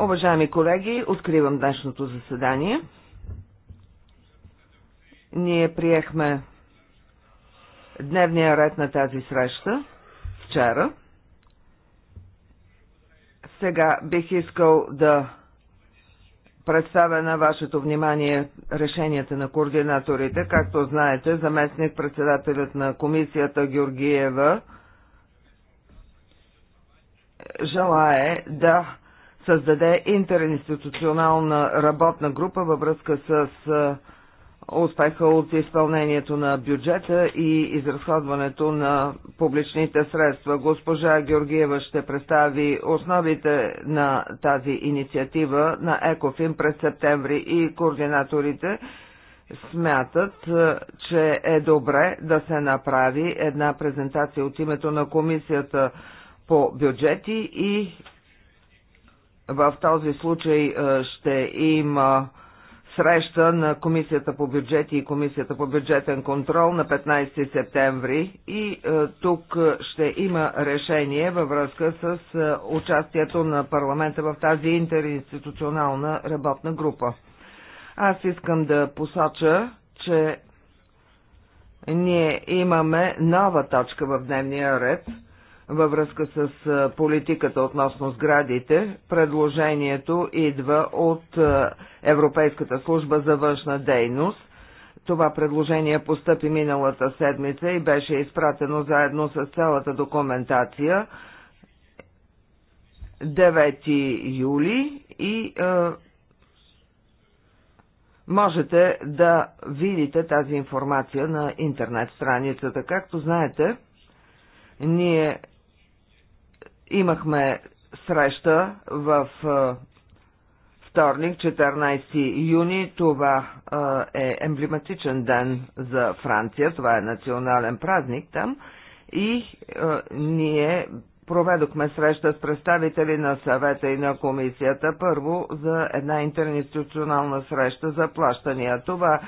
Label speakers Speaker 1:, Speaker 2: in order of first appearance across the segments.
Speaker 1: Уважаеми колеги, откривам днешното заседание. Ние приехме дневния ред на тази среща вчера. Сега бих искал да представя на вашето внимание решенията на координаторите. Както знаете, заместник председателят на комисията Георгиева желае да създаде интеринституционална работна група във връзка с успеха от изпълнението на бюджета и изразходването на публичните средства. Госпожа Георгиева ще представи основите на тази инициатива на ЕКОФИН през септември и координаторите смятат, че е добре да се направи една презентация от името на комисията по бюджети и в този случай ще има среща на Комисията по бюджети и Комисията по бюджетен контрол на 15 септември и тук ще има решение във връзка с участието на парламента в тази интеринституционална работна група. Аз искам да посоча, че ние имаме нова точка в дневния ред – във връзка с политиката относно сградите. Предложението идва от Европейската служба за външна дейност. Това предложение постъпи миналата седмица и беше изпратено заедно с цялата документация 9 юли и е, можете да видите тази информация на интернет страницата. Както знаете, ние Имахме среща в вторник, 14 юни. Това е емблематичен ден за Франция. Това е национален празник там. И ние проведохме среща с представители на съвета и на комисията първо за една интернационална среща за плащания. Това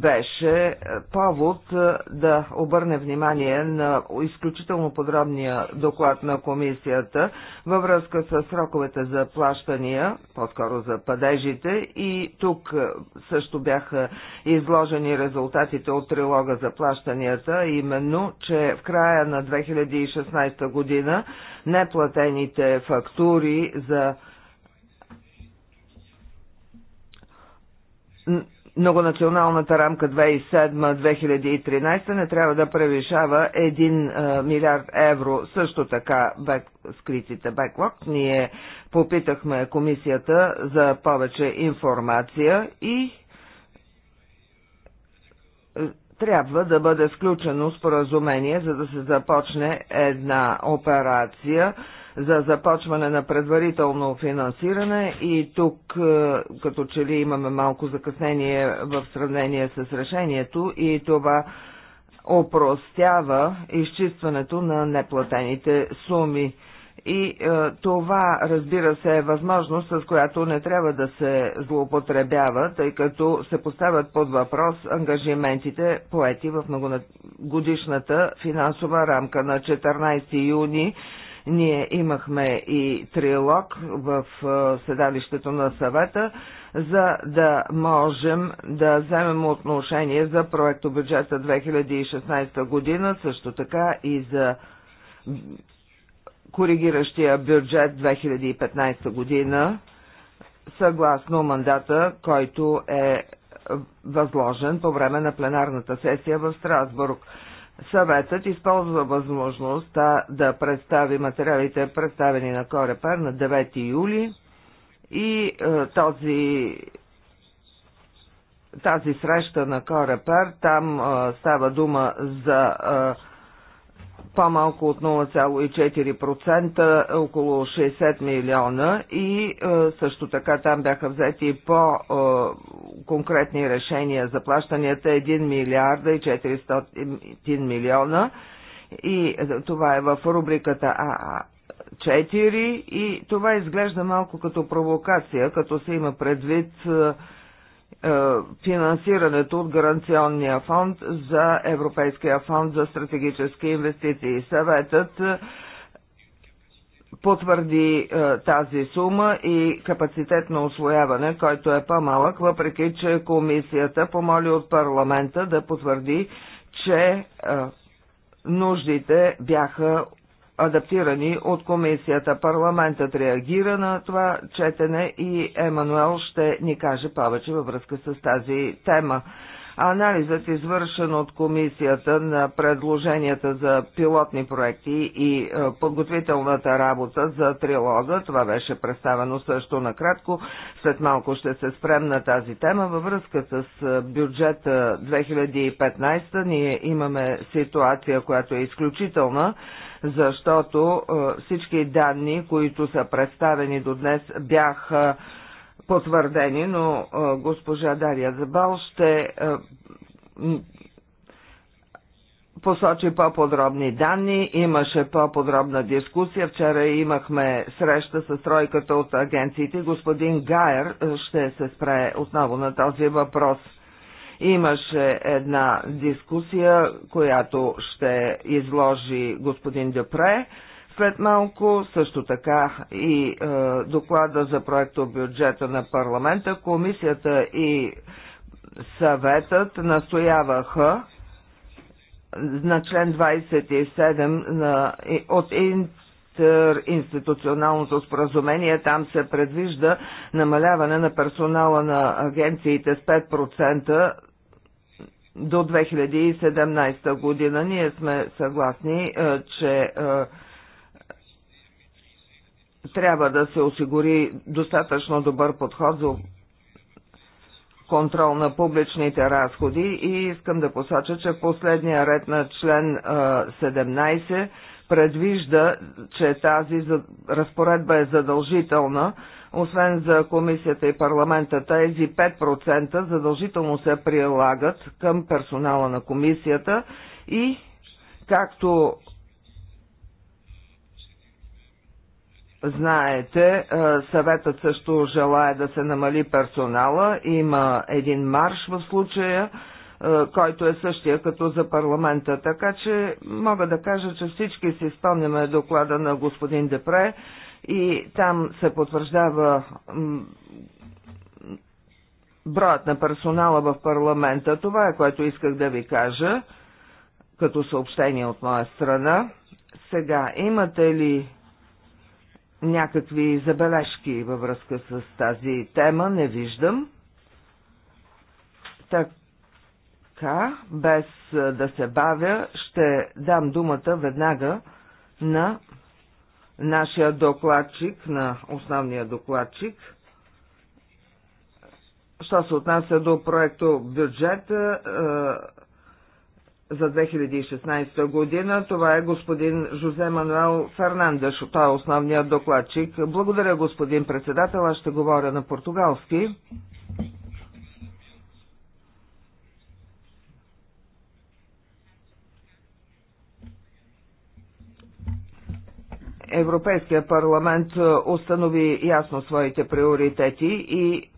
Speaker 1: беше е, повод е, да обърне внимание на изключително подробния доклад на комисията във връзка с сроковете за плащания, по-скоро за падежите и тук е, също бяха изложени резултатите от трилога за плащанията, именно, че в края на 2016 година неплатените фактури за многонационалната рамка 2007-2013 не трябва да превишава 1 е, милиард евро. Също така бек, скритите беклок. Ние попитахме комисията за повече информация и е, трябва да бъде сключено споразумение, за да се започне една операция за започване на предварително финансиране и тук е, като че ли имаме малко закъснение в сравнение с решението и това опростява изчистването на неплатените суми. И е, това, разбира се, е възможност, с която не трябва да се злоупотребява, тъй като се поставят под въпрос ангажиментите поети в многогодишната финансова рамка на 14 юни ние имахме и трилог в седалището на съвета, за да можем да вземем отношение за проекто бюджета 2016 година, също така и за коригиращия бюджет 2015 година, съгласно мандата, който е възложен по време на пленарната сесия в Страсбург. Съветът използва възможността да представи материалите, представени на Корепар на 9 юли и е, този, тази среща на Корепар, там е, става дума за е, по-малко от 0,4%, около 60 милиона и е, също така там бяха взети по-конкретни решения за плащанията 1 милиарда и 400 милиона и това е в рубриката АА. 4 и това изглежда малко като провокация, като се има предвид е, е, финансирането от гаранционния фонд за Европейския фонд за стратегически инвестиции. Съветът е, потвърди е, тази сума и капацитет на освояване, който е по-малък, въпреки че комисията помоли от парламента да потвърди, че нуждите бяха адаптирани от комисията. Парламентът реагира на това четене и Емануел ще ни каже повече във връзка с тази тема. Анализът, извършен от комисията на предложенията за пилотни проекти и е, подготвителната работа за трилога, това беше представено също накратко, след малко ще се спрем на тази тема. Във връзка с е, бюджета 2015 ние имаме ситуация, която е изключителна защото е, всички данни, които са представени до днес, бяха потвърдени, но госпожа Дария Забал ще посочи по-подробни данни, имаше по-подробна дискусия. Вчера имахме среща с тройката от агенциите. Господин Гайер ще се спре отново на този въпрос. Имаше една дискусия, която ще изложи господин Депре след малко, също така и е, доклада за проекто бюджета на парламента, комисията и съветът настояваха на член 27 на, от институционалното споразумение. Там се предвижда намаляване на персонала на агенциите с 5% до 2017 година. Ние сме съгласни, е, че е, трябва да се осигури достатъчно добър подход за контрол на публичните разходи и искам да посоча, че последния ред на член 17 предвижда, че тази разпоредба е задължителна, освен за комисията и парламента, тези 5% задължително се прилагат към персонала на комисията и, както Знаете, е, съветът също желая да се намали персонала. Има един марш в случая, е, който е същия като за парламента. Така че мога да кажа, че всички си спомняме доклада на господин Депре и там се потвърждава броят на персонала в парламента. Това е което исках да ви кажа като съобщение от моя страна. Сега, имате ли някакви забележки във връзка с тази тема, не виждам. Така, без да се бавя, ще дам думата веднага на нашия докладчик, на основния докладчик. Що се отнася до проекто бюджета, за 2016 година. Това е господин Жозе Мануел Фернандеш. Той е основният докладчик. Благодаря, господин председател. Аз ще говоря на португалски. Европейския парламент е, установи ясно своите приоритети и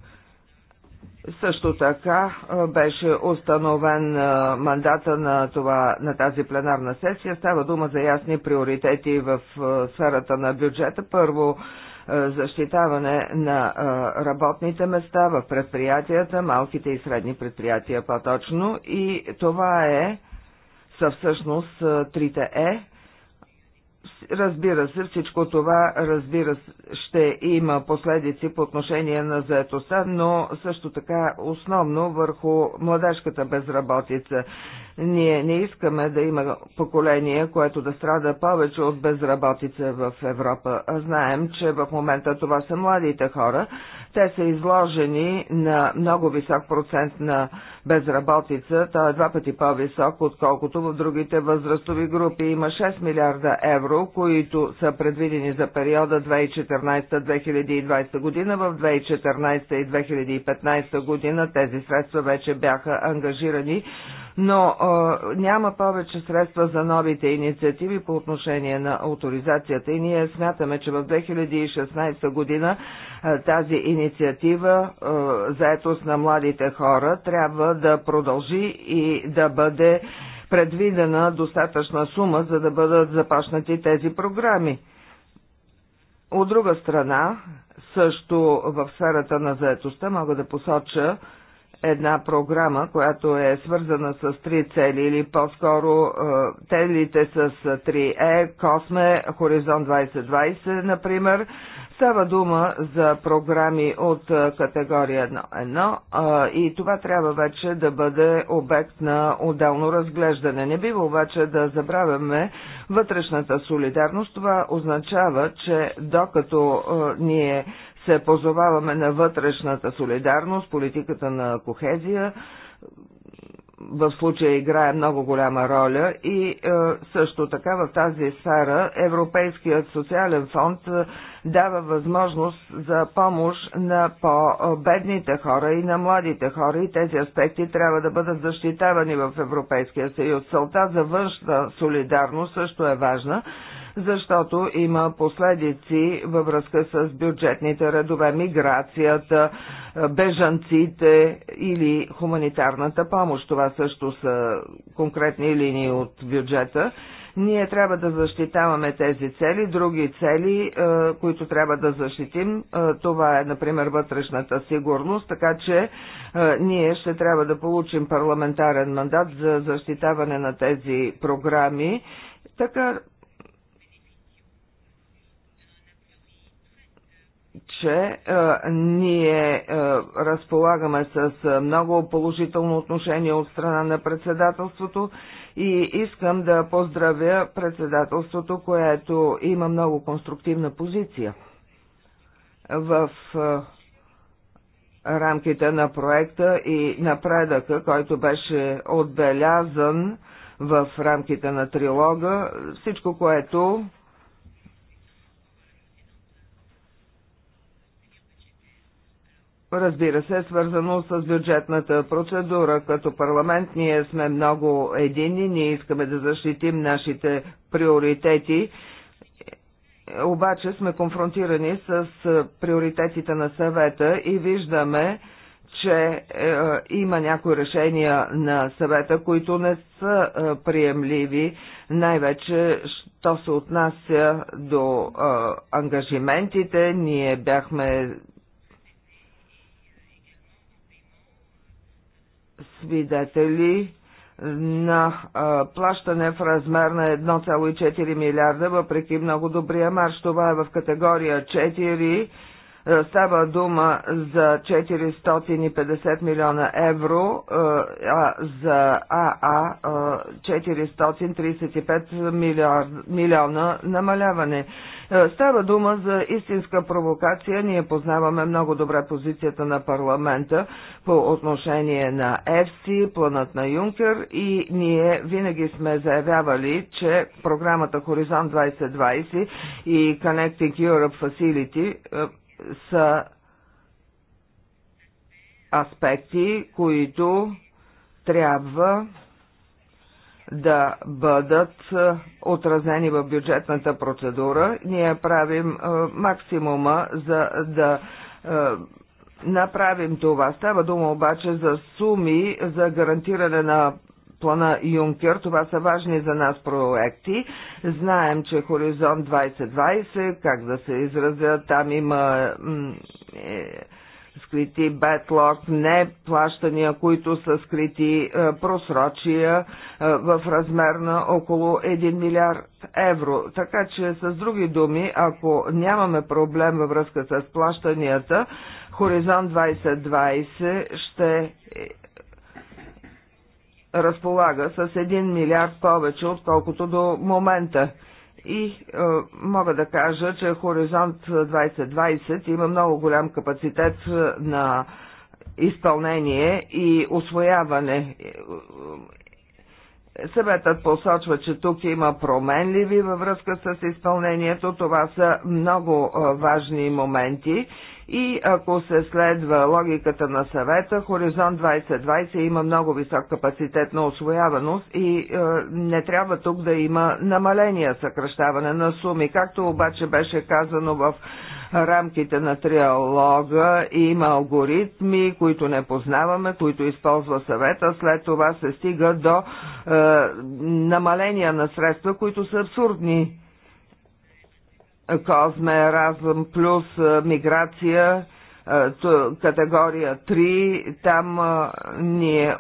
Speaker 1: също така беше установен мандата на, това, на тази пленарна сесия. Става дума за ясни приоритети в сферата на бюджета. Първо, защитаване на работните места в предприятията, малките и средни предприятия по-точно. И това е съвсъщност трите Е Разбира се, всичко това разбира се, ще има последици по отношение на заетостта, но също така основно върху младежката безработица. Ние не искаме да има поколение, което да страда повече от безработица в Европа. Знаем, че в момента това са младите хора. Те са изложени на много висок процент на безработица. Той е два пъти по-висок, отколкото в другите възрастови групи. Има 6 милиарда евро, които са предвидени за периода 2014-2020 година. В 2014 и 2015 година тези средства вече бяха ангажирани, но а, няма повече средства за новите инициативи по отношение на авторизацията и ние смятаме, че в 2016 година тази инициатива а, заетост на младите хора трябва да продължи и да бъде предвидена достатъчна сума, за да бъдат започнати тези програми. От друга страна, също в сферата на заетостта мога да посоча една програма, която е свързана с три цели или по-скоро е, целите с 3Е, Косме, Хоризонт 2020, например, Става дума за програми от категория 1.1 и това трябва вече да бъде обект на отделно разглеждане. Не бива обаче да забравяме вътрешната солидарност. Това означава, че докато ние се позоваваме на вътрешната солидарност, политиката на кохезия, в случая играе много голяма роля и е, също така в тази сфера Европейският социален фонд е, дава възможност за помощ на по-бедните хора и на младите хора и тези аспекти трябва да бъдат защитавани в Европейския съюз. Целта за външна солидарност също е важна, защото има последици във връзка с бюджетните редове, миграцията, бежанците или хуманитарната помощ. Това също са конкретни линии от бюджета ние трябва да защитаваме тези цели, други цели, е, които трябва да защитим. Е, това е, например, вътрешната сигурност, така че е, ние ще трябва да получим парламентарен мандат за защитаване на тези програми. Така че а, е, ние а, е, разполагаме с а, е, много положително отношение от страна на председателството и искам да поздравя председателството, което има много конструктивна позиция в а, рамките на проекта и напредъка, който беше отбелязан в рамките на трилога, всичко, което разбира се, е свързано с бюджетната процедура. Като парламент ние сме много едини, ние искаме да защитим нашите приоритети, обаче сме конфронтирани с приоритетите на съвета и виждаме, че е, има някои решения на съвета, които не са е, приемливи, най-вече, що се отнася до е, ангажиментите. Ние бяхме свидетели на а, плащане в размер на 1,4 милиарда, въпреки много добрия марш. Това е в категория 4 е, става дума за 450 милиона евро, е, а за АА 435 е, милиона намаляване. Става дума за истинска провокация. Ние познаваме много добре позицията на парламента по отношение на ЕФСИ, планът на Юнкер и ние винаги сме заявявали, че програмата Хоризонт 2020 и Connecting Europe Facility са аспекти, които трябва да бъдат е, отразени в бюджетната процедура. Ние правим е, максимума за да е, направим това. Става дума обаче за суми за гарантиране на плана Юнкер. Това са важни за нас проекти. Знаем, че Хоризонт 2020, как да се изразя, там има е, скрити бетлок, не плащания, които са скрити е, просрочия е, в размер на около 1 милиард евро. Така че, с други думи, ако нямаме проблем във връзка с плащанията, Хоризонт 2020 ще разполага с 1 милиард повече, отколкото до момента. И е, мога да кажа, че Хоризонт 2020 има много голям капацитет е, на изпълнение и освояване. Съветът посочва, че тук има променливи във връзка с изпълнението. Това са много е, важни моменти и ако се следва логиката на съвета, Хоризонт 2020 има много висок капацитет на освояваност и е, не трябва тук да има намаление съкръщаване на суми. Както обаче беше казано в рамките на триалога има алгоритми, които не познаваме, които използва съвета. След това се стига до е, намаления на средства, които са абсурдни. Козме, Разъм плюс миграция, категория 3, там ние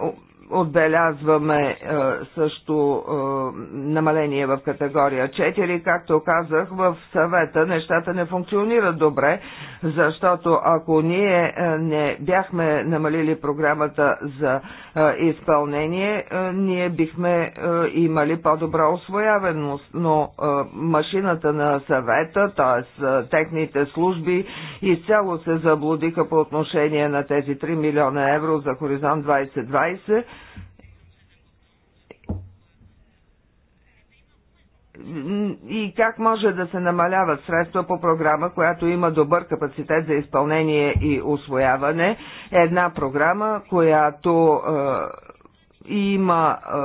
Speaker 1: отбелязваме а, е, също а, е, намаление в категория 4. Както казах, в съвета нещата не функционират добре, защото ако ние а, е, не бяхме намалили програмата за а, изпълнение, а, ние бихме а, имали по-добра освояваност. Но а, машината на съвета, т.е. техните служби, изцяло се заблудиха по отношение на тези 3 милиона евро за Хоризонт 2020 и как може да се намаляват средства по програма, която има добър капацитет за изпълнение и освояване. Една програма, която е, има, е,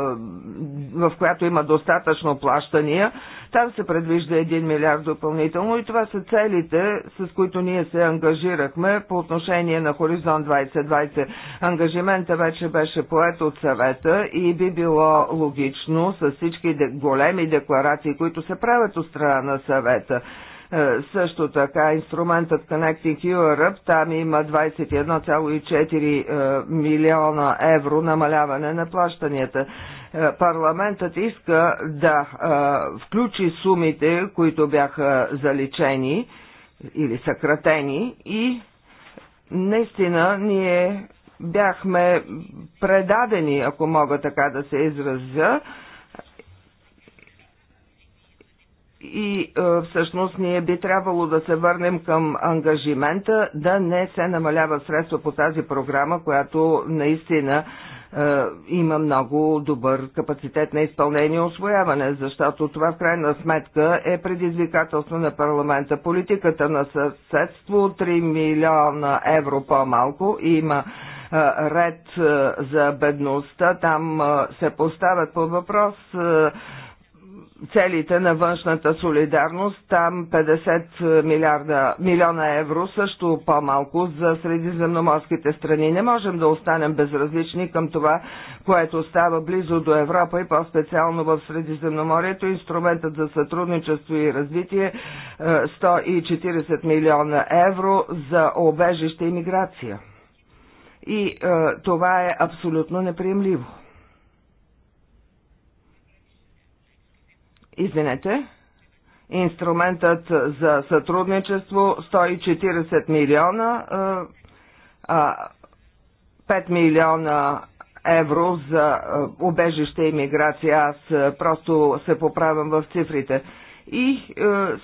Speaker 1: в която има достатъчно плащания, там се предвижда 1 милиард допълнително и това са целите, с които ние се ангажирахме по отношение на Хоризонт 2020. Ангажимента вече беше поет от съвета и би било логично с всички големи декларации, които се правят от страна на съвета е, също така инструментът Connecting Europe, там има 21,4 е, милиона евро намаляване на плащанията. Е, парламентът иска да включи сумите, които бяха заличени или съкратени и наистина ние бяхме предадени, ако мога така да се изразя, и е, всъщност ние би трябвало да се върнем към ангажимента да не се намалява средства по тази програма, която наистина е, има много добър капацитет на изпълнение и освояване, защото това в крайна сметка е предизвикателство на парламента. Политиката на съседство 3 милиона евро по-малко има е, ред е, за бедността. Там е, се поставят по въпрос целите на външната солидарност. Там 50 милиарда, милиона евро, също по-малко за средиземноморските страни. Не можем да останем безразлични към това, което става близо до Европа и по-специално в Средиземноморието. Инструментът за сътрудничество и развитие 140 е, милиона евро за обежище и миграция. И е, това е абсолютно неприемливо. извинете, инструментът за сътрудничество 140 милиона, 5 милиона евро за убежище и миграция. Аз просто се поправям в цифрите. И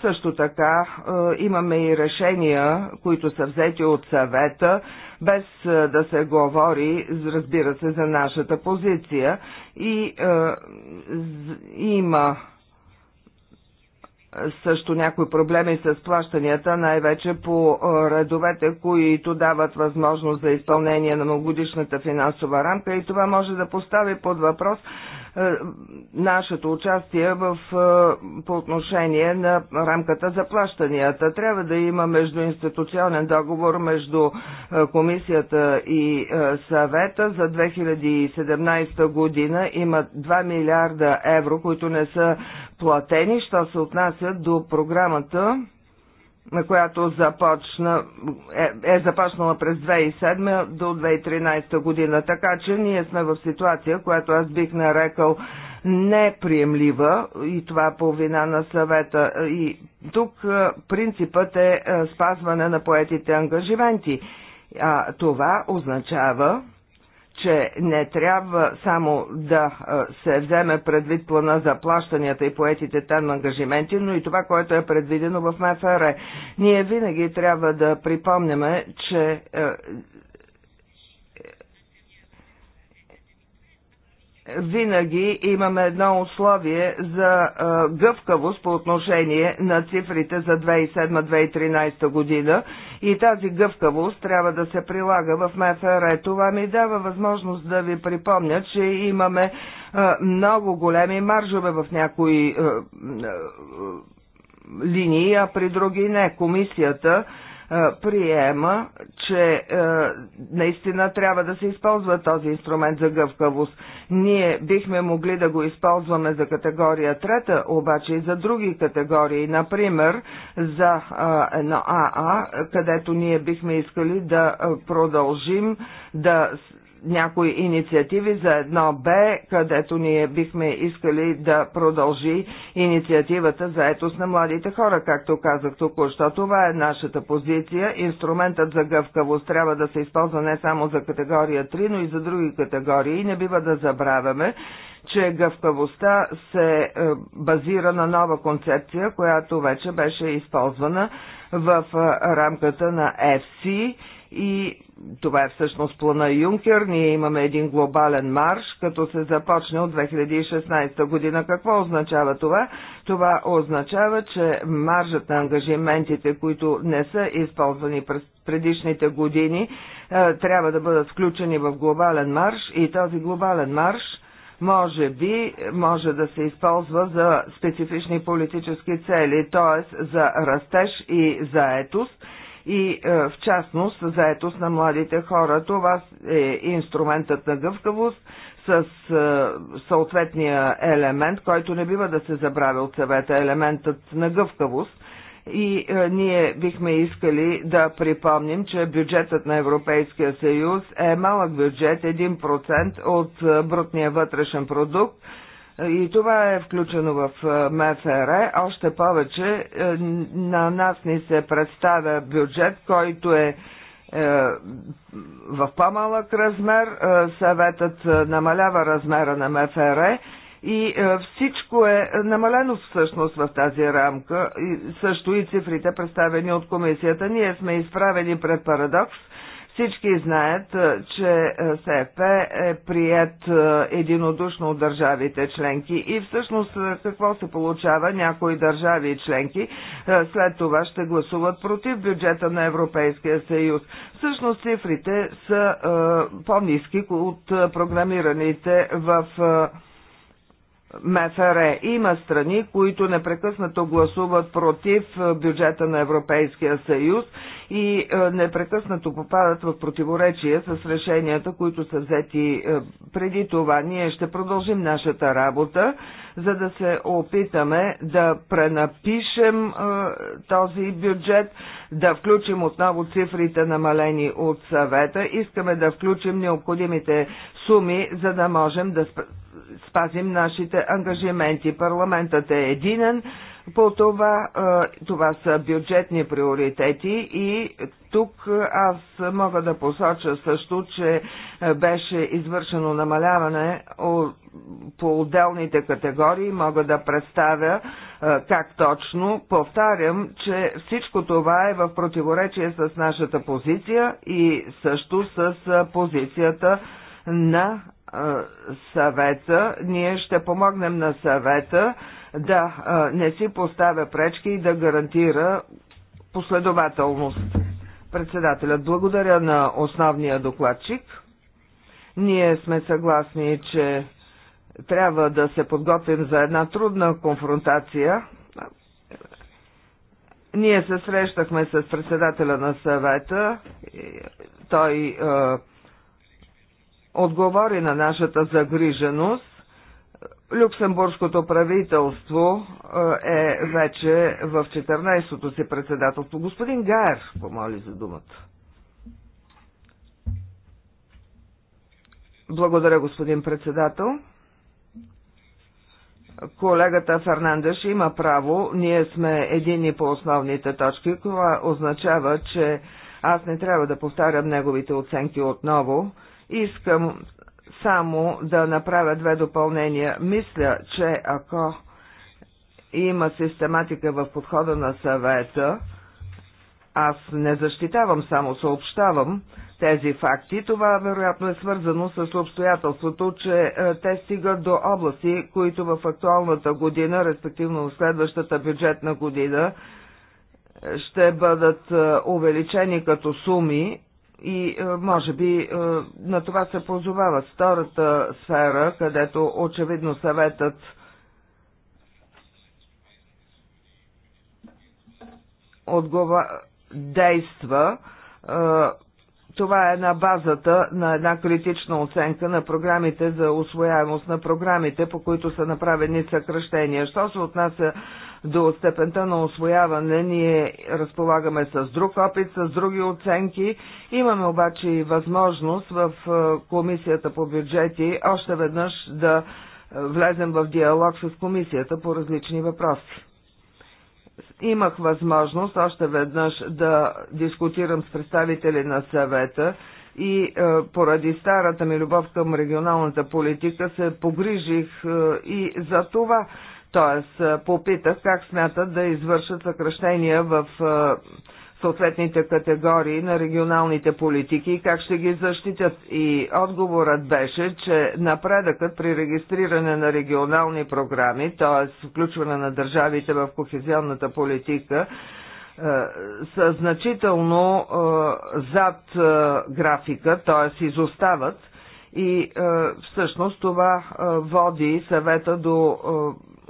Speaker 1: също така имаме и решения, които са взети от съвета, без да се говори, разбира се, за нашата позиция. И има също някои проблеми с плащанията, най-вече по редовете, които дават възможност за изпълнение на многогодишната финансова рамка и това може да постави под въпрос е, нашето участие в, е, по отношение на рамката за плащанията. Трябва да има междуинституционен договор между е, комисията и съвета за 2017 година. Има 2 милиарда евро, които не са платени, що се отнасят до програмата която започна, е, е започнала през 2007 до 2013 година. Така че ние сме в ситуация, която аз бих нарекал неприемлива и това по вина на съвета. И тук е, принципът е, е спазване на поетите ангажименти. А това означава, че не трябва само да се вземе предвид плана за плащанията и поетите там ангажименти, но и това, което е предвидено в МФР. Ние винаги трябва да припомняме, че винаги имаме едно условие за гъвкавост по отношение на цифрите за 2007-2013 година и тази гъвкавост трябва да се прилага в МФР. Това ми дава възможност да ви припомня, че имаме много големи маржове в някои линии, а при други не. Комисията е, приема, че е, наистина трябва да се използва този инструмент за гъвкавост. Ние бихме могли да го използваме за категория трета, обаче и за други категории, например за е, едно АА, където ние бихме искали да е, продължим да някои инициативи за едно Б, където ние бихме искали да продължи инициативата за етост на младите хора, както казах току-що. Това е нашата позиция. Инструментът за гъвкавост трябва да се използва не само за категория 3, но и за други категории. Не бива да забравяме, че гъвкавостта се е, базира на нова концепция, която вече беше използвана в е, рамката на FC и това е всъщност плана Юнкер. Ние имаме един глобален марш, като се започне от 2016 година. Какво означава това? Това означава, че маржът на ангажиментите, които не са използвани през предишните години, е, трябва да бъдат включени в глобален марш и този глобален марш може би може да се използва за специфични политически цели, т.е. за растеж и заетост и е, в частност заетост на младите хора. Това е инструментът на гъвкавост с е, съответния елемент, който не бива да се забравя от съвета, елементът на гъвкавост – и е, ние бихме искали да припомним, че бюджетът на Европейския съюз е малък бюджет, 1% от е, брутния вътрешен продукт и това е включено в МФР. Още повече е, на нас ни се представя бюджет, който е, е в по-малък размер. Е, съветът намалява размера на МФР. И всичко е намалено всъщност в тази рамка, също и цифрите представени от комисията. Ние сме изправени пред парадокс – всички знаят, че СЕП е прият единодушно от държавите членки и всъщност какво се получава? Някои държави и членки след това ще гласуват против бюджета на Европейския съюз. Всъщност цифрите са по-низки от програмираните в МФР. Е. Има страни, които непрекъснато гласуват против е, бюджета на Европейския съюз и е, непрекъснато попадат в противоречие с решенията, които са взети преди това. Ние ще продължим нашата работа, за да се опитаме да пренапишем този бюджет, да включим отново цифрите намалени от съвета. Искаме да включим необходимите суми, за да можем да спазим нашите ангажименти. Парламентът е единен по това. Е, това са бюджетни приоритети и тук е, аз мога да посоча също, че е, беше извършено намаляване по отделните категории. Мога да представя как точно. Повтарям, че всичко това е в противоречие с нашата позиция и също с позицията на съвета, ние ще помогнем на съвета да не си поставя пречки и да гарантира последователност. Председателят благодаря на основния докладчик. Ние сме съгласни, че трябва да се подготвим за една трудна конфронтация. Ние се срещахме с председателя на съвета. Той е, отговори на нашата загриженост. Люксембургското правителство е, е вече в 14-то си председателство. Господин Гайер помоли за думата. Благодаря, господин председател. Колегата Фернандеш има право. Ние сме едини по основните точки, това означава, че аз не трябва да повтарям неговите оценки отново. Искам само да направя две допълнения. Мисля, че ако има систематика в подхода на съвета, аз не защитавам, само съобщавам тези факти. Това вероятно е свързано с обстоятелството, че е, те стигат до области, които в актуалната година, респективно в следващата бюджетна година, ще бъдат е, увеличени като суми и е, може би е, на това се позовава втората сфера, където очевидно съветът отгова... действа. Е, това е на базата на една критична оценка на програмите за освояемост на програмите, по които са направени съкръщения. Що се отнася до степента на освояване ние разполагаме с друг опит, с други оценки. Имаме обаче и възможност в е, Комисията по бюджети още веднъж да е, влезем в диалог с Комисията по различни въпроси имах възможност още веднъж да дискутирам с представители на съвета и е, поради старата ми любов към регионалната политика се погрижих е, и за това. Т.е. попитах как смятат да извършат съкръщения в съответните категории на регионалните политики и как ще ги защитят. И отговорът беше, че напредъкът при регистриране на регионални програми, т.е. включване на държавите в кохезионната политика, са значително зад графика, т.е. изостават и всъщност това води съвета до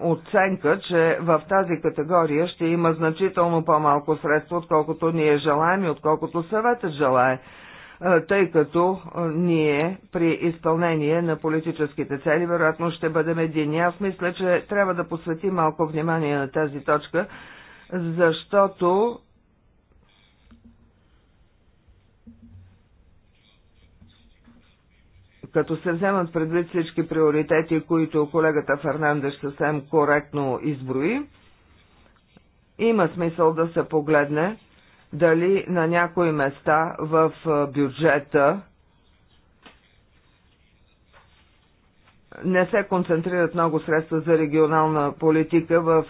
Speaker 1: оценка, че в тази категория ще има значително по-малко средства, отколкото ние желаем и отколкото съветът желае е, тъй като е, ние при изпълнение на политическите цели вероятно ще бъдем едини. Аз мисля, че трябва да посветим малко внимание на тази точка, защото като се вземат предвид всички приоритети, които колегата Фернандеш съвсем коректно изброи, има смисъл да се погледне дали на някои места в бюджета не се концентрират много средства за регионална политика в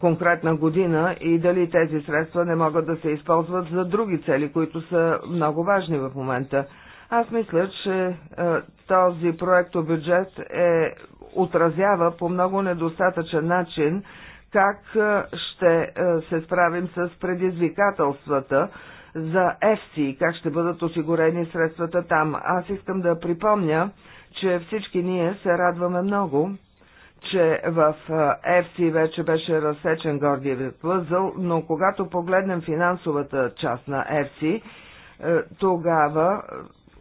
Speaker 1: конкретна година и дали тези средства не могат да се използват за други цели, които са много важни в момента. Аз мисля, че е, този бюджет е, отразява по много недостатъчен начин как е, ще е, се справим с предизвикателствата за ЕФСИ и как ще бъдат осигурени средствата там. Аз искам да припомня, че всички ние се радваме много, че в ЕФСИ вече беше разсечен гордия възъл, но когато погледнем финансовата част на ЕФСИ, тогава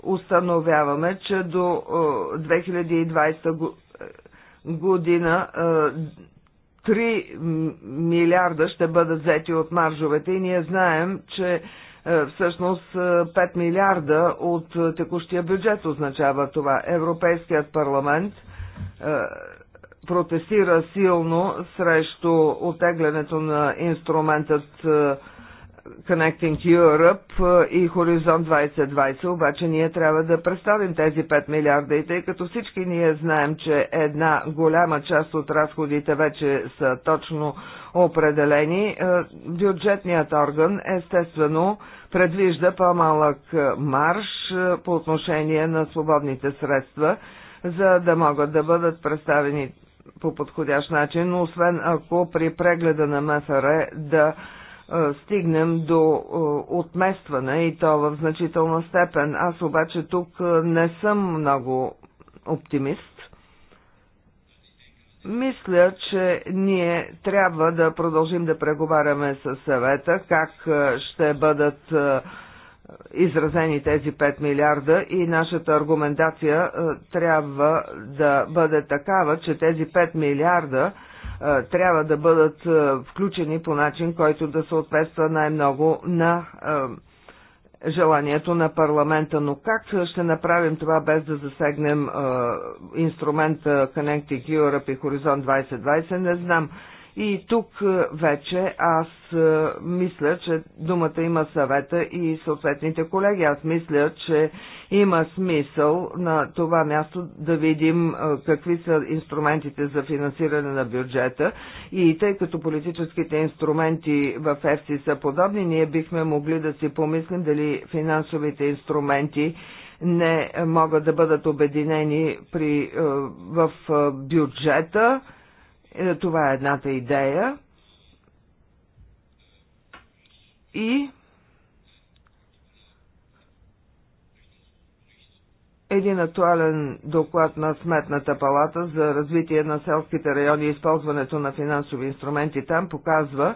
Speaker 1: установяваме, че до 2020 година 3 милиарда ще бъдат взети от маржовете и ние знаем, че е, всъщност 5 е, милиарда от текущия бюджет означава това. Европейският парламент е, протестира силно срещу отеглянето на инструментът Connecting Europe и Хоризонт 2020, обаче ние трябва да представим тези 5 милиарда и тъй като всички ние знаем, че една голяма част от разходите вече са точно определени, бюджетният орган естествено предвижда по-малък марш по отношение на свободните средства, за да могат да бъдат представени по подходящ начин, освен ако при прегледа на МФР е да стигнем до отместване и то в значителна степен. Аз обаче тук не съм много оптимист. Мисля, че ние трябва да продължим да преговаряме с съвета как ще бъдат изразени тези 5 милиарда и нашата аргументация трябва да бъде такава, че тези 5 милиарда е, трябва да бъдат е, включени по начин, който да съответства най-много на е, желанието на парламента. Но как ще направим това без да засегнем инструмента Connecting Europe и Horizon 2020, не знам. И тук е, вече аз е, мисля, че думата има съвета и съответните колеги. Аз мисля, че има смисъл на това място да видим е, какви са инструментите за финансиране на бюджета. И тъй като политическите инструменти в ЕФСИ са подобни, ние бихме могли да си помислим дали финансовите инструменти не могат да бъдат обединени при, в бюджета е, това е едната идея. И един актуален доклад на Сметната палата за развитие на селските райони и използването на финансови инструменти там показва,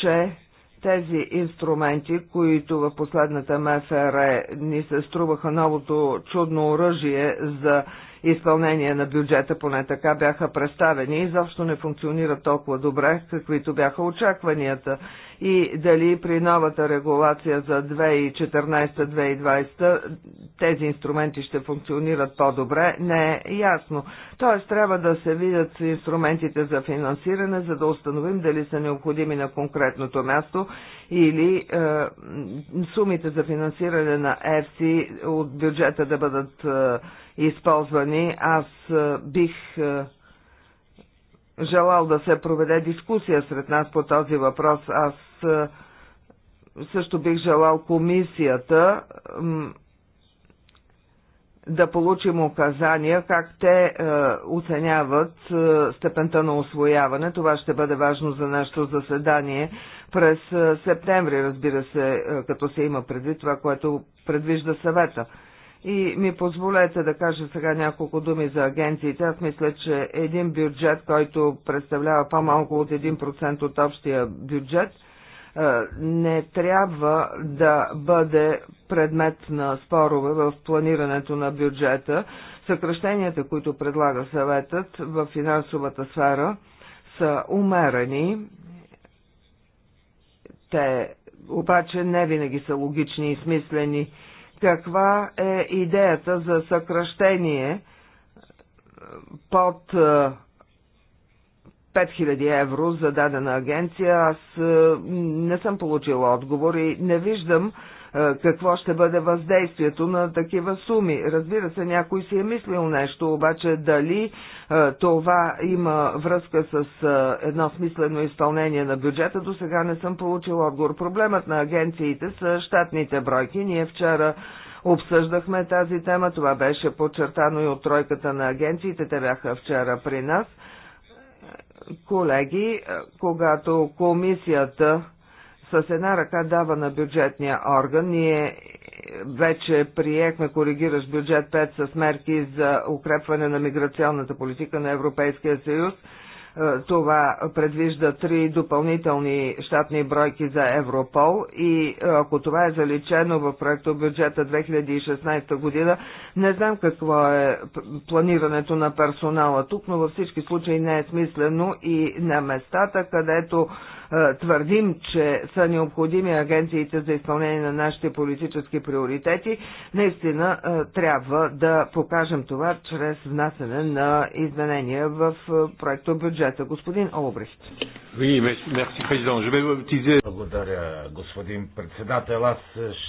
Speaker 1: че тези инструменти, които в последната МФР ни се струваха новото чудно оръжие за изпълнение на бюджета, поне така бяха представени, изобщо не функционират толкова добре, каквито бяха очакванията. И дали при новата регулация за 2014-2020 тези инструменти ще функционират по-добре, не е ясно. Тоест трябва да се видят инструментите за финансиране, за да установим дали са необходими на конкретното място или е, сумите за финансиране на ЕФСИ от бюджета да бъдат е, използвани. Аз бих желал да се проведе дискусия сред нас по този въпрос. Аз също бих желал комисията да получим указания как те е, оценяват е, степента на освояване. Това ще бъде важно за нашето заседание през е, септември, разбира се, е, като се има предвид това, което предвижда съвета. И ми позволете да кажа сега няколко думи за агенциите. Аз мисля, че един бюджет, който представлява по-малко от 1% от общия бюджет, е, не трябва да бъде предмет на спорове в планирането на бюджета. Съкръщенията, които предлага съветът в финансовата сфера, са умерени. Те обаче не винаги са логични и смислени каква е идеята за съкръщение под 5000 е, евро за дадена агенция, аз е, не съм получила отговор и не виждам е, какво ще бъде въздействието на такива суми. Разбира се, някой си е мислил нещо, обаче дали е, това има връзка с е, едно смислено изпълнение на бюджета, до сега не съм получил отговор. Проблемът на агенциите са щатните бройки. Ние вчера обсъждахме тази тема, това беше подчертано и от тройката на агенциите, те бяха вчера при нас. Колеги, когато комисията с една ръка дава на бюджетния орган. Ние вече приехме коригиращ бюджет 5 с мерки за укрепване на миграционната политика на Европейския съюз. Е, това предвижда три допълнителни щатни бройки за Европол и е, ако това е заличено в проекта бюджета 2016 година, не знам какво е планирането на персонала тук, но във всички случаи не е смислено и на местата, където е, твърдим, че са необходими агенциите за изпълнение на нашите политически приоритети, наистина е, трябва да покажем това чрез внасене на изменения в е, проекто бюджета. Господин Олбрихт.
Speaker 2: Благодаря, господин председател. Аз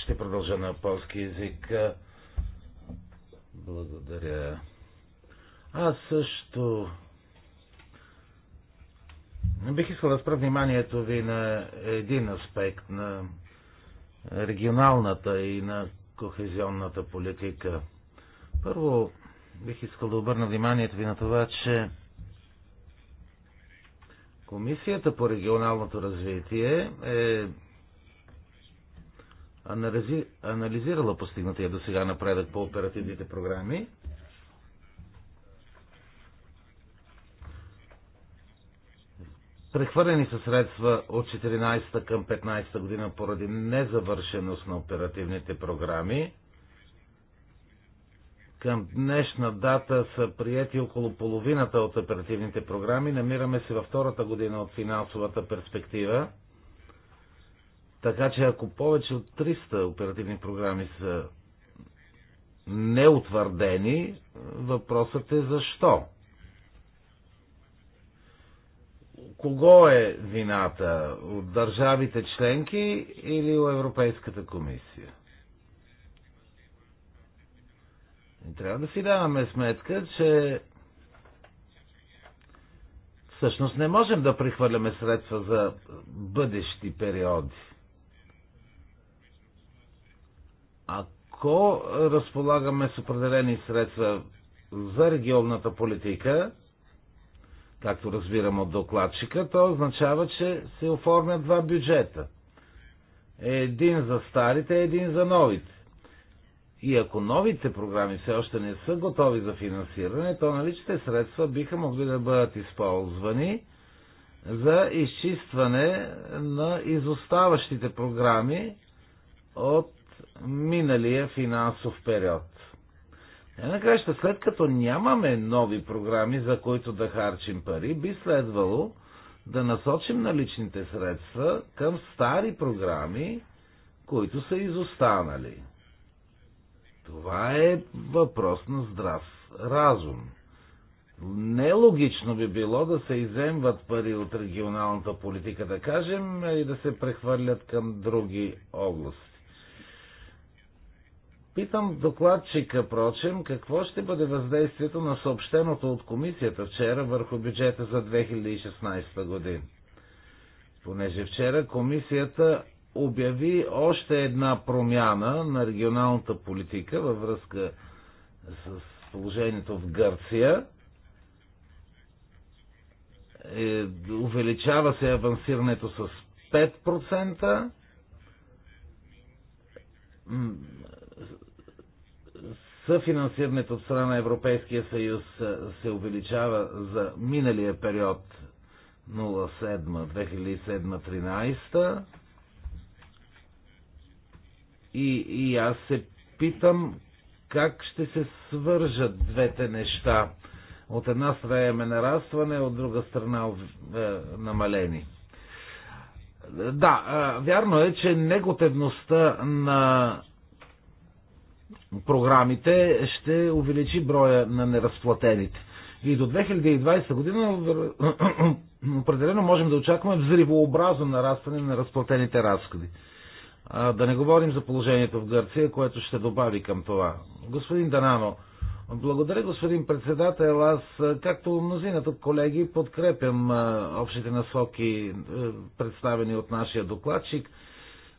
Speaker 2: ще продължа на полски язик. Благодаря. Аз също Бих искал да спра вниманието ви на един аспект на регионалната и на кохезионната политика. Първо, бих искал да обърна вниманието ви на това, че Комисията по регионалното развитие е анализирала постигнатия до сега напредък по оперативните програми Прехвърлени са средства от 14-та към 15-та година поради незавършеност на оперативните програми. Към днешна дата са прияти около половината от оперативните програми. Намираме се във втората година от финансовата перспектива. Така че ако повече от 300 оперативни програми са неутвърдени, въпросът е защо кого е вината? От държавите членки или от Европейската комисия? И трябва да си даваме сметка, че всъщност не можем да прихвърляме средства за бъдещи периоди. Ако разполагаме с определени средства за регионната политика, както разбирам от докладчика, то означава, че се оформят два бюджета. Един за старите, един за новите. И ако новите програми все още не са готови за финансиране, то наличните средства биха могли да бъдат използвани за изчистване на изоставащите програми от миналия финансов период. Е, Накрая, след като нямаме нови програми, за които да харчим пари, би следвало да насочим наличните средства към стари програми, които са изостанали. Това е въпрос на здрав разум. Нелогично би било да се иземват пари от регионалната политика, да кажем, и да се прехвърлят към други области. Питам докладчика, прочем, какво ще бъде въздействието на съобщеното от комисията вчера върху бюджета за 2016 година? Понеже вчера комисията обяви още една промяна на регионалната политика във връзка с положението в Гърция. Е, увеличава се авансирането с 5%. Съфинансирането от страна на Европейския съюз е, се увеличава за миналия период 07-2007-13 и, и аз се питам как ще се свържат двете неща. От една страна имаме нарастване, от друга страна е, намалени. Да, е, вярно е, че неготевността на програмите ще увеличи броя на неразплатените. И до 2020 година определено можем да очакваме взривообразно нарастване на разплатените разходи. А, да не говорим за положението в Гърция, което ще добави към това. Господин Данано, благодаря, господин председател. Аз, както мнозината колеги, подкрепям общите насоки, представени от нашия докладчик.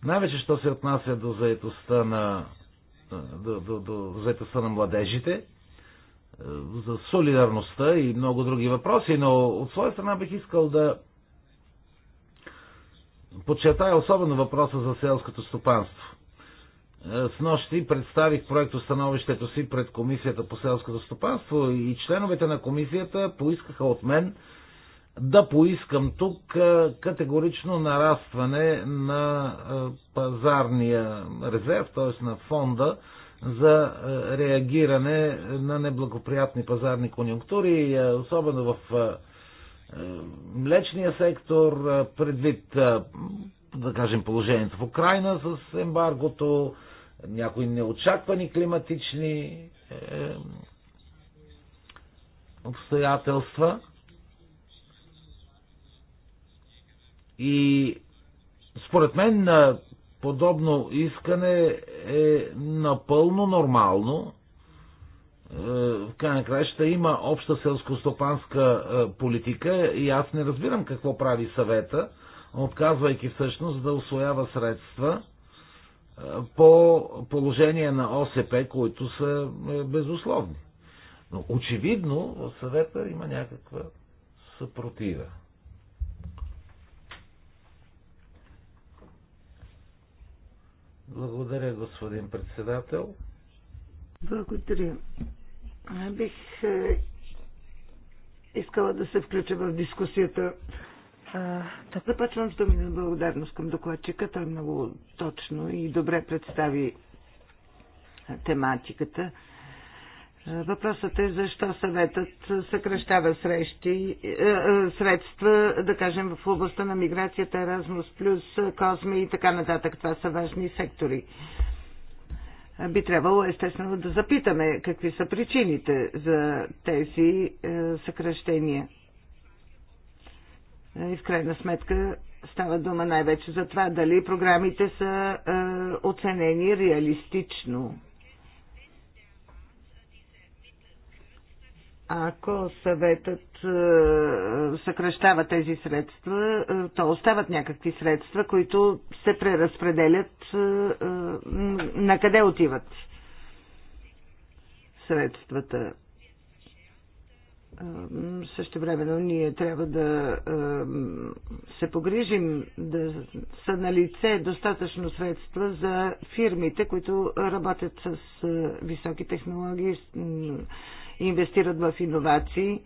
Speaker 2: Най-вече, що се отнася до заетостта на до, е, до, до заетостта на младежите, е, за солидарността и много други въпроси, но от своя страна бих искал да подчертая особено въпроса за селското стопанство. Е, с нощи представих проекто становището си пред Комисията по селското стопанство и членовете на комисията поискаха от мен да поискам тук категорично нарастване на пазарния резерв, т.е. на фонда за реагиране на неблагоприятни пазарни конъюнктури, особено в млечния сектор, предвид, да кажем, положението в Украина с ембаргото, някои неочаквани климатични е, е, обстоятелства – И според мен подобно искане е напълно нормално. Е, в крайна краща има обща селскостопанска е, политика и аз не разбирам какво прави съвета, отказвайки всъщност да освоява средства е, по положение на ОСП, които са безусловни. Но очевидно в съвета има някаква съпротива. Благодаря, господин председател.
Speaker 3: Благодаря. Бих е, искала да се включа в дискусията. Да започвам с думи на благодарност към докладчика. Той много точно и добре представи тематиката. Въпросът е защо съветът съкръщава срещи, е, е, средства, да кажем, в областта на миграцията, Erasmus+, Козми и така нататък. Това са важни сектори. Би трябвало, естествено, да запитаме какви са причините за тези е, съкръщения. И в крайна сметка става дума най-вече за това дали програмите са оценени реалистично Ако съветът е, съкръщава тези средства, е, то остават някакви средства, които се преразпределят. Е, на къде отиват средствата? Също времено ние трябва да се погрижим да са на лице достатъчно средства за фирмите, които работят с високи технологии, инвестират в иновации.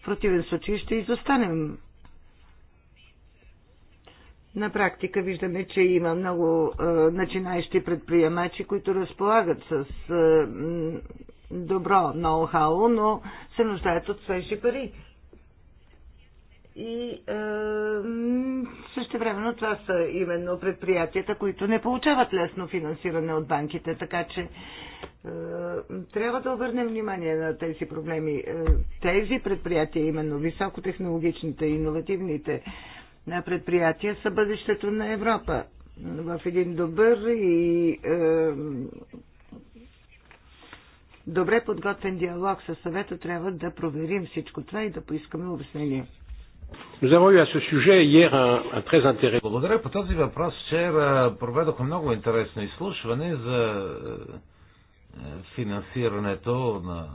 Speaker 3: В противен случай ще изостанем. На практика виждаме, че има много е, начинаещи предприемачи, които разполагат с е, добро ноу-хау, но се нуждаят от свежи пари. И е, времено това са именно предприятията, които не получават лесно финансиране от банките, така че е, трябва да обърнем внимание на тези проблеми. Е, тези предприятия, именно високотехнологичните, иновативните е, предприятия, са бъдещето на Европа. В един добър и е, добре подготвен диалог със съвета трябва да проверим всичко това и да поискаме обяснение.
Speaker 2: Благодаря по този въпрос. Вчера проведохме много интересно изслушване за е, финансирането на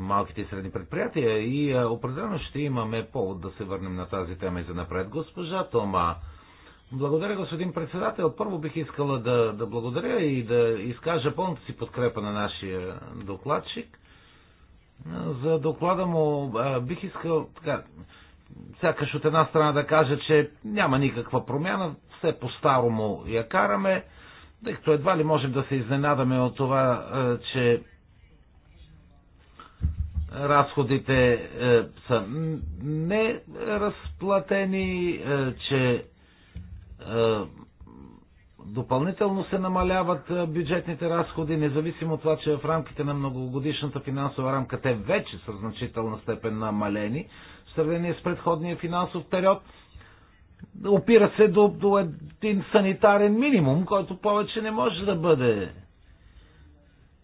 Speaker 2: малките и средни предприятия и е, определено ще имаме повод да се върнем на тази тема и за напред. Госпожа Тома, благодаря господин председател. Първо бих искала да, да благодаря и да изкажа пълната си подкрепа на нашия докладчик за доклада му. Бих искал така, сякаш от една страна да кажа, че няма никаква промяна, все по-старому я караме, тъй като едва ли можем да се изненадаме от това, че разходите са неразплатени, че допълнително се намаляват бюджетните разходи, независимо от това, че в рамките на многогодишната финансова рамка те вече са значителна степен намалени в сравнение с предходния финансов период. Опира се до, до един санитарен минимум, който повече не може да бъде.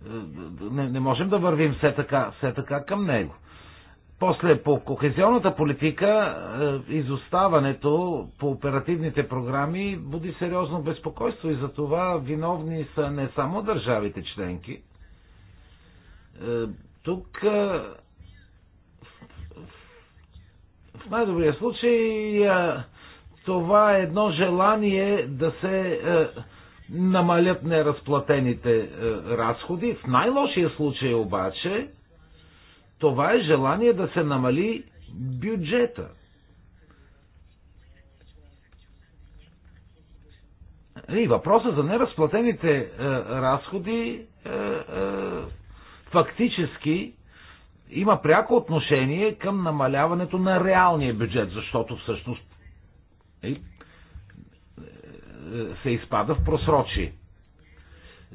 Speaker 2: Е, не, не можем да вървим все така, все така към него. После по кохезионната политика е, изоставането по оперативните програми буди сериозно безпокойство и за това виновни са не само държавите членки. Е, тук е, в най-добрия случай това е едно желание да се намалят неразплатените разходи. В най-лошия случай обаче това е желание да се намали бюджета. И въпроса за неразплатените е, разходи е, е, фактически има пряко отношение към намаляването на реалния бюджет, защото всъщност е, е се изпада в просрочи.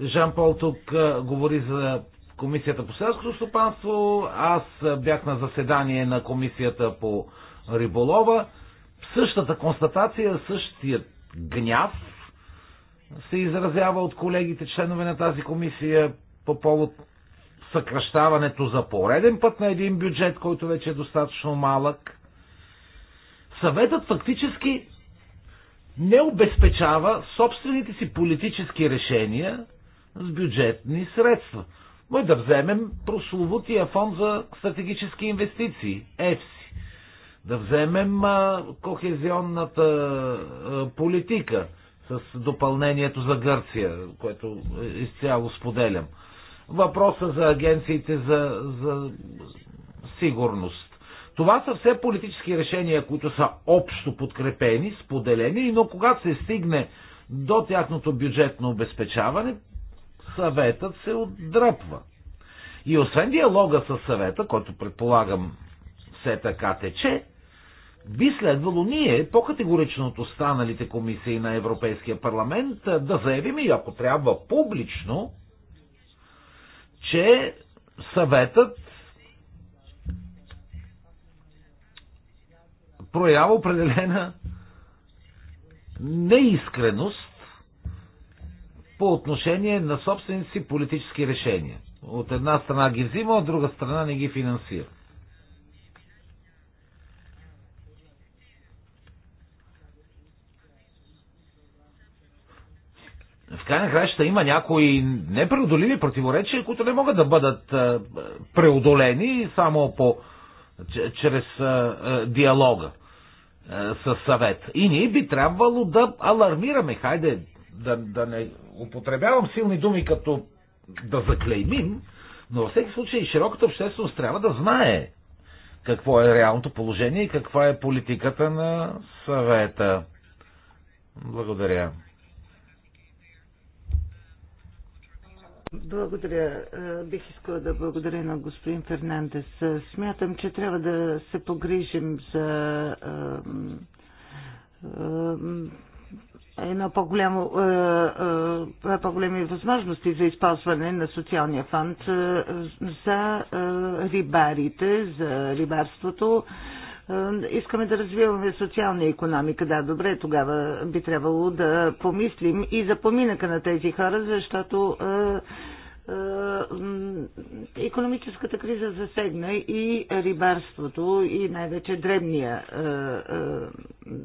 Speaker 2: Жан Пол тук е, говори за Комисията по селското стопанство, аз бях на заседание на Комисията по риболова. Същата констатация, същият гняв се изразява от колегите, членове на тази комисия по повод съкръщаването за пореден път на един бюджет, който вече е достатъчно малък. Съветът фактически не обезпечава собствените си политически решения с бюджетни средства. Мой да вземем прословутия фонд за стратегически инвестиции, ЕФСИ. Да вземем а, кохезионната а, политика с допълнението за Гърция, което е, изцяло споделям. Въпроса за агенциите за, за сигурност. Това са все политически решения, които са общо подкрепени, споделени, но когато се стигне до тяхното бюджетно обезпечаване, съветът се отдръпва. И освен диалога с съвета, който предполагам все така тече, би следвало ние, по-категорично от останалите комисии на Европейския парламент, да заявим и ако трябва публично, че съветът проява определена неискреност по отношение на собствените си политически решения. От една страна ги взима, от друга страна не ги финансира. в крайна краща има някои непреодолими противоречия, които не могат да бъдат преодолени само по, чрез диалога с съвет. И ние би трябвало да алармираме, хайде, да, да не употребявам силни думи като да заклеймим, но във всеки случай широката общественост трябва да знае какво е реалното положение и каква е политиката на съвета. Благодаря.
Speaker 3: Благодаря. Е, бих искала да благодаря на господин Фернандес. Е, смятам, че трябва да се погрижим за едно по-голямо, е, е, по-големи възможности за използване на социалния фонд е, за рибарите, за рибарството. Искаме да развиваме социалния економика. Да, добре, тогава би трябвало да помислим и за поминъка на тези хора, защото економическата криза засегна и рибарството, и най-вече дребния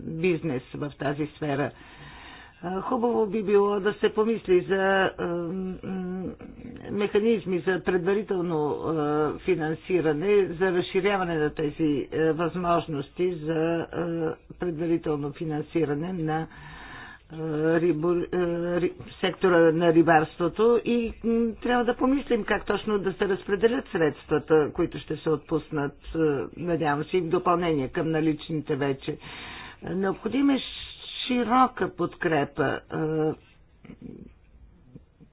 Speaker 3: бизнес в тази сфера. Хубаво би било да се помисли за механизми за предварително финансиране, за разширяване на тези възможности за предварително финансиране на рибо, сектора на рибарството и трябва да помислим как точно да се разпределят средствата, които ще се отпуснат, надявам се, и в допълнение към наличните вече. Необходим е широка подкрепа.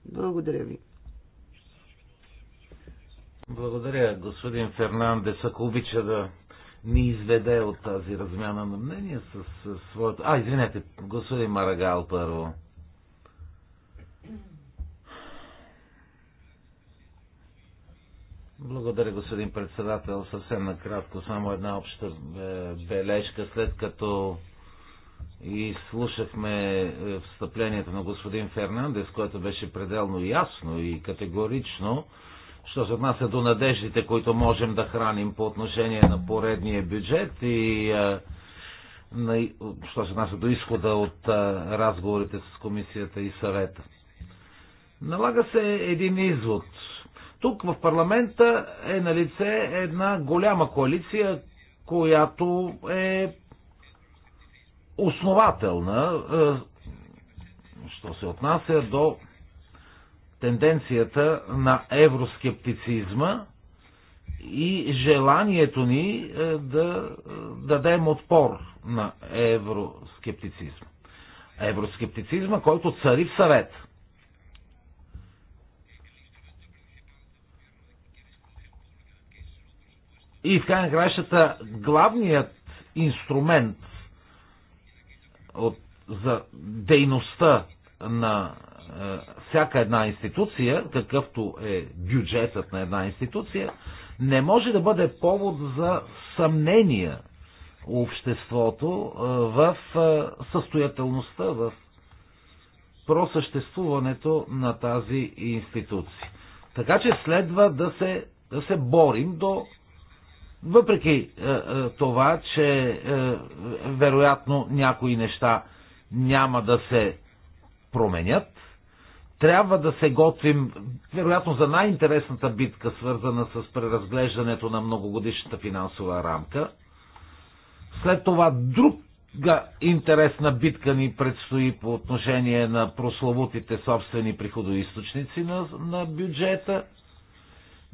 Speaker 3: Благодаря ви.
Speaker 2: Благодаря, господин Фернандес. Ако обича да ни изведе от тази размяна на мнение с, с своето... А, извинете, господин Марагал първо. Благодаря, господин председател. Съвсем накратко, само една обща е, бележка, след като и слушахме е, встъплението на господин Фернандес, което беше пределно ясно и категорично, що се отнася до надеждите, които можем да храним по отношение на поредния бюджет и е, на, що се отнася до изхода от е, разговорите с комисията и съвета. Налага се един извод. Тук в парламента е на лице една голяма коалиция, която е основателна, е, що се отнася до тенденцията на евроскептицизма и желанието ни е, да е, дадем отпор на евроскептицизма. Евроскептицизма, който цари в съвет. И в крайна кращата главният инструмент от, за дейността на е, всяка една институция, какъвто е бюджетът на една институция, не може да бъде повод за съмнения обществото е, в е, състоятелността, в просъществуването на тази институция. Така че следва да се, да се борим до въпреки е, е, това, че е, вероятно някои неща няма да се променят, трябва да се готвим, вероятно, за най-интересната битка, свързана с преразглеждането на многогодишната финансова рамка. След това друга интересна битка ни предстои по отношение на прословутите собствени приходоисточници на, на бюджета.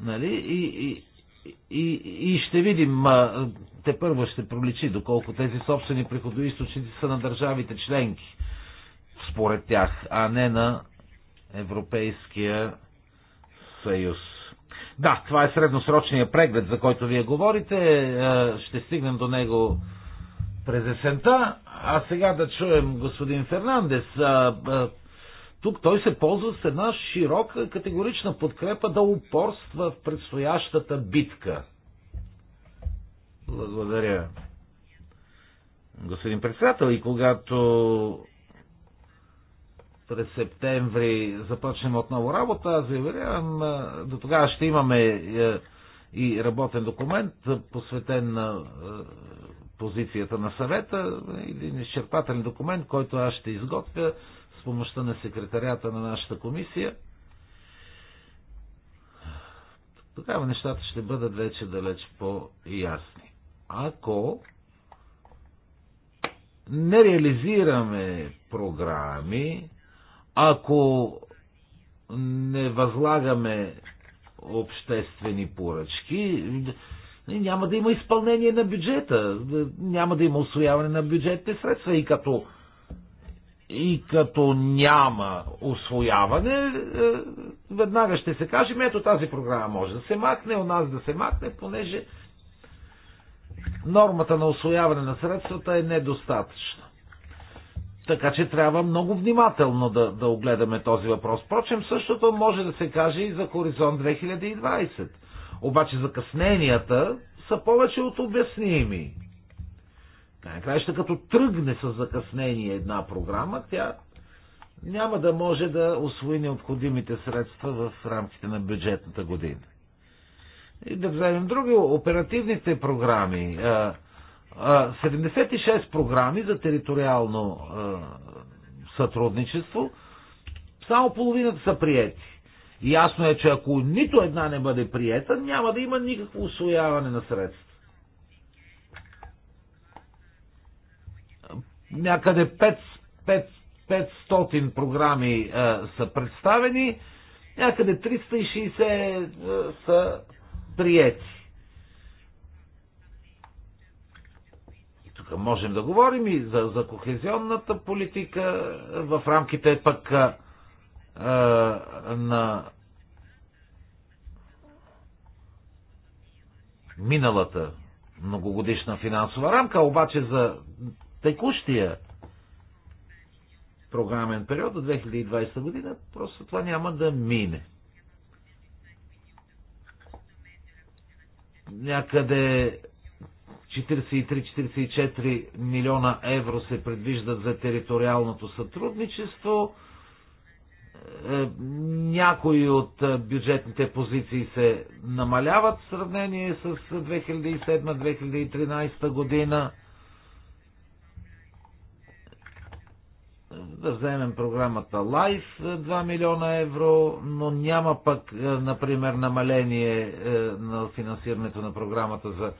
Speaker 2: Нали? И, и, и, и ще видим, те първо ще проличи доколко тези собствени приходоисточници са на държавите членки, според тях, а не на Европейския съюз. Да, това е средносрочния преглед, за който вие говорите. Е, ще стигнем до него през есента. А сега да чуем господин Фернандес. Тук той се ползва с една широка категорична подкрепа да упорства в предстоящата битка. Благодаря. Господин председател, и когато през септември започнем отново работа, аз заявявам, до тогава ще имаме и работен документ, посветен на позицията на съвета, един изчерпателен документ, който аз ще изготвя с помощта на секретарията на нашата комисия, тогава нещата ще бъдат вече далеч по-ясни. Ако не реализираме програми, ако не възлагаме обществени поръчки, няма да има изпълнение на бюджета, няма да има освояване на бюджетните средства и като и като няма освояване, е, веднага ще се каже, ето тази програма може да се махне, у нас да се махне, понеже нормата на освояване на средствата е недостатъчна. Така че трябва много внимателно да, да огледаме този въпрос. Впрочем, същото може да се каже и за Хоризонт 2020. Обаче закъсненията са повече от обясними. Най-краща, като тръгне с закъснение една програма, тя няма да може да освои необходимите средства в рамките на бюджетната година. И да вземем други оперативните програми. 76 програми за териториално сътрудничество, само половината са приети. ясно е, че ако нито една не бъде приета, няма да има никакво освояване на средства. някъде 5, 5, 500 програми а, е, са представени, някъде 360 а, е, са приети. И тук можем да говорим и за, за кохезионната политика е, в рамките пък а, на миналата многогодишна финансова рамка, обаче за текущия програмен период до 2020 година, просто това няма да мине. Някъде 43-44 милиона евро се предвиждат за териториалното сътрудничество. Е, някои от е, бюджетните позиции се намаляват в сравнение с 2007-2013 година. да вземем програмата LIFE 2 е, милиона евро, но няма пък, е, например, намаление е, на финансирането на програмата за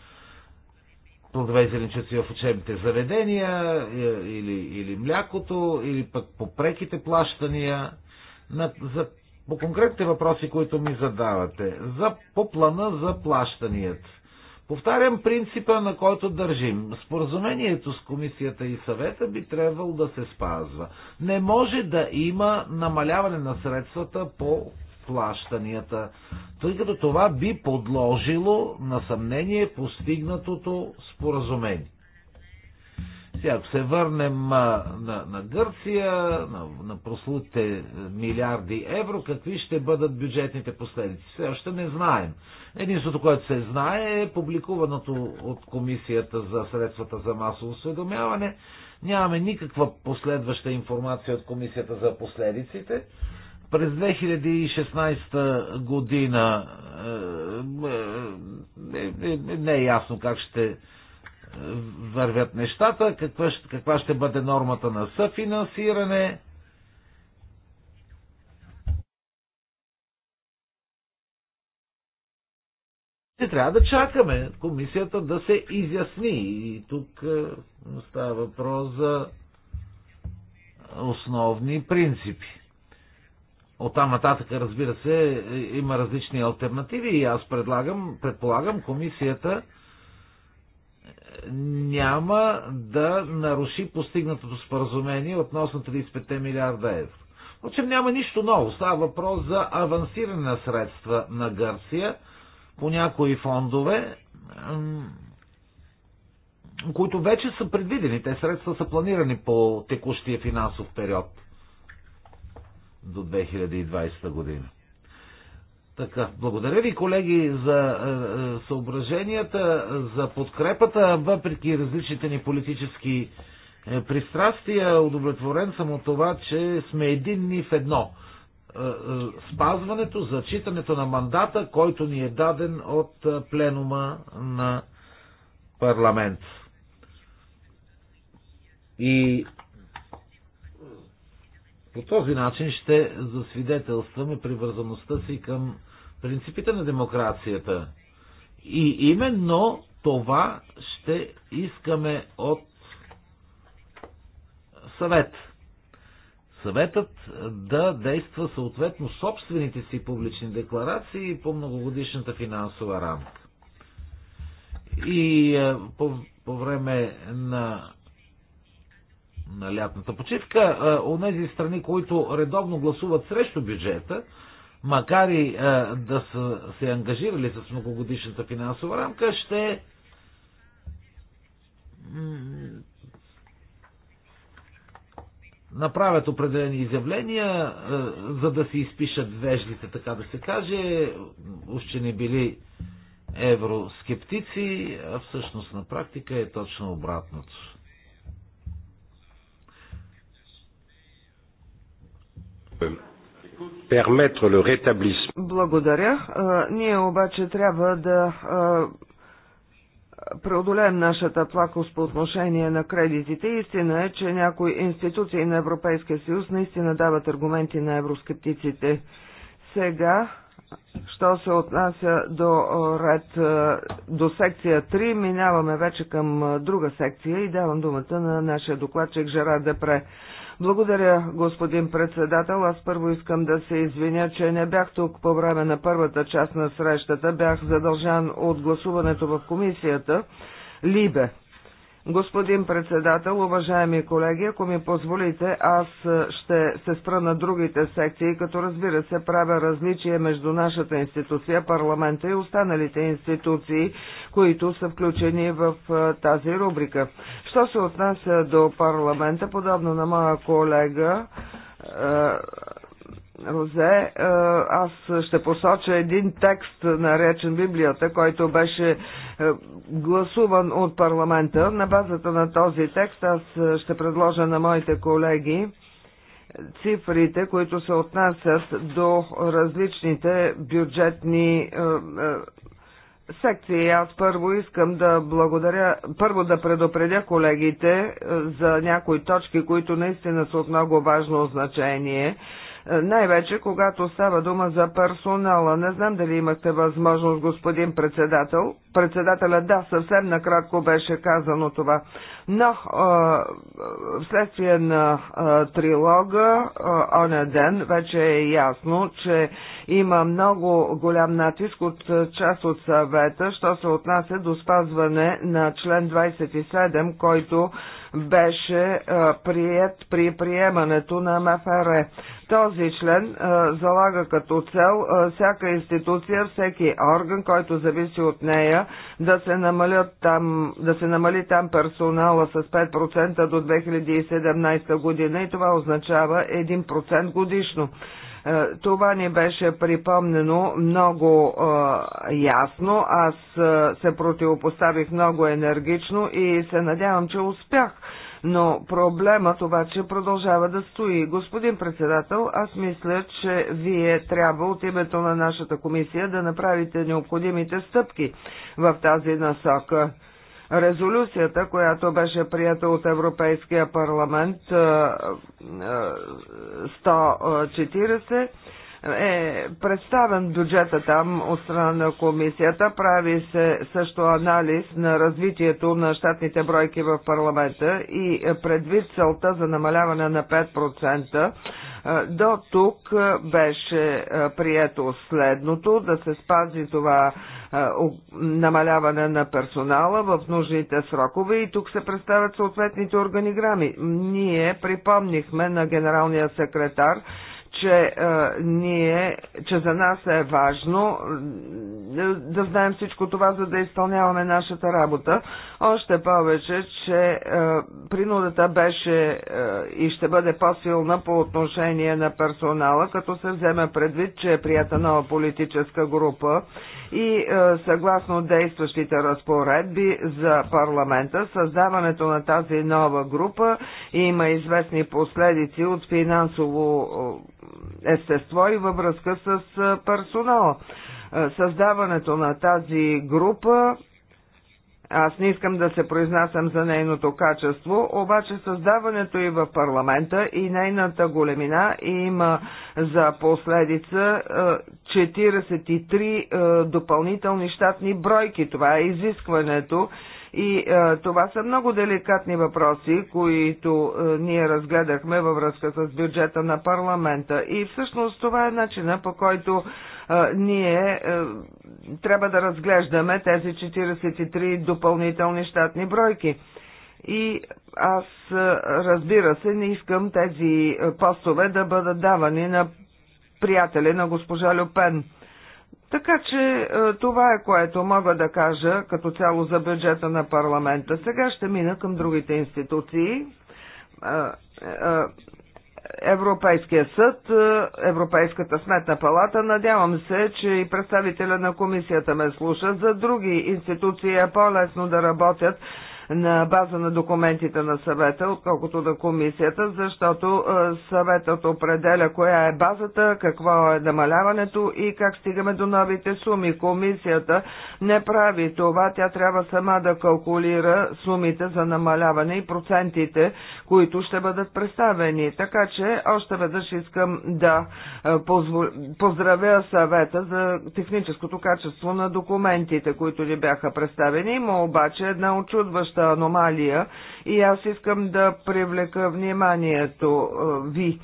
Speaker 2: плодове и зеленчуци в учебните заведения или, или млякото, или пък по преките плащания. На, за, по конкретните въпроси, които ми задавате, за, по плана за плащанията Повтарям принципа, на който държим. Споразумението с комисията и съвета би трябвало да се спазва. Не може да има намаляване на средствата по плащанията, тъй като това би подложило на съмнение постигнатото споразумение. Сега, ако се върнем а, на, на Гърция, на, на прослутите милиарди евро, какви ще бъдат бюджетните последици? Все още не знаем. Единството, което се знае е публикуваното от Комисията за средствата за масово осведомяване. Нямаме никаква последваща информация от Комисията за последиците. През 2016 година е, е, е, е, не е ясно как ще вървят нещата, каква, каква ще бъде нормата на съфинансиране. Ще трябва да чакаме комисията да се изясни. И тук е, става въпрос за основни принципи. От там нататък, разбира се, е, има различни альтернативи и аз предлагам, предполагам комисията няма да наруши постигнатото споразумение относно 35 милиарда евро. Впрочем няма нищо ново. Става въпрос за авансиране на средства на Гърция по някои фондове, които вече са предвидени. Те средства са планирани по текущия финансов период до 2020 година. Така, благодаря ви, колеги, за е, е, съображенията, за подкрепата, въпреки различните ни политически е, пристрастия. Удовлетворен съм от това, че сме единни в едно. Е, е, спазването, зачитането на мандата, който ни е даден от е, пленума на парламент. И по този начин ще засвидетелстваме привързаността си към принципите на демокрацията. И именно това ще искаме от съвет. Съветът да действа съответно собствените си публични декларации по многогодишната финансова рамка. И е, по, по време на, на лятната почивка, у е, тези страни, които редовно гласуват срещу бюджета, макар и е, да са се ангажирали с многогодишната финансова рамка, ще направят определени изявления, е, за да се изпишат веждите, така да се каже, още не били евроскептици, а всъщност на практика е точно обратното.
Speaker 4: permettre le rétablissement.
Speaker 1: Благодаря. Ние обаче трябва да преодолеем нашата плакост по отношение на кредитите. Истина е, че някои институции на Европейския съюз наистина дават аргументи на евроскептиците. Сега, що се отнася до ред, до секция 3, минаваме вече към друга секция и давам думата на нашия докладчик Жерар Депре. Благодаря, господин председател. Аз първо искам да се извиня, че не бях тук по време на първата част на срещата. Бях задължан от гласуването в комисията. Либе. Господин председател, уважаеми колеги, ако ми позволите, аз е, ще се спра на другите секции, като разбира се правя различие между нашата институция, парламента и останалите институции, които са включени в е, тази рубрика. Що се отнася до парламента, подобно на моя колега, е, Розе, е, аз ще посоча един текст, наречен Библията, който беше е, гласуван от парламента. На базата на този текст аз ще предложа на моите колеги цифрите, които се отнасят до различните бюджетни е, секции. Аз първо искам да благодаря, първо да предупредя колегите за някои точки, които наистина са от много важно значение най-вече когато става дума за персонала. Не знам дали имахте възможност, господин председател, председателя, да, съвсем накратко беше казано това. Но а, вследствие на а, трилога оня ден вече е ясно, че има много голям натиск от част от съвета, що се отнася до спазване на член 27, който беше а, прият при приемането на МФР. Този член а, залага като цел а, всяка институция, всеки орган, който зависи от нея, да се, намалят там, да се намали там персонала с 5% до 2017 година и това означава 1% годишно. Е, това ни беше припомнено много е, ясно. Аз е, се противопоставих много енергично и се надявам, че успях но проблемът обаче продължава да стои. Господин председател, аз мисля, че вие трябва от името на нашата комисия да направите необходимите стъпки в тази насока. Резолюцията, която беше прията от Европейския парламент 140, е представен бюджета там от страна на комисията. Прави се също анализ на развитието на щатните бройки в парламента и предвид целта за намаляване на 5%, е, до тук беше е, прието следното, да се спази това е, намаляване на персонала в нужните срокове и тук се представят съответните органиграми. Ние припомнихме на генералния секретар, че а, е, ние, че за нас е важно е, да знаем всичко това, за да изпълняваме нашата работа. Още повече, че а, е, принудата беше а, и ще бъде по-силна по отношение на персонала, като се вземе предвид, че е прията нова политическа група и е, съгласно действащите разпоредби за парламента, създаването на тази нова група има известни последици от финансово е, естество и във връзка с е, персонала. Създаването на тази група аз не искам да се произнасям за нейното качество, обаче създаването и в парламента и нейната големина има за последица 43 е, е, допълнителни щатни бройки. Това е изискването. И е, това са много деликатни въпроси, които е, ние разгледахме във връзка с бюджета на парламента. И всъщност това е начина по който ние е, трябва да разглеждаме тези 43 допълнителни щатни бройки. И аз, е, разбира се, не искам тези е, постове да бъдат давани на приятели на госпожа Люпен. Така че това е което мога да кажа като цяло за бюджета на парламента. Сега ще мина към другите институции. Европейския съд, е, Европейската сметна палата. Надявам се, че и представителя на комисията ме слушат. За други институции е по-лесно да работят на база на документите на съвета, отколкото на комисията, защото е, съветът определя коя е базата, какво е намаляването и как стигаме до новите суми. Комисията не прави това, тя трябва сама да калкулира сумите за намаляване и процентите, които ще бъдат представени. Така че още веднъж искам да е, поздравя съвета за техническото качество на документите, които ни бяха представени. Има обаче една очудваща доста аномалия и аз искам да привлека вниманието е, ви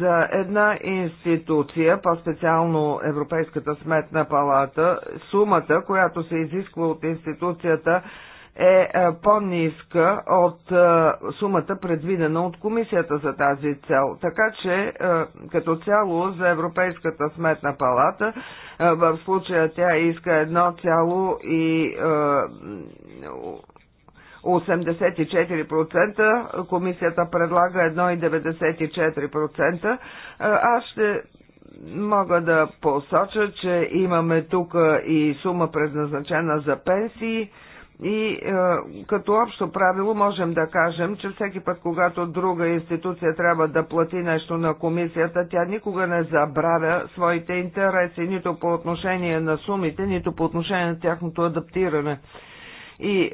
Speaker 1: за една институция, по-специално Европейската сметна палата, сумата, която се изисква от институцията, е, е по-ниска от е, сумата предвидена от комисията за тази цел. Така че като цяло за Европейската сметна палата в случая тя иска 1,1 84%, комисията предлага 1,94%. Аз ще мога да посоча, че имаме тук и сума предназначена за пенсии. И е, като общо правило можем да кажем, че всеки път, когато друга институция трябва да плати нещо на комисията, тя никога не забравя своите интереси, нито по отношение на сумите, нито по отношение на тяхното адаптиране. И е,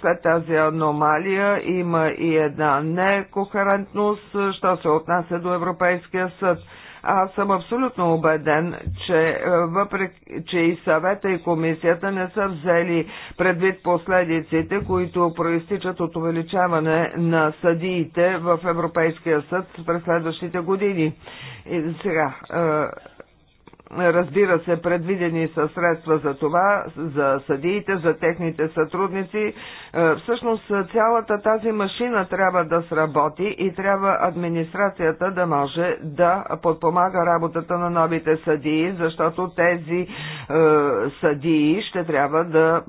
Speaker 1: след тази аномалия има и една некохерентност, що се отнася до Европейския съд. Аз съм абсолютно убеден, че, е, въпреки, че и съвета и комисията не са взели предвид последиците, които проистичат от увеличаване на съдиите в Европейския съд през следващите години. И сега, е, разбира се, предвидени са средства за това, за съдиите, за техните сътрудници. Е, всъщност цялата тази машина трябва да сработи и трябва администрацията да може да подпомага работата на новите съдии, защото тези е, съдии ще трябва да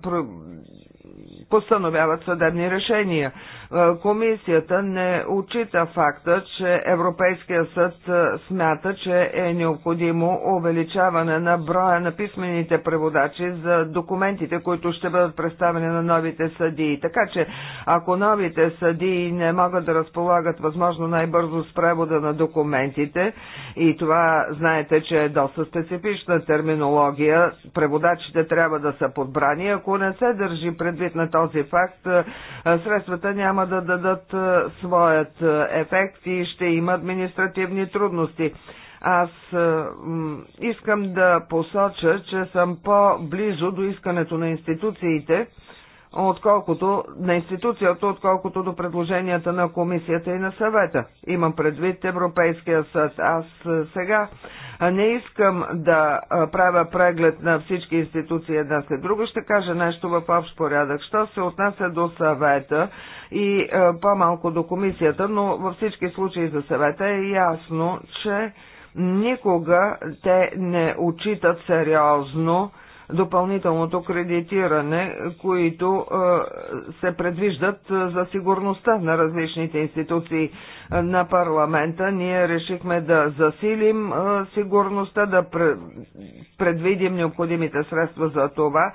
Speaker 1: постановяват съдебни решения. Е, комисията не отчита факта, че Европейския съд е, смята, че е необходимо увеличаване на броя на писмените преводачи за документите, които ще бъдат представени на новите съдии. Така че, ако новите съдии не могат да разполагат възможно най-бързо с превода на документите, и това знаете, че е доста специфична терминология, преводачите трябва да са подбрани. Ако не се държи предвид на този факт, е, средствата няма няма да дадат своят ефект и ще има административни трудности. Аз искам да посоча, че съм по-близо до искането на институциите, отколкото на институцията, отколкото до предложенията на комисията и на съвета. Имам предвид Европейския съд. Аз сега не искам да правя преглед на всички институции една след друга. Ще кажа нещо в общ порядък. Що се отнася до съвета, и е, по-малко до комисията, но във всички случаи за съвета е ясно, че никога те не отчитат сериозно допълнителното кредитиране, които се предвиждат за сигурността на различните институции на парламента. Ние решихме да засилим сигурността, да предвидим необходимите средства за това.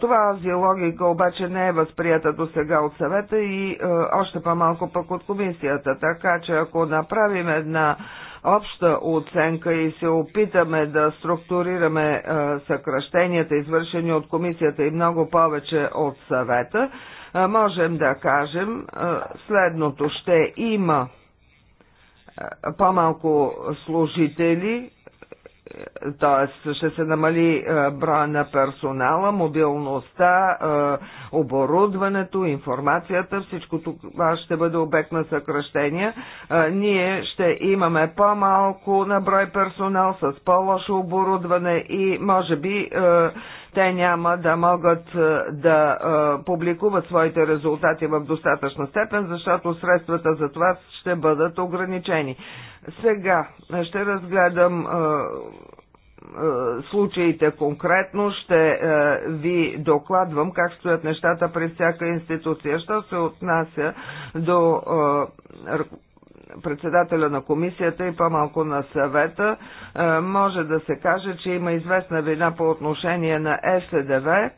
Speaker 1: Това логика обаче не е възприята до сега от съвета и още по-малко пък от комисията. Така че ако направим една обща оценка и се опитаме да структурираме е, съкръщенията, извършени от комисията и много повече от съвета, е, можем да кажем е, следното. Ще има по-малко служители, т.е. ще се намали броя на персонала, мобилността, оборудването, информацията, всичко това ще бъде обект на съкръщения. Ние ще имаме по-малко на брой персонал с по-лошо оборудване и може би те няма да могат е, да е, публикуват своите резултати в достатъчна степен, защото средствата за това ще бъдат ограничени. Сега е, ще разгледам случаите конкретно, ще ви докладвам как стоят нещата при всяка институция. Що се отнася до председателя на комисията и по-малко на съвета, е, може да се каже, че има известна вина по отношение на СДВ,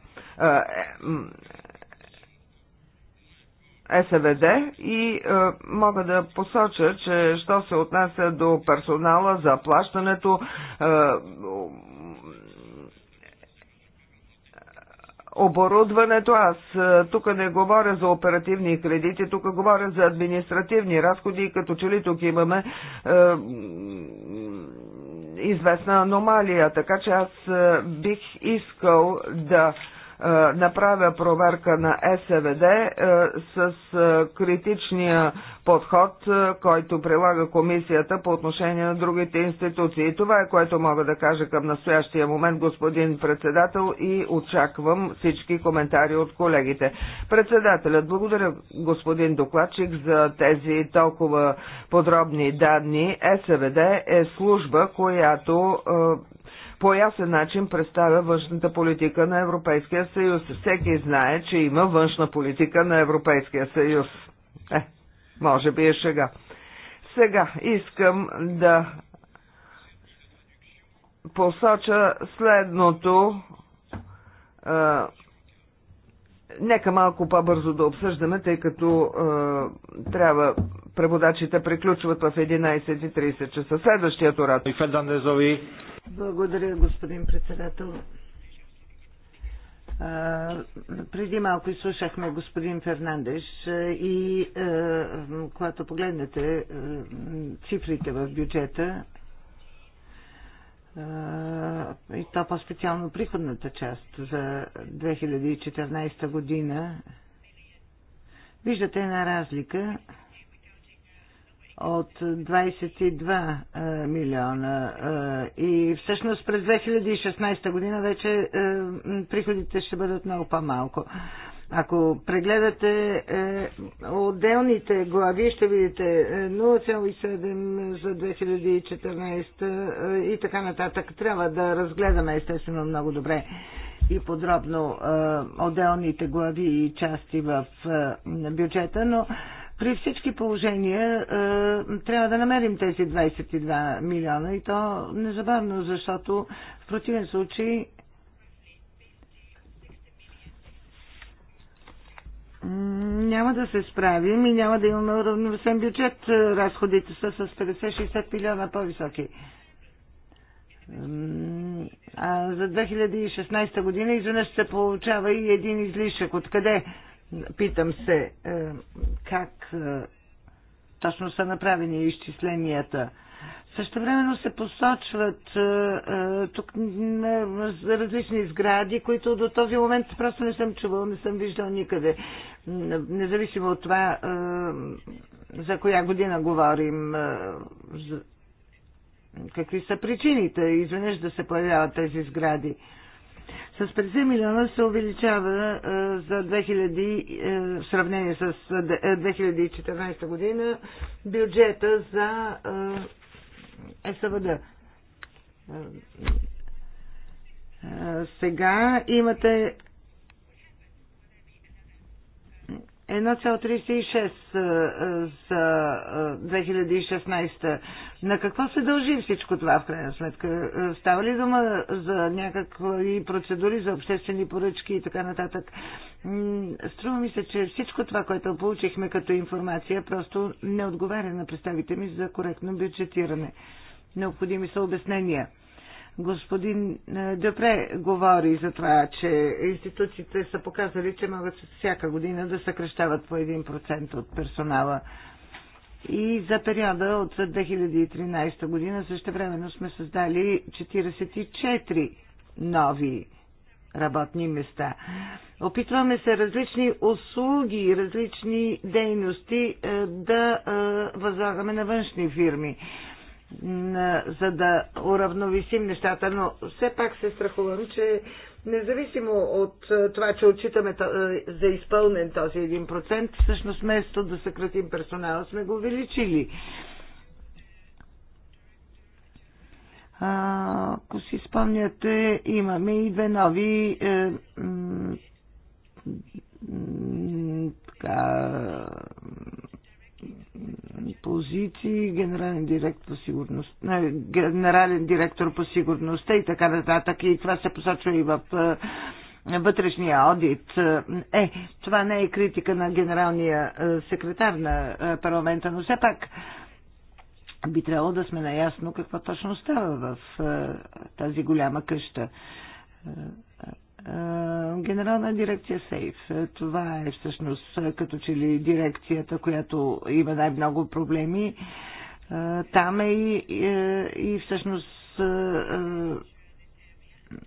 Speaker 1: е, СВД и е, мога да посоча, че що се отнася до персонала, плащането, е, оборудването. Аз е, тук не говоря за оперативни кредити, тук говоря за административни разходи и като че ли тук имаме е, известна аномалия. Така че аз е, бих искал да е, направя проверка на СВД е, с е, критичния подход, който прилага комисията по отношение на другите институции. Това е което мога да кажа към настоящия момент, господин председател, и очаквам всички коментари от колегите. Председателят, благодаря господин докладчик за тези толкова подробни данни. СВД е служба, която по ясен начин представя външната политика на Европейския съюз. Всеки знае, че има външна политика на Европейския съюз. Е, може би е шега. Сега искам да посоча следното. Е, нека малко по-бързо да обсъждаме, тъй като е, трябва преводачите приключват в 11.30 часа. Следващият оратор.
Speaker 3: Благодаря, господин председател. А, е, преди малко изслушахме господин Фернандеш е, и а, е, когато погледнете а, цифрите в бюджета, и то по-специално приходната част за 2014 година, виждате една разлика от 22 милиона. И всъщност през 2016 година вече приходите ще бъдат много по-малко. Ако прегледате е, отделните глави, ще видите 0,7 е, за 2014 е, и така нататък. Трябва да разгледаме естествено много добре и подробно е, отделните глави и части в е, бюджета, но при всички положения е, трябва да намерим тези 22 милиона и то незабавно, защото в противен случай няма да се справим и няма да имаме уравновесен бюджет. Е, разходите са с 50-60 милиона по-високи. А за 2016 година изведнъж се получава и един излишък. Откъде? Питам се е, как е, точно са направени изчисленията. Също времено се посочват а, е, е, тук е, различни сгради, които до този момент просто не съм чувал, не съм виждал никъде. Независимо от това а, за коя година говорим, а, за, какви са причините изведнъж да се появяват тези сгради. С 50 милиона се увеличава за 2000, в сравнение с 2014 година бюджета за е, СВД. Е, е, сега имате 1,36 за 2016. На какво се дължи всичко това в крайна сметка? Става ли дума за някакви процедури за обществени поръчки и така нататък? Струва ми се, че всичко това, което получихме като информация, просто не отговаря на представите ми за коректно бюджетиране. Необходими са обяснения. Господин е, Депре говори за това, че институциите са показали, че могат всяка година да съкрещават по 1% от персонала. И за периода от 2013 година също времено сме създали 44 нови работни места. Опитваме се различни услуги, различни дейности е, да е, възлагаме на външни фирми за да уравновесим нещата, но все пак се страхувам, че независимо от е, това, че отчитаме е, за изпълнен този 1%, всъщност вместо да съкратим персонала, сме го увеличили. Ако си спомняте, имаме и две нови е, така, позиции, генерален директор по сигурност, не, генерален директор по сигурността и така нататък. И това се посочва и в вътрешния одит. Е, това не е критика на генералния секретар на парламента, но все пак би трябвало да сме наясно какво точно става в тази голяма къща. Генерална дирекция Сейф. Това е всъщност като че ли дирекцията, която има най-много проблеми. Там е и, и всъщност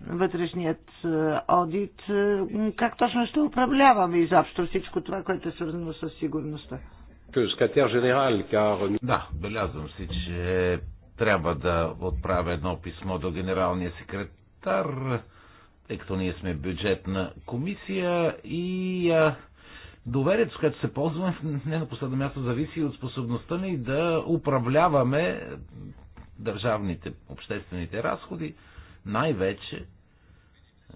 Speaker 3: вътрешният одит. Как точно ще управляваме изобщо всичко това, което е свързано с сигурността?
Speaker 2: Да, белязвам си, че трябва да отправя едно писмо до генералния секретар тъй като ние сме бюджетна комисия и а, доверието, с което се ползваме, не на последно място зависи от способността ни да управляваме държавните, обществените разходи, най-вече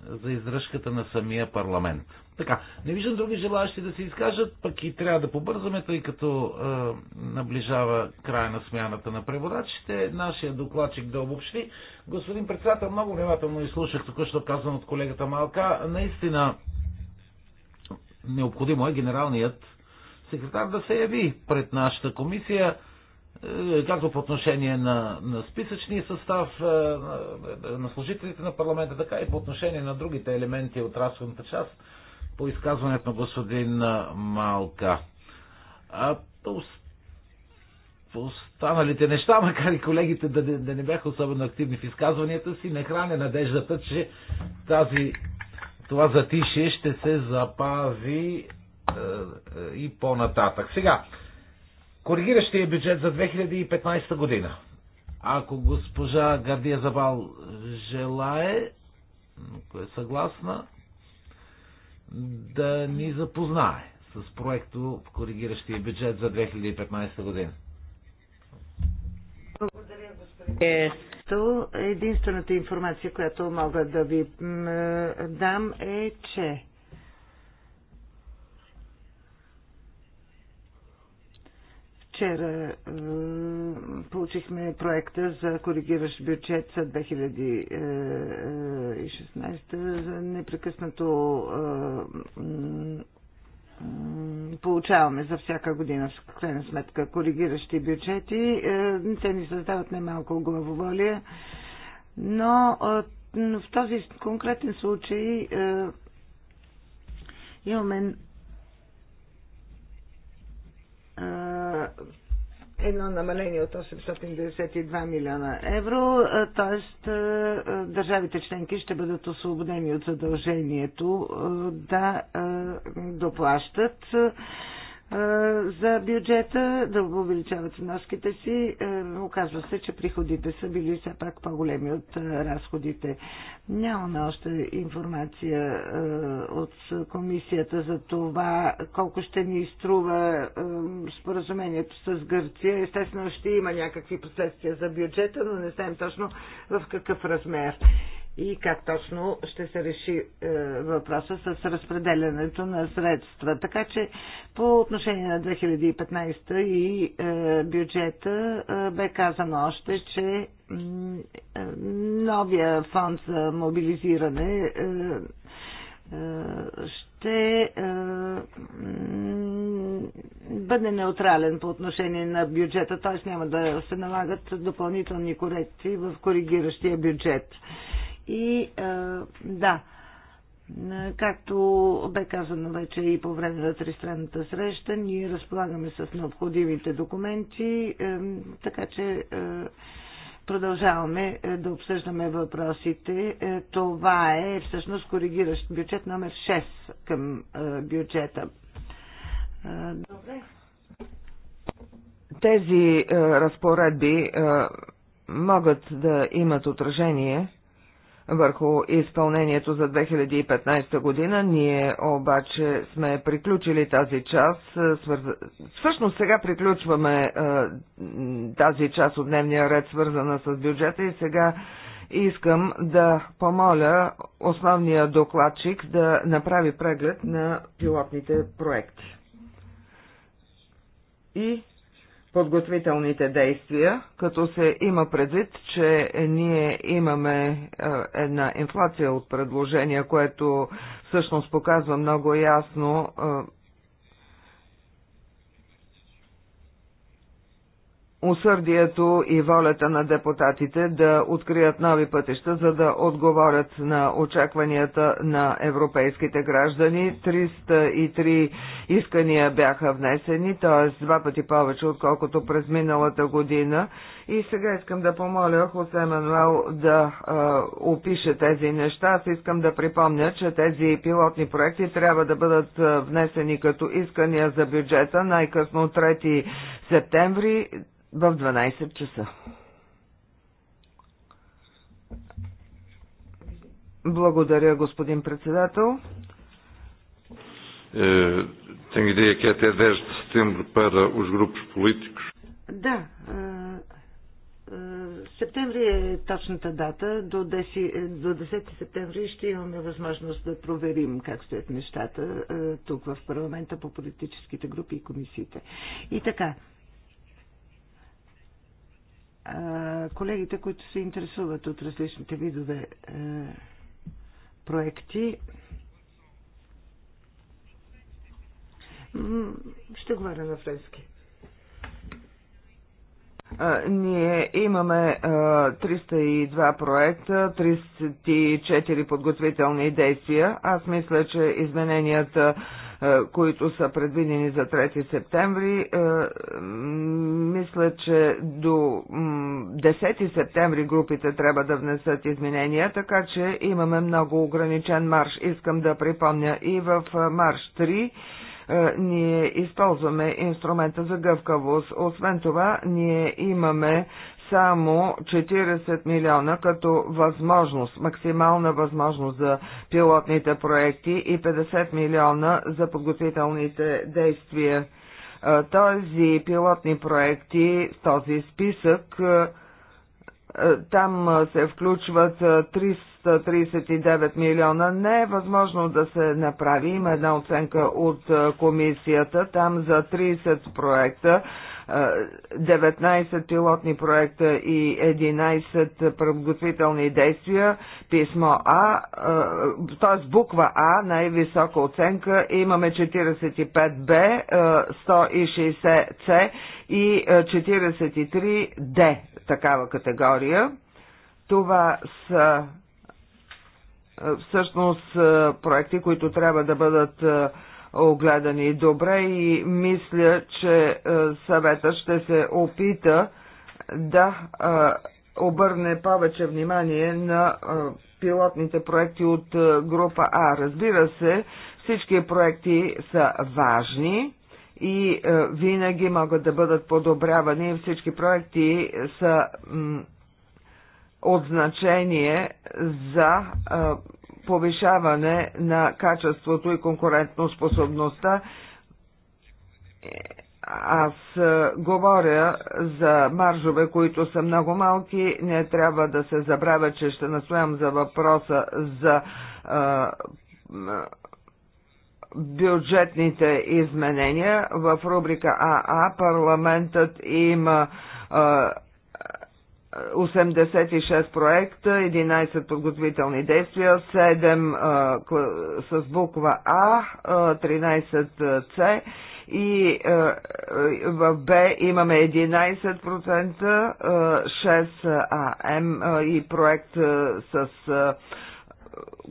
Speaker 2: за издръжката на самия парламент. Така, не виждам други желащи да се изкажат, пък и трябва да побързаме, тъй като е, наближава края на смяната на преводачите. Нашия докладчик да обобщи. Господин председател, много внимателно изслушах току-що казвам от колегата Малка. Наистина, необходимо е генералният секретар да се яви пред нашата комисия. Е, както по отношение на, на списъчния състав е, на служителите на парламента, така и по отношение на другите елементи от разходната част по изказването на господин е, Малка. А по, по останалите неща, макар и колегите да, да не бяха особено активни в изказванията си, не храня надеждата, че тази, това затишие ще се запази е, е, и по-нататък. Сега, коригиращия бюджет за 2015 година. Ако госпожа Гардия Забал желае, ако е съгласна, да ни запознае с проекто в коригиращия бюджет за 2015 година.
Speaker 3: Благодаря,
Speaker 2: Единствената информация,
Speaker 3: която мога да ви дам е, че Вчера получихме проекта за коригиращ бюджет за 2016. За е, е, непрекъснато е, получаваме за всяка година, в крайна сметка, коригиращи бюджети. Те ни създават немалко главоволие, но в този конкретен случай имаме едно намаление от 892 милиона евро, т.е. държавите членки ще бъдат освободени от задължението да доплащат за бюджета, да увеличават вноските си. Оказва се, че приходите са били все пак по-големи от разходите. Нямаме още информация от комисията за това колко ще ни изтрува споразумението с Гърция. Естествено ще има някакви последствия за бюджета, но не знаем точно в какъв размер и как точно ще се реши е, въпроса с разпределянето на средства. Така че по отношение на 2015 и е, бюджета е, бе казано още, че е, новия фонд за мобилизиране е, е, ще бъде неутрален по отношение на бюджета, т.е. няма да се налагат допълнителни корекции в коригиращия бюджет. И да, както бе казано вече и по време на тристранната среща, ние разполагаме с необходимите документи, така че продължаваме да обсъждаме въпросите. Това е всъщност коригиращ бюджет номер 6 към бюджета. Добре. Тези
Speaker 1: разпоредби могат да имат отражение върху изпълнението за 2015 година. Ние обаче сме приключили тази част. Е, всъщност сега приключваме е, тази част от дневния ред, свързана с бюджета и сега искам да помоля основния докладчик да направи преглед на пилотните проекти. И подготвителните действия, като се има предвид, че ние имаме е, една инфлация от предложения, което всъщност показва много ясно е, усърдието и волята на депутатите да открият нови пътища, за да отговорят на очакванията на европейските граждани. 303 искания бяха внесени, т.е. два пъти повече, отколкото през миналата година. И сега искам да помоля Хосе Мануел да а, опише тези неща. Аз искам да припомня, че тези пилотни проекти трябва да бъдат внесени като искания за бюджета най-късно 3 септември в 12 часа. Благодаря, господин председател.
Speaker 4: Tenho ideia que até 10 de setembro para os grupos políticos.
Speaker 3: Да, е, е, септември е точната дата. До 10, е, до 10 септември ще имаме възможност да проверим как стоят нещата тук в парламента по политическите групи и комисиите. И така, колегите, които се интересуват от различните видове проекти. Ще говоря на френски.
Speaker 1: Ние имаме 302 проекта, 34 подготвителни действия. Аз мисля, че измененията е, които са предвидени за 3 септември. Е, мисля, че до 10 септември групите трябва да внесат изменения, така че имаме много ограничен марш. Искам да припомня и в е, марш 3 ние използваме инструмента за гъвкавост. Освен това, ние имаме само 40 милиона като възможност, максимална възможност за пилотните проекти и 50 милиона за подготвителните действия. Този пилотни проекти, този списък, там се включват 339 милиона. Не е възможно да се направи. Има една оценка от комисията. Там за 30 проекта 19 пилотни проекта и 11 правоготвителни действия, писмо А, т.е. буква А, най-висока оценка, имаме 45 Б, 160 С и 43 Д, такава категория. Това са всъщност проекти, които трябва да бъдат огледани добре и мисля, че е, съвета ще се опита да е, обърне повече внимание на е, пилотните проекти от група А. Разбира се, всички проекти са важни и винаги могат да бъдат подобрявани. Всички проекти са от значение за повишаване на качеството и конкурентоспособността. Аз е, говоря за маржове, които са много малки. Не трябва да се забравя, че ще настоям за въпроса за е, бюджетните изменения. В рубрика АА парламентът има а, е, 86 проекта, 11 подготвителни действия, 7 с буква А, 13 С и в Б имаме 11%, 6 АМ и проект с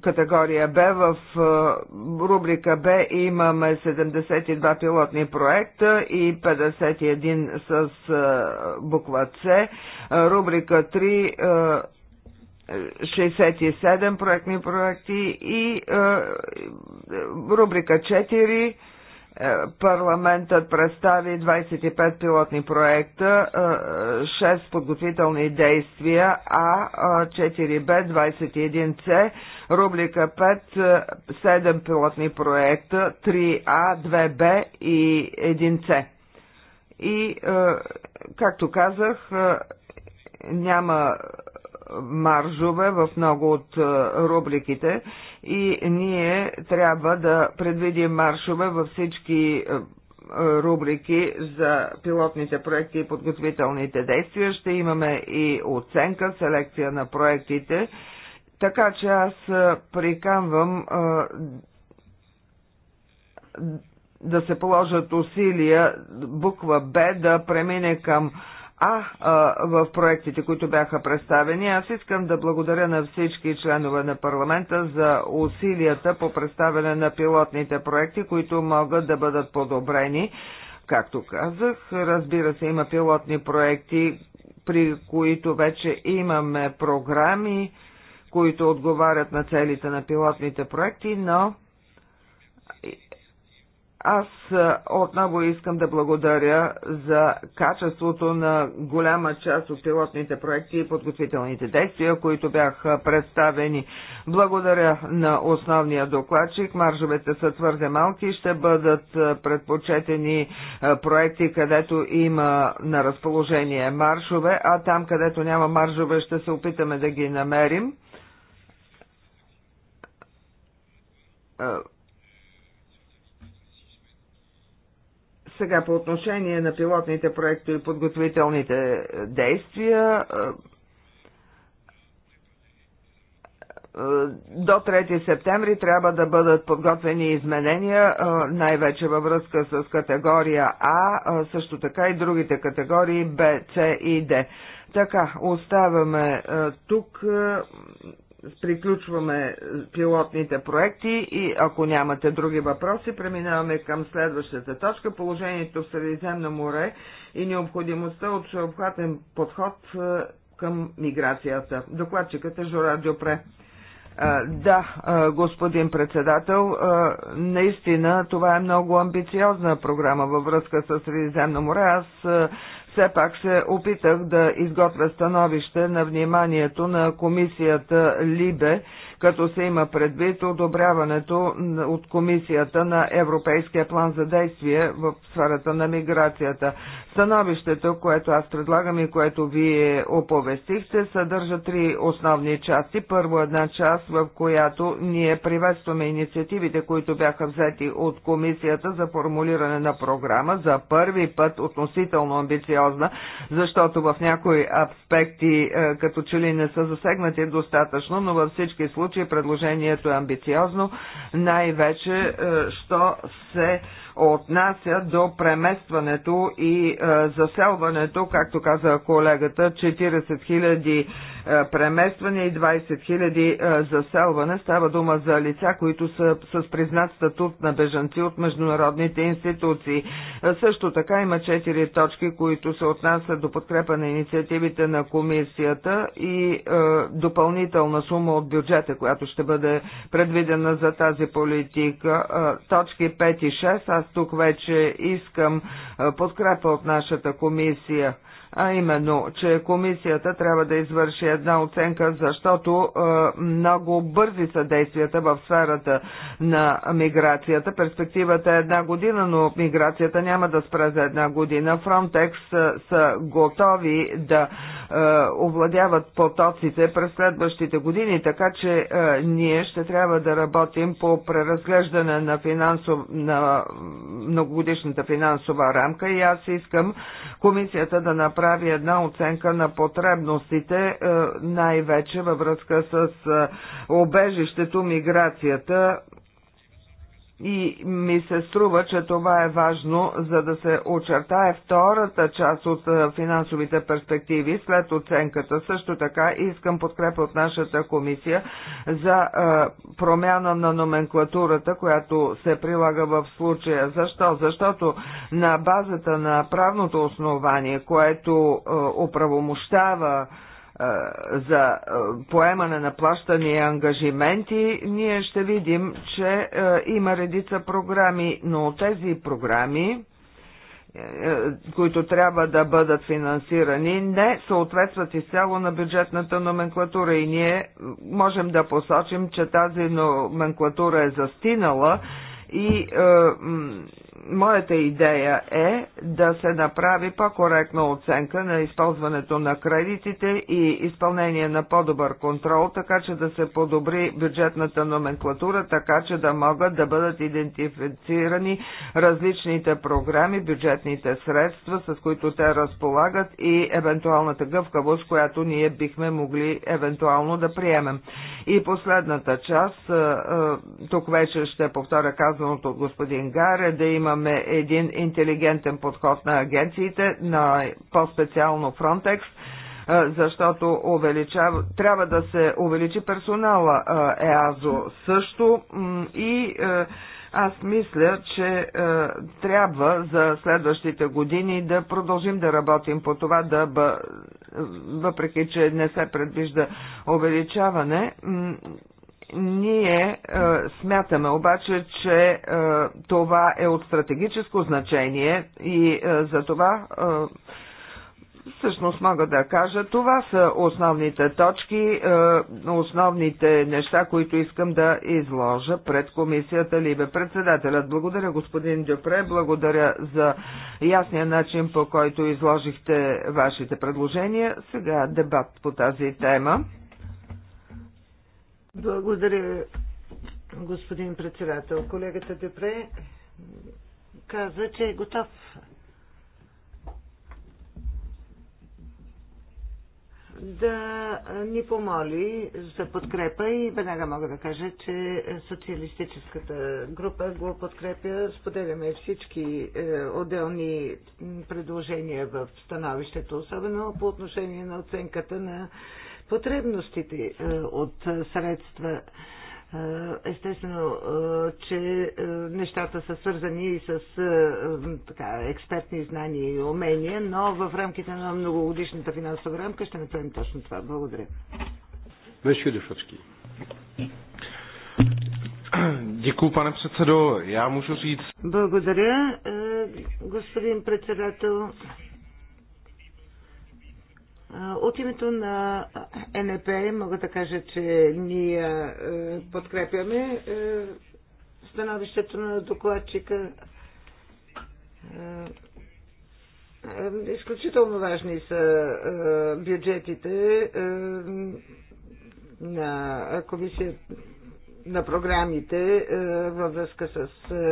Speaker 1: категория Б. В рубрика Б имаме 72 пилотни проекта и 51 с буква С. Рубрика 3 67 проектни проекти и рубрика 4 е, парламентът представи 25 пилотни проекта, 6 е, е, подготвителни действия, А, 4Б, 21 с рубрика 5, 7 пилотни проекта, 3А, 2Б и 1 с И, както казах, няма маржове в много от рубриките и ние трябва да предвидим маршове във всички е, е, рубрики за пилотните проекти и подготвителните действия. Ще имаме и оценка, селекция на проектите. Така че аз е, приканвам да се положат усилия буква Б да премине към а, а в проектите, които бяха представени. Аз искам да благодаря на всички членове на парламента за усилията по представяне на пилотните проекти, които могат да бъдат подобрени. Както казах, разбира се, има пилотни проекти, при които вече имаме програми, които отговарят на целите на пилотните проекти, но аз е, отново искам да благодаря за качеството на голяма част от пилотните проекти и подготвителните действия, които бяха представени. Благодаря на основния докладчик. Маржовете са твърде малки. Ще бъдат е, предпочетени е, проекти, където има на разположение маршове, а там, където няма маржове, ще се опитаме да ги намерим Сега по отношение на пилотните проекти и подготовителните е, действия, е, е, до 3 септември трябва да бъдат подготвени изменения, най-вече във връзка с категория А, също така и другите категории Б, С и Д. Така, оставаме тук приключваме е, пилотните проекти и ако нямате други въпроси, преминаваме към следващата точка. Положението в Средиземно море и необходимостта от всеобхватен подход е, към миграцията. Докладчикът е Жора Дюпре. Е, да, господин председател, наистина това е много амбициозна програма във връзка с Средиземно море. Аз все пак се опитах да изготвя становище на вниманието на комисията Либе като се има предвид одобряването от комисията на Европейския план за действие в сферата на миграцията. Становището, което аз предлагам и което вие оповестихте, съдържа три основни части. Първо една част, в която ние приветстваме инициативите, които бяха взети от комисията за формулиране на програма за първи път относително амбициозна, защото в някои аспекти е, като че ли не са засегнати достатъчно, но във всички случаи случай предложението е амбициозно, най-вече, е, що се отнася до преместването и е, заселването, както каза колегата, 40 хиляди е, премествания и 20 хиляди е, заселване. Става дума за лица, които са с признат статут на бежанци от международните институции. Също така има 4 точки, които се отнасят до подкрепа на инициативите на комисията и допълнителна сума от бюджета, която ще бъде предвидена за тази политика. Точки 5 и 6, аз аз тук вече искам подкрепа от нашата комисия а именно, че комисията трябва да извърши една оценка, защото е, много бързи са действията в сферата на миграцията. Перспективата е една година, но миграцията няма да спре за една година. Frontex са, са готови да е, овладяват потоците през следващите години, така че е, ние ще трябва да работим по преразглеждане на, финансов, на многогодишната финансова рамка и аз искам комисията да направи направи една оценка на потребностите, е, най-вече във връзка с е, обежището, миграцията и ми се струва, че това е важно, за да се очертае втората част от финансовите перспективи след оценката. Също така искам подкрепа от нашата комисия за промяна на номенклатурата, която се прилага в случая. Защо? Защото на базата на правното основание, което оправомощава за поемане на плащани и ангажименти, ние ще видим, че има редица програми, но тези програми, които трябва да бъдат финансирани, не съответстват изцяло на бюджетната номенклатура и ние можем да посочим, че тази номенклатура е застинала и моята идея е да се направи по-коректна оценка на използването на кредитите и изпълнение на по-добър контрол, така че да се подобри бюджетната номенклатура, така че да могат да бъдат идентифицирани различните програми, бюджетните средства, с които те разполагат и евентуалната гъвкавост, която ние бихме могли евентуално да приемем. И последната част, тук вече ще повторя казаното от господин Гаре, да има имаме един интелигентен подход на агенциите, на по-специално Frontex, защото увеличав... трябва да се увеличи персонала ЕАЗО също и аз мисля, че е, трябва за следващите години да продължим да работим по това, да бъ... въпреки че не се предвижда увеличаване, ние е, смятаме обаче, че е, това е от стратегическо значение и е, за това е, всъщност мога да кажа, това са основните точки, е, основните неща, които искам да изложа пред комисията Либе. Председателят, благодаря господин Дюпре, благодаря за ясния начин, по който изложихте вашите предложения. Сега дебат по тази тема.
Speaker 3: Благодаря, господин председател. Колегата Депре каза, че е готов да ни помоли за подкрепа и веднага мога да кажа, че социалистическата група го подкрепя. Споделяме всички е, отделни предложения в становището, особено по отношение на оценката на потребностите е, от средства. Е, естествено, е, че нещата са свързани и с така, експертни знания и умения, но в рамките на многогодишната финансова рамка ще направим точно това. Благодаря.
Speaker 4: Monsieur Dušovský. Děkuji, pane předsedo. Já můžu říct...
Speaker 3: Благодаря, господин председател. От името на е НП мога да кажа, че ние подкрепяме становището на докладчика. Изключително важни са бюджетите на комисия на програмите във връзка с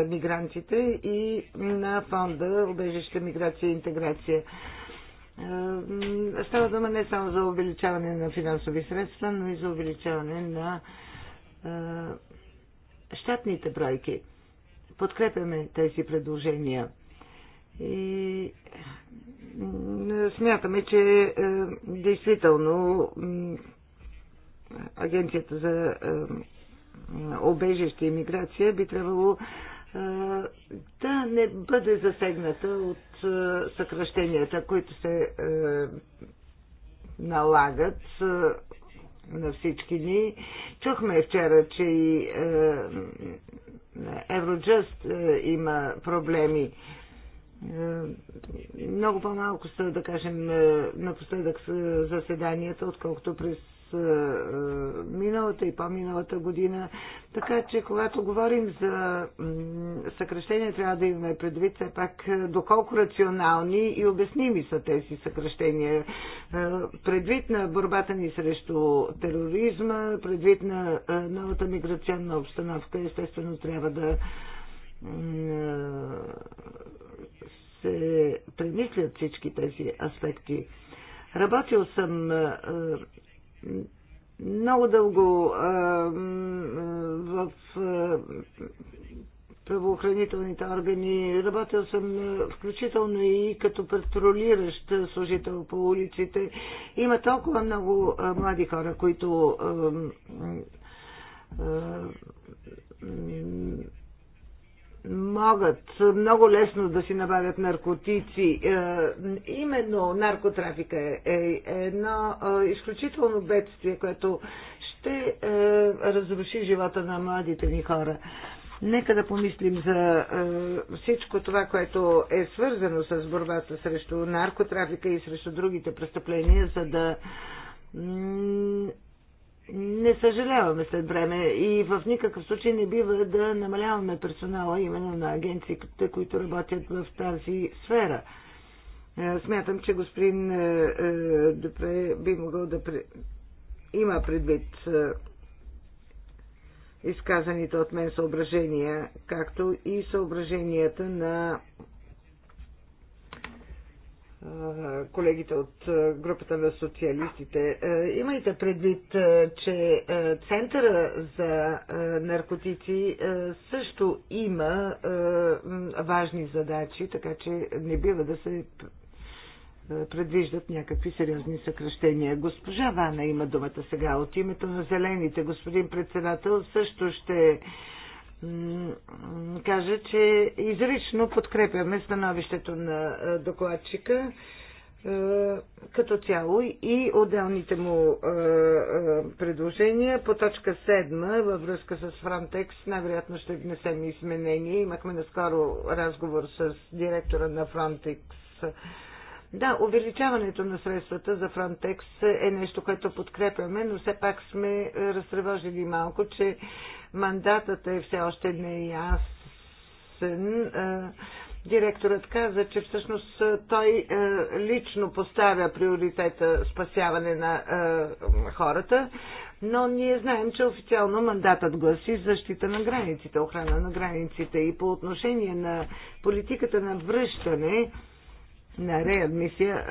Speaker 3: мигрантите и на фонда Обежище, миграция и интеграция. Е, става дума не само за увеличаване на финансови средства, но и за увеличаване на е, щатните бройки. Подкрепяме тези предложения. И смятаме, че е, действително Агенцията за обежище и миграция би трябвало да не бъде засегната от съкръщенията, които се налагат на всички ни. Чухме вчера, че и Евроджъст има проблеми. Много по-малко са, да кажем, напоследък заседанията, отколкото през е, е, миналата и по-миналата година. Така че, когато говорим за съкръщения, трябва да имаме предвид все пак е, доколко рационални и обясними са тези съкръщения. Предвид на борбата ни срещу тероризма, предвид на новата миграционна обстановка, естествено трябва да се премислят всички тези аспекти. Работил съм много дълго в правоохранителните органи. Работил съм включително и като патрулиращ служител по улиците. Има толкова много млади хора, които могат много лесно да си набавят наркотици. Е, именно наркотрафика е, е едно е, изключително бедствие, което ще разруши живота на младите ни хора. Нека да помислим за всичко това, което е свързано с борбата срещу наркотрафика и срещу другите престъпления, за да не съжаляваме след време и в никакъв случай не бива да намаляваме персонала именно на агенциите, които работят в тази сфера. Е, смятам, че господин е, е, Депре би могъл да има предвид изказаните от мен съображения, както и съображенията на колегите от групата на социалистите. Имайте предвид, че Центъра за наркотици също има важни задачи, така че не бива да се предвиждат някакви сериозни съкръщения. Госпожа Вана има думата сега от името на зелените. Господин председател също ще кажа, че изрично подкрепяме становището на докладчика като цяло и отделните му предложения. По точка 7 във връзка с Frontex най-вероятно ще внесем изменения. Имахме наскоро разговор с директора на Frontex да, увеличаването на средствата за Frontex е нещо, което подкрепяме, но все пак сме разтревожили малко, че Мандатът е все още неясен. Е, директорът каза, че всъщност е, той е, лично поставя приоритета спасяване на хората, но ние знаем, че официално мандатът гласи защита на границите, охрана на границите и по отношение на политиката на връщане на реадмисия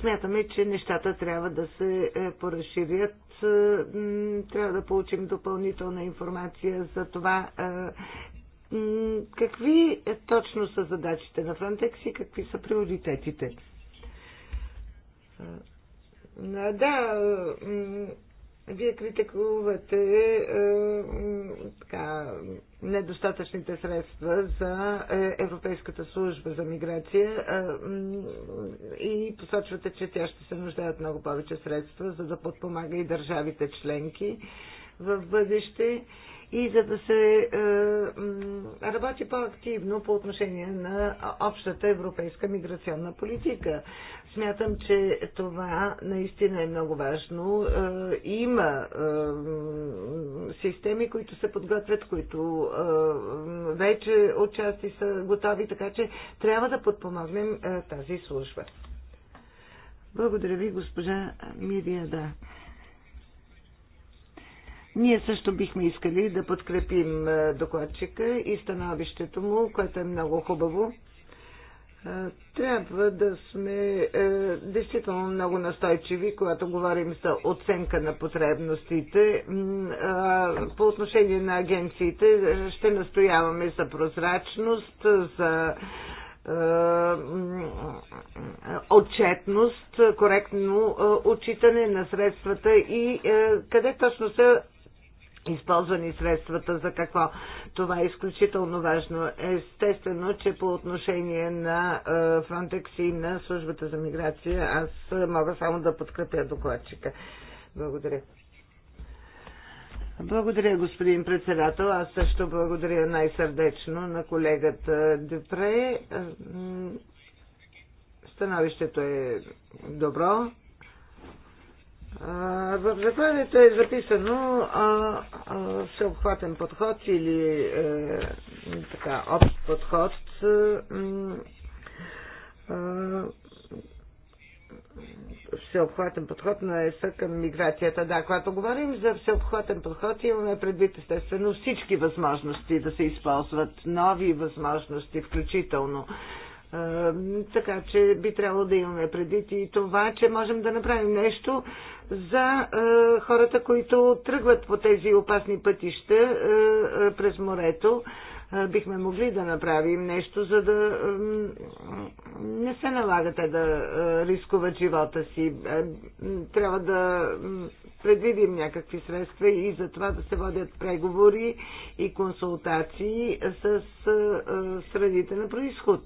Speaker 3: Смятаме, че нещата трябва да се е, поразширят, е, трябва да получим допълнителна информация за това е, какви точно са задачите на Frontex и какви са приоритетите. Да, вие критикувате е, така, недостатъчните средства за е, Европейската служба за миграция е, и посочвате, че тя ще се нуждаят много повече средства, за да подпомага и държавите членки в бъдеще и за да се е, работи по-активно по отношение на общата европейска миграционна политика. Смятам, че това наистина е много важно. Е, има е, системи, които се подготвят, които е, вече отчасти са готови, така че трябва да подпомогнем тази служба. Благодаря ви, госпожа Мирия, да. Ние също бихме искали да подкрепим докладчика и становището му, което е много хубаво трябва да сме е, действително много настойчиви, когато говорим за оценка на потребностите. По отношение на агенциите е, ще настояваме за прозрачност, за е, отчетност, коректно е, отчитане на средствата и къде точно са използвани средствата за какво. Това е изключително важно. Естествено, че по отношение на е, Frontex и на службата за миграция, аз мога само да подкрепя докладчика. Благодаря. Благодаря, господин председател. Аз също благодаря най-сърдечно на колегата Дюпре. Становището е добро. В заглавието е записано а, а, всеобхватен подход или а, е, така, общ подход. Е, всеобхватен подход на ЕСА към миграцията. Да, когато говорим за всеобхватен подход, имаме предвид естествено всички възможности да се използват, нови възможности включително. Така че би трябвало да имаме предвид и това, че можем да направим нещо за хората, които тръгват по тези опасни пътища през морето. Бихме могли да направим нещо, за да не се налагате да рискуват живота си. Трябва да предвидим някакви средства и за това да се водят преговори и консултации с средите на происход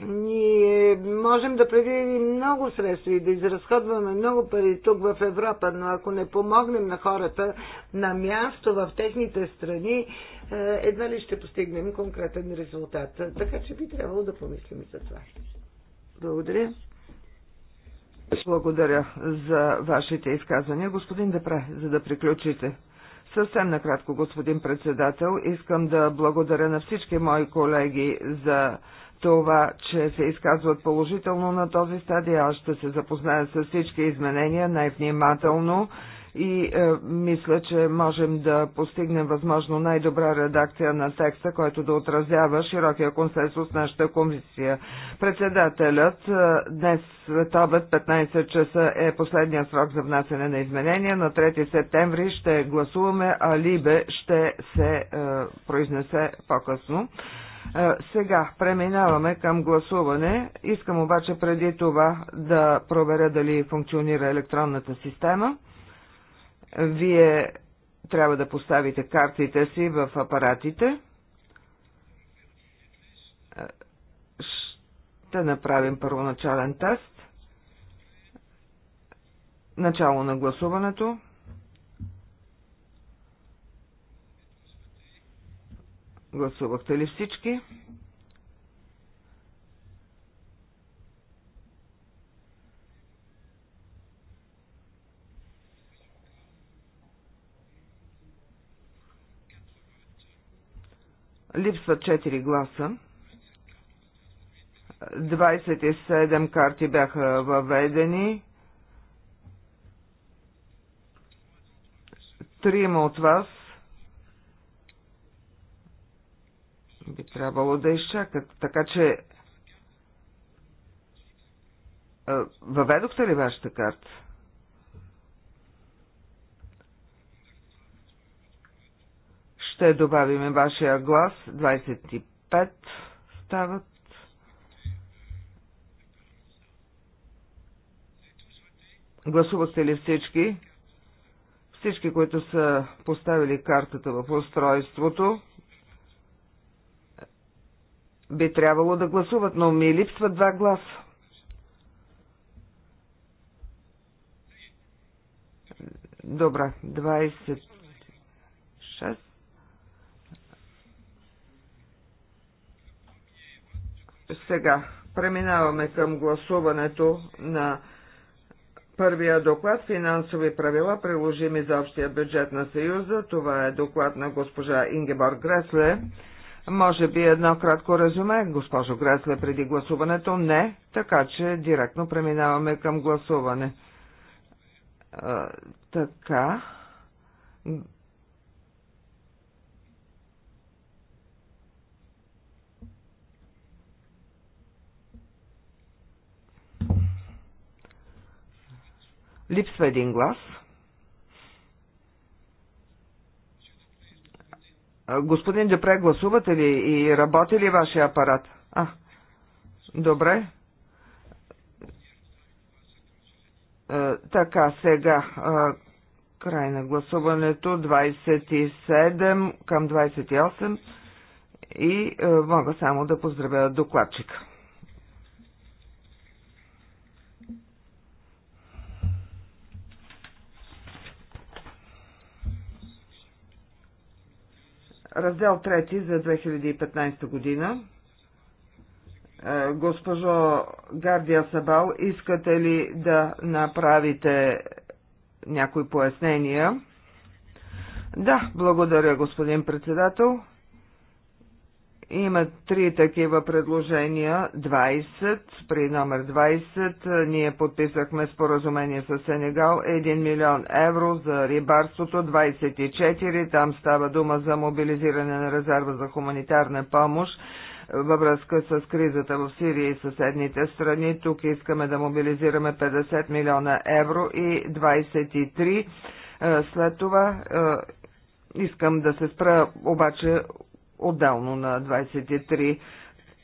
Speaker 3: ние можем да предвидим много средства и да изразходваме много пари тук в Европа, но ако не помогнем на хората на място в техните страни, е, едва ли ще постигнем конкретен резултат. Така че би трябвало да помислим и за това. Благодаря.
Speaker 1: Благодаря за вашите изказвания. Господин Депре, за да приключите. Съвсем накратко, господин председател, искам да благодаря на всички мои колеги за това, че се изказват положително на този стадий. Аз ще се запозная с всички изменения най-внимателно и е, мисля, че можем да постигнем възможно най-добра редакция на текста, който да отразява широкия консенсус в нашата комисия. Председателят е, днес след обед 15 часа е последния срок за внасене на изменения. На 3 септември ще гласуваме, а Либе ще се е, произнесе по-късно. Е, сега преминаваме към гласуване. Искам обаче преди това да проверя дали функционира електронната система. Вие трябва да поставите картите си в апаратите. Ще направим първоначален тест. Начало на гласуването. Гласувахте ли всички? Липсват 4 гласа. 27 карти бяха въведени. Трима от вас би трябвало да изчакат. Така че въведохте ли вашата карта? Ще добавим вашия глас. 25 стават. Гласувахте ли всички? Всички, които са поставили картата в устройството, би трябвало да гласуват, но ми липсват два гласа. Добре, 20 Сега преминаваме към гласуването на първия доклад финансови правила, приложими за общия бюджет на Съюза. Това е доклад на госпожа Ингебор Гресле. Може би едно кратко резюме, госпожо Гресле, преди гласуването? Не, така че директно преминаваме към гласуване. А, така. Липсва един глас. Господин Депре, гласувате ли и работи ли вашия апарат? А, добре. А, е, така, сега а, е, край на гласуването 27 към 28 и а, е, мога само да поздравя докладчика. Раздел 3 за 2015 година. Е, госпожо Гардия Сабал, искате ли да направите някои пояснения? Да, благодаря, господин председател. Има три такива предложения. 20, при номер 20, ние подписахме споразумение с Сенегал, 1 милион евро за рибарството, 24, там става дума за мобилизиране на резерва за хуманитарна помощ във връзка с кризата в Сирия и съседните страни. Тук искаме да мобилизираме 50 милиона евро и 23. След това искам да се спра обаче отделно на 23.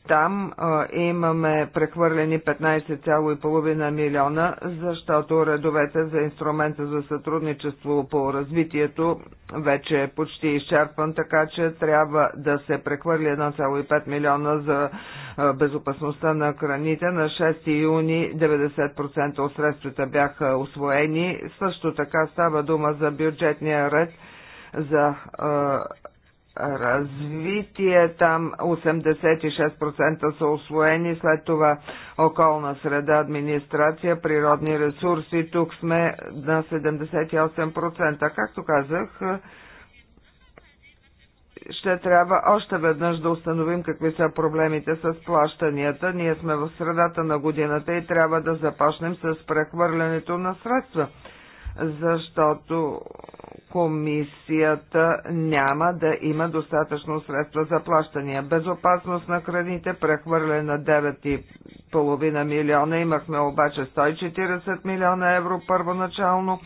Speaker 1: Там а, имаме прехвърлени 15,5 милиона, защото редовете за инструмента за сътрудничество по развитието вече е почти изчерпан, така че трябва да се прехвърли 1,5 милиона за а, безопасността на храните. На 6 юни 90% от средствата бяха освоени. Също така става дума за бюджетния ред за а, развитие. Там 86% са освоени, след това околна среда, администрация, природни ресурси. Тук сме на 78%. Както казах, ще трябва още веднъж да установим какви са проблемите с плащанията. Ние сме в средата на годината и трябва да започнем с прехвърлянето на средства защото комисията няма да има достатъчно средства за плащания. Безопасност на храните прехвърля на 9,5 милиона. Имахме обаче 140 милиона евро първоначално.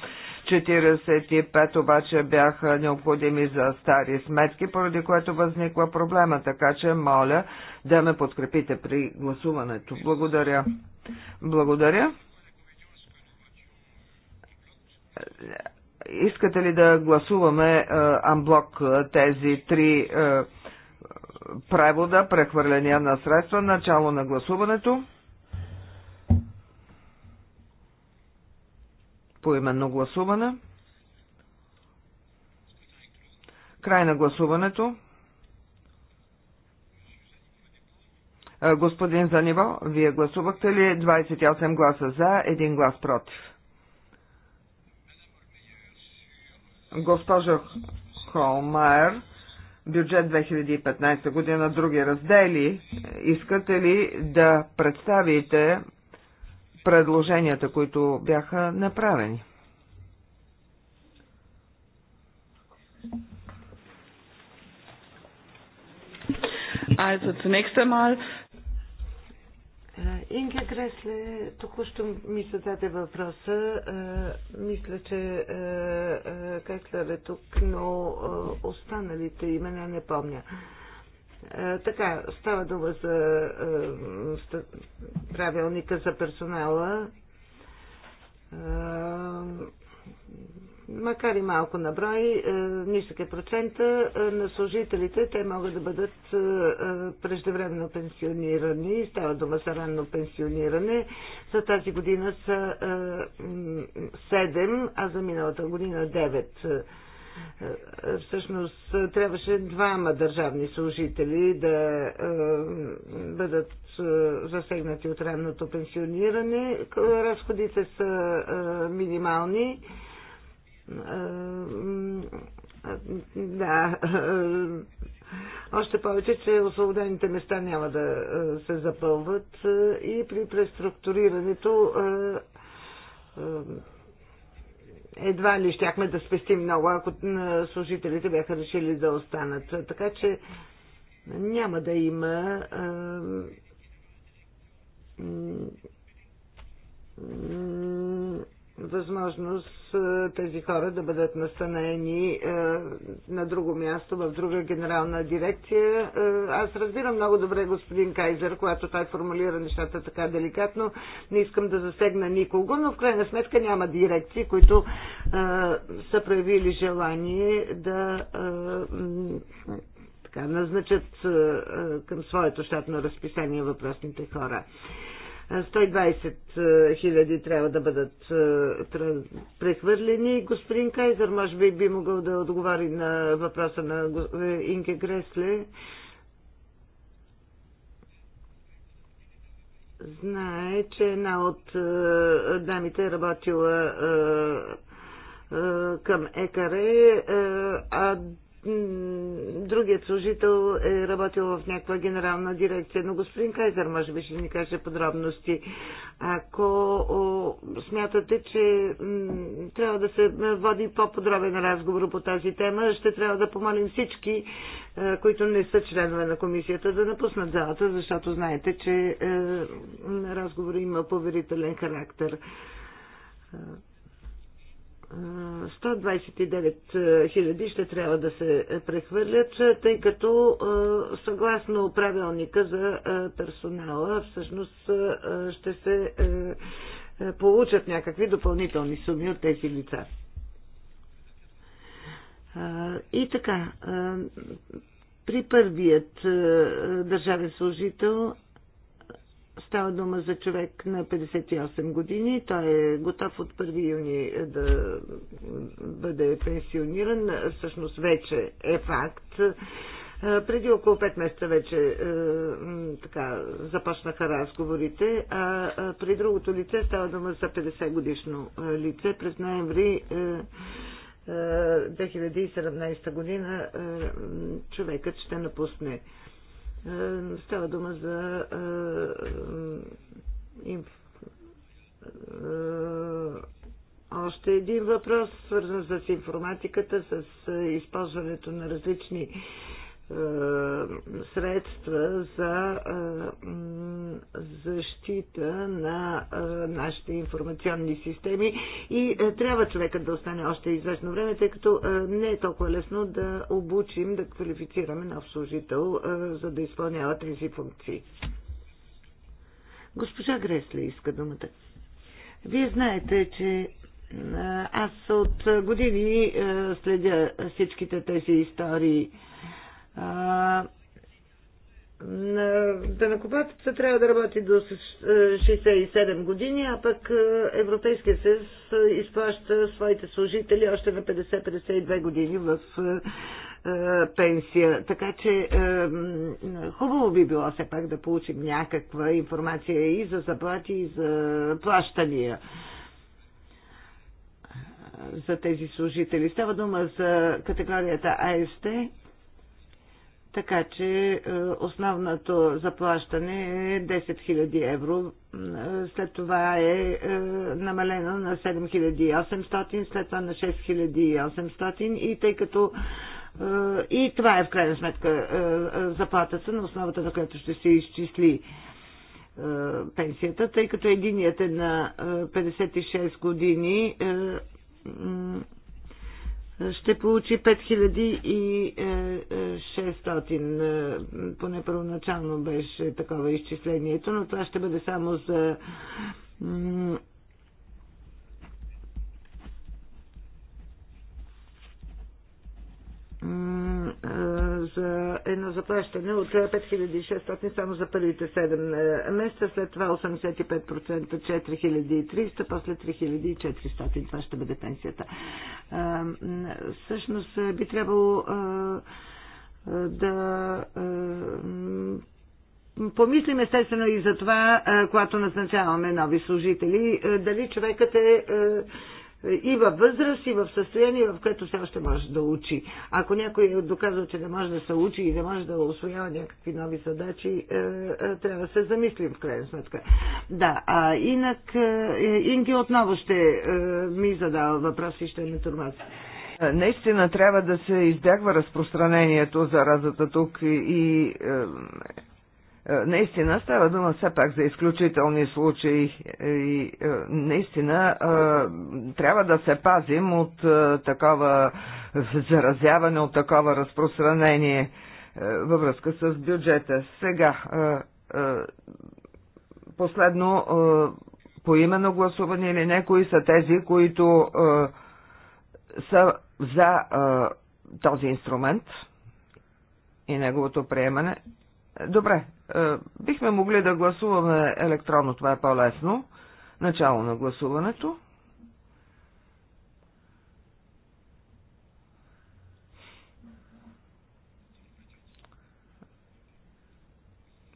Speaker 1: 45 обаче бяха необходими за стари сметки, поради което възниква проблема, така че моля да ме подкрепите при гласуването. Благодаря. Благодаря. Искате ли да гласуваме е, амблок е, тези три е, превода, прехвърления на средства, начало на гласуването? Поименно гласуване. Край на гласуването. Господин Занибал, вие гласувахте ли 28 гласа за, 1 глас против? Госпожа Холмайер, бюджет 2015 година, други раздели, искате ли да представите предложенията, които бяха направени?
Speaker 3: Also zunächst einmal Инге Гресле току-що ми зададе въпроса. Мисля, че Кеслер е тук, но останалите имена не помня. Така, става дума за правилника за персонала макар и малко на брой, е, нисък е процента е, на служителите. Те могат да бъдат е, преждевременно пенсионирани. Става дума за ранно пенсиониране. За тази година са 7, а за миналата година 9 всъщност трябваше двама държавни служители да бъдат засегнати от ранното пенсиониране. Разходите са минимални да. Още повече, че освободените места няма да се запълват и при преструктурирането едва ли щяхме да спестим много, ако служителите бяха решили да останат. Така че няма да има възможност е, тези хора да бъдат настанени е, на друго място, в друга генерална дирекция. Е, аз разбирам много добре господин Кайзер, когато той формулира нещата така деликатно. Не искам да засегна никого, но в крайна сметка няма дирекции, които са проявили желание да така, назначат към своето щатно разписание въпросните хора. 120 хиляди трябва да бъдат е, прехвърлени. Господин Кайзер може би би могъл да отговори на въпроса на е, Инке Гресле. Знае, че една от е, дамите е работила към ЕКАРЕ, а другият служител е работил в някаква генерална дирекция, но господин Кайзер може би ще ни каже подробности. Ако о, смятате, че м, трябва да се води по-подробен разговор по тази тема, ще трябва да помолим всички, е, които не са членове на комисията, да напуснат залата, защото знаете, че е, разговор има поверителен характер. Е, 129 хиляди ще трябва да се прехвърлят, тъй като съгласно правилника за персонала всъщност ще се получат някакви допълнителни суми от тези лица. И така, при първият държавен служител Става дума за човек на 58 години. Той е готов от 1 юни да бъде пенсиониран. Всъщност вече е факт. Преди около 5 месеца вече така, започнаха разговорите, а при другото лице става дума за 50 годишно лице. През ноември 2017 година човекът ще напусне е, става дума за е, е, още един въпрос, свързан с информатиката, с използването на различни е, средства за е, защита на е, нашите информационни системи и трябва човекът да остане още известно време, тъй като не е толкова лесно да обучим, да квалифицираме нов служител, за да изпълнява тези функции. Госпожа Гресле иска думата. Вие знаете, че аз от години следя всичките тези истории Данакопатеца трябва да работи до 67 е, години, а пък е, Европейския съюз е, изплаща своите служители още на 50-52 години в пенсия. Така че хубаво би било все пак да получим някаква информация и за заплати, и за плащания за тези служители. Става дума за категорията АСТ, така че е, основното заплащане е 10 000 евро, е, след това е, е намалено на 7800, след това на 6800 и тъй като и това е в крайна сметка заплатата на основата, на която ще се изчисли пенсията, тъй като единият е на 56 години ще получи 5600. Е, е, е, поне първоначално беше такова изчислението, но това ще бъде само за за едно заплащане от 5600 е, само за първите 7 е, месеца, след това 85% 4300, после 3400. Това ще бъде пенсията. Е, всъщност би трябвало да помислим естествено и за това, когато назначаваме нови служители, дали човекът е и във възраст, и в състояние, в което все още може да учи. Ако някой доказва, че не може да се учи и не може да освоява някакви нови задачи, е, е, трябва да се замислим в крайна сметка. Да, а инак е, Инги отново ще ми задава въпроси и ще ме турмаси.
Speaker 1: Наистина трябва да се избягва разпространението заразата тук и, и е, наистина става дума все пак за изключителни случаи и е, е, наистина трябва да се пазим от такова заразяване, от такова разпространение във връзка с бюджета. Сега, последно, по именно гласуване или не, кои са тези, които са за този инструмент и неговото приемане? Добре, е, бихме могли да гласуваме електронно, това е по-лесно. Начало на гласуването.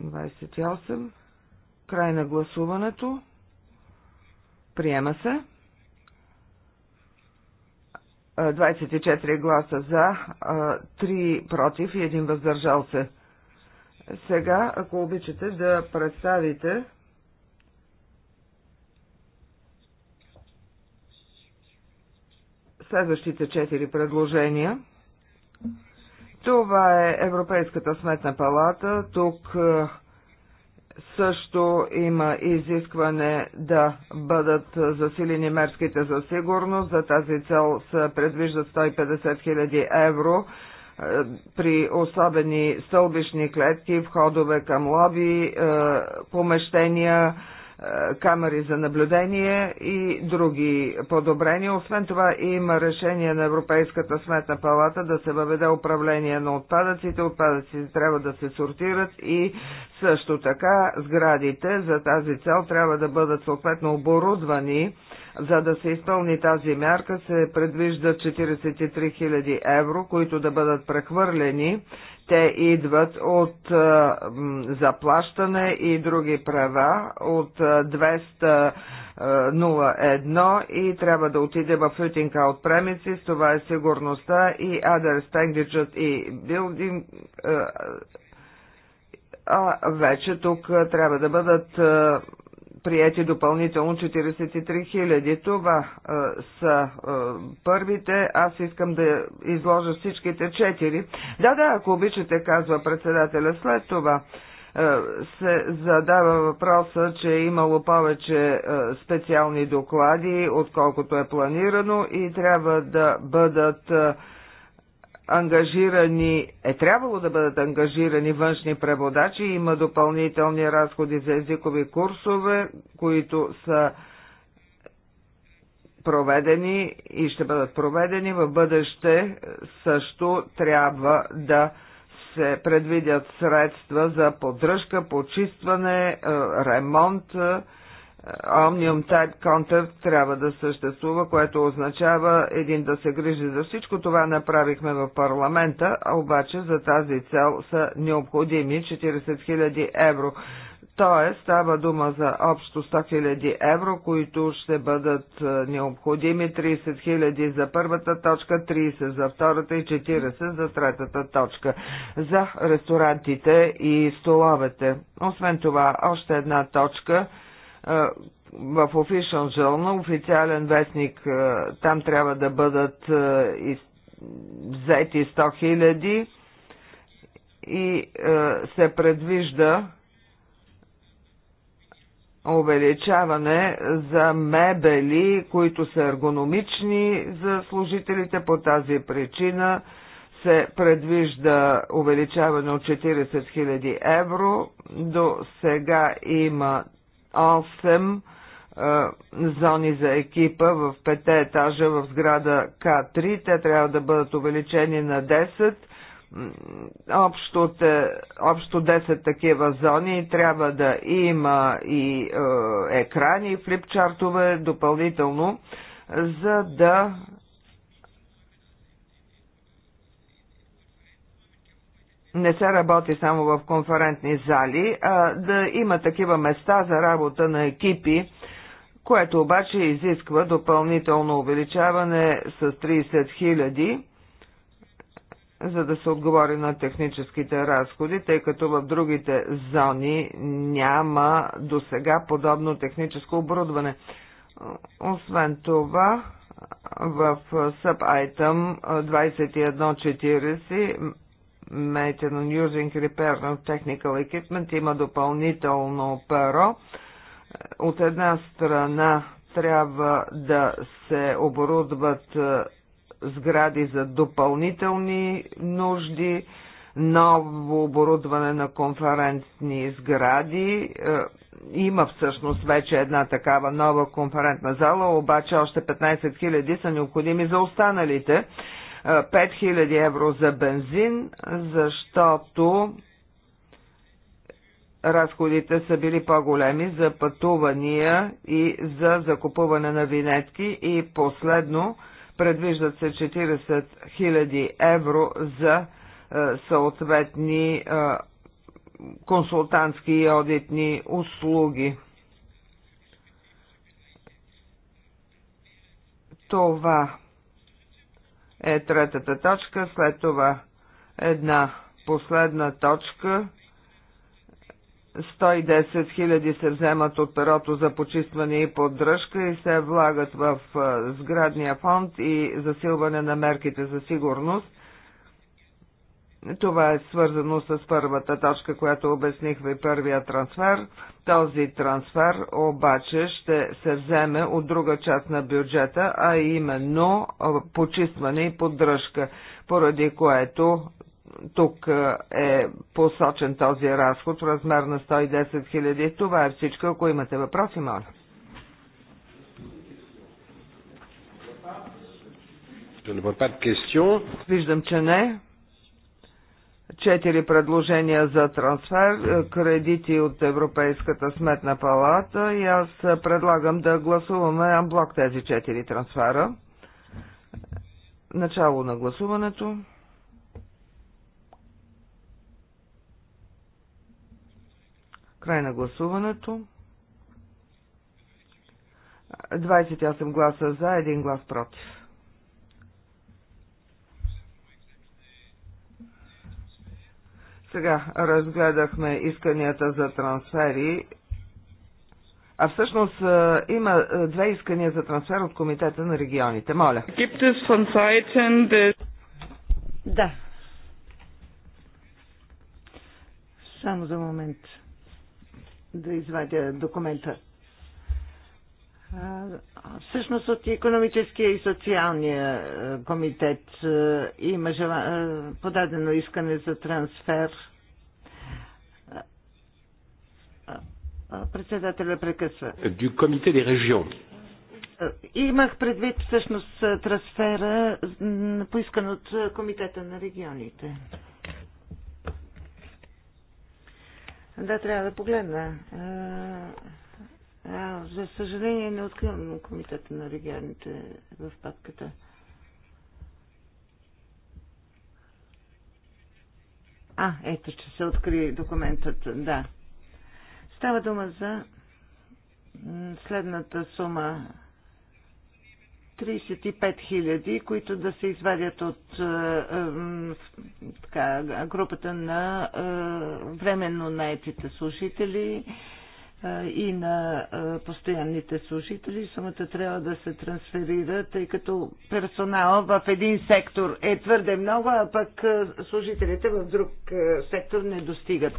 Speaker 1: Двадесет Край на гласуването. Приема се. 24 е, гласа за, 3 е, против и 1 въздържал се сега, ако обичате, да представите следващите четири предложения. Това е Европейската сметна палата. Тук е, също има изискване да бъдат засилени мерските за сигурност. За тази цел се предвиждат 150 000 евро е, при особени стълбищни клетки, входове към лоби, е, помещения, е, камери за наблюдение и други подобрения. Освен това има решение на Европейската сметна палата да се въведе управление на отпадъците. Отпадъците трябва да се сортират и също така сградите за тази цел трябва да бъдат съответно оборудвани за да се изпълни тази мярка се предвижда 43 000 евро, които да бъдат прехвърлени. Те идват от заплащане и други права от 200.01 и трябва да отиде в Ютинка от премиси. Това е сигурността и адрес, Стенгиджът и Билдинг а вече тук трябва да бъдат прияти допълнително 43 000. Това а, са а, първите. Аз искам да изложа всичките четири. Да, да, ако обичате, казва председателя след това се задава въпроса, че е имало повече специални доклади, отколкото е планирано и трябва да бъдат ангажирани, е трябвало да бъдат ангажирани външни преводачи, има допълнителни разходи за езикови курсове, които са проведени и ще бъдат проведени в бъдеще, също трябва да се предвидят средства за поддръжка, почистване, е, ремонт, е, Omnium Type Counter трябва да съществува, което означава един да се грижи за всичко. Това направихме в парламента, а обаче за тази цел са необходими 40 000 евро. Тоест, става дума за общо 100 000 евро, които ще бъдат е, необходими 30 000 за първата точка, 30 за втората и 40 за третата точка, за ресторантите и столовете. Освен това, още една точка – в Official Journal, официален вестник, там трябва да бъдат взети 100 хиляди и се предвижда увеличаване за мебели, които са ергономични за служителите. По тази причина се предвижда увеличаване от 40 000 евро. До сега има 8 зони за екипа в пете етажа в сграда К3. Те трябва да бъдат увеличени на 10. Общо, те, общо 10 такива зони трябва да има и е, екрани, флипчартове допълнително, за да не се работи само в конферентни зали, а да има такива места за работа на екипи, което обаче изисква допълнително увеличаване с 30 000, за да се отговори на техническите разходи, тъй като в другите зони няма до сега подобно техническо оборудване. Освен това, в Sub-Item 2140 Maintenance Using Repair of Technical Equipment има допълнително перо. От една страна трябва да се оборудват е, сгради за допълнителни нужди, ново оборудване на конферентни сгради. Е, има всъщност вече една такава нова конферентна зала, обаче още 15 000 са необходими за останалите 5000 е, евро за бензин, защото разходите са били по-големи за пътувания и за закупуване на винетки и последно предвиждат се 40 000 евро за е, съответни е, консултантски и одитни услуги. Това е третата точка, след това една последна точка. 110 000 се вземат от перото за почистване и поддръжка и се влагат в сградния фонд и засилване на мерките за сигурност. Това е свързано с първата точка, която обясних ви първия трансфер. Този трансфер обаче ще се вземе от друга част на бюджета, а именно почистване и поддръжка, поради което тук е посочен този разход в размер на 110 хиляди. Това е всичко. Ако имате въпроси, моля. Виждам, че не четири предложения за трансфер, е, кредити от Европейската сметна палата и аз предлагам да гласуваме амблок тези четири трансфера. Начало на гласуването. Край на гласуването. 28 гласа за, 1 глас против. Сега разгледахме исканията за трансфери, а всъщност е, има е, две искания за трансфер от Комитета на регионите. Моля.
Speaker 3: Да. Само за момент да извадя документа. Всъщност от економическия и социалния е, комитет е, има е, подадено искане за трансфер. Председателя прекъсва.
Speaker 4: Du комитет des регион.
Speaker 3: Имах предвид всъщност трансфера, поискан от Комитета на регионите. Да, трябва да погледна за съжаление не откривам комитета на регионите в папката. А, ето, че се откри документът, да. Става дума за следната сума 35 хиляди, които да се извадят от е, е, така, групата на е, временно наетите служители и на постоянните служители. Сумата трябва да се трансферира, тъй като персонал в един сектор е твърде много, а пък служителите в друг сектор не достигат.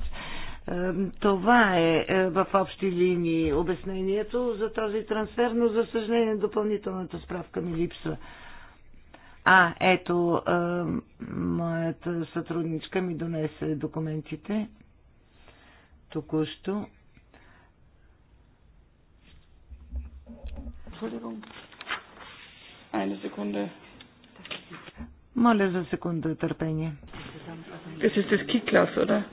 Speaker 3: Това е в общи линии обяснението за този трансфер, но за съжаление допълнителната справка ми липсва. А, ето, моята сътрудничка ми донесе документите току-що. Entschuldigung. Eine Sekunde. Моля eine Sekunde, Terpenje. Das ist das Kicklass, oder?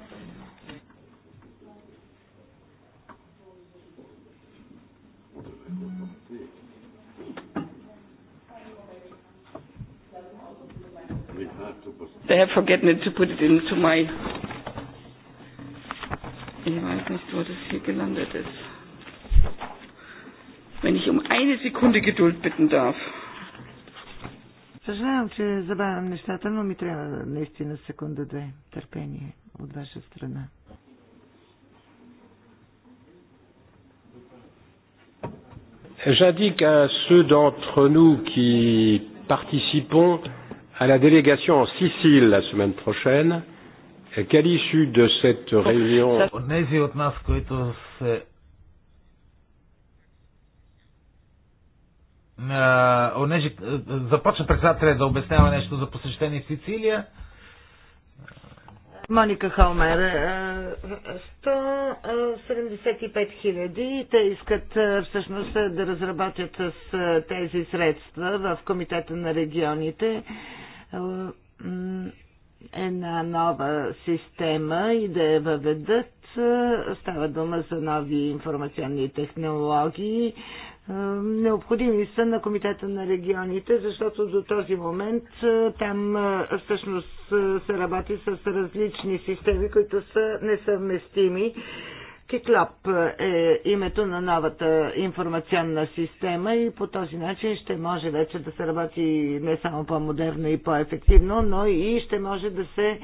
Speaker 4: They have forgotten it to put it into my.
Speaker 3: Ich weiß nicht, wo das hier gelandet ist. Wenn ich um eine Sekunde Geduld bitten darf. Съжалявам, че забавям нещата, но ми трябва наистина секунда-две търпение от ваша страна.
Speaker 4: J'indique à ceux d'entre nous qui participons à la délégation en Sicile la semaine prochaine qu'à l'issue de cette réunion.
Speaker 2: Онези от нас, които се Онежи, започва председателя да обяснява нещо за посещение в Сицилия. Моника Холмер,
Speaker 3: 175 хиляди, те искат всъщност да разработят с тези средства в Комитета на регионите една нова система и да я въведат. Става дума за нови информационни технологии, е, необходими са на Комитета на регионите, защото до този момент е, там е, всъщност се работи с различни системи, които са несъвместими. Киклоп е името на новата информационна система и по този начин ще може вече да се работи не само по-модерно и по-ефективно, но и ще може да се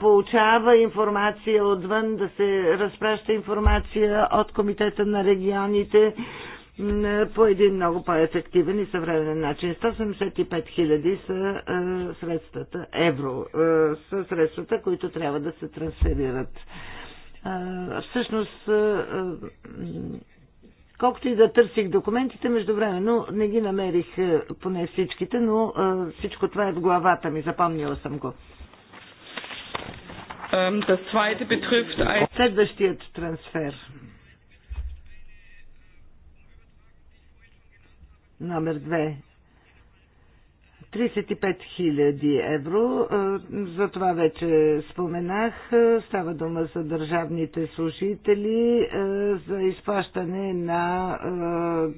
Speaker 3: получава информация отвън, да се разпраща информация от Комитета на регионите по един много по-ефективен и съвременен начин. 175 хиляди са е, средствата, евро, е, са средствата, които трябва да се трансферират. Е, всъщност, е, е, колкото и да търсих документите, междувременно не ги намерих е, поне всичките, но е, всичко това е в главата ми, запомнила съм го. Е Следващият трансфер Номер 2. 35 000 евро. Е, за това вече споменах. Е, става дума за държавните служители, е, за изплащане на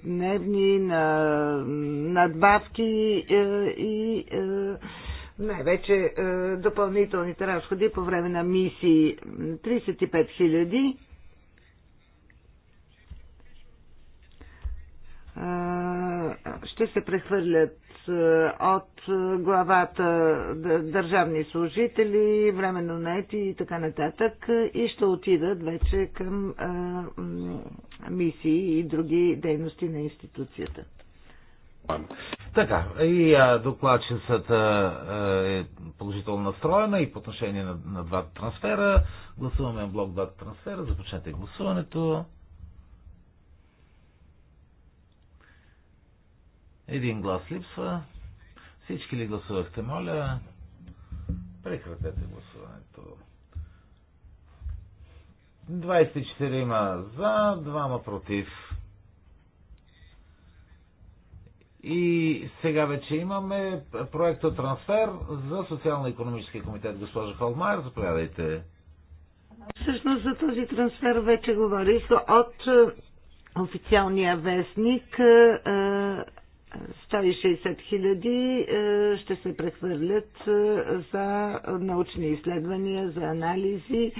Speaker 3: дневни, на надбавки и най-вече допълнителните разходи по време на мисии. 35 000 ще се прехвърлят от главата държавни служители, временно наети и така нататък и ще отидат вече към мисии и други дейности на институцията.
Speaker 2: Така, и докладчицата е положително настроена и по отношение на, на двата трансфера. Гласуваме блок двата трансфера. Започнете гласуването. Един глас липсва. Всички ли гласувахте, моля? Прекратете гласуването. 24 има за, 2 против. И сега вече имаме проекта трансфер за Социално-економически комитет. Госпожа Холмайер, заповядайте.
Speaker 3: Всъщност за този трансфер вече говорих от е, официалния вестник. Е, е, 160 хиляди е, ще се прехвърлят е, за научни изследвания, за анализи.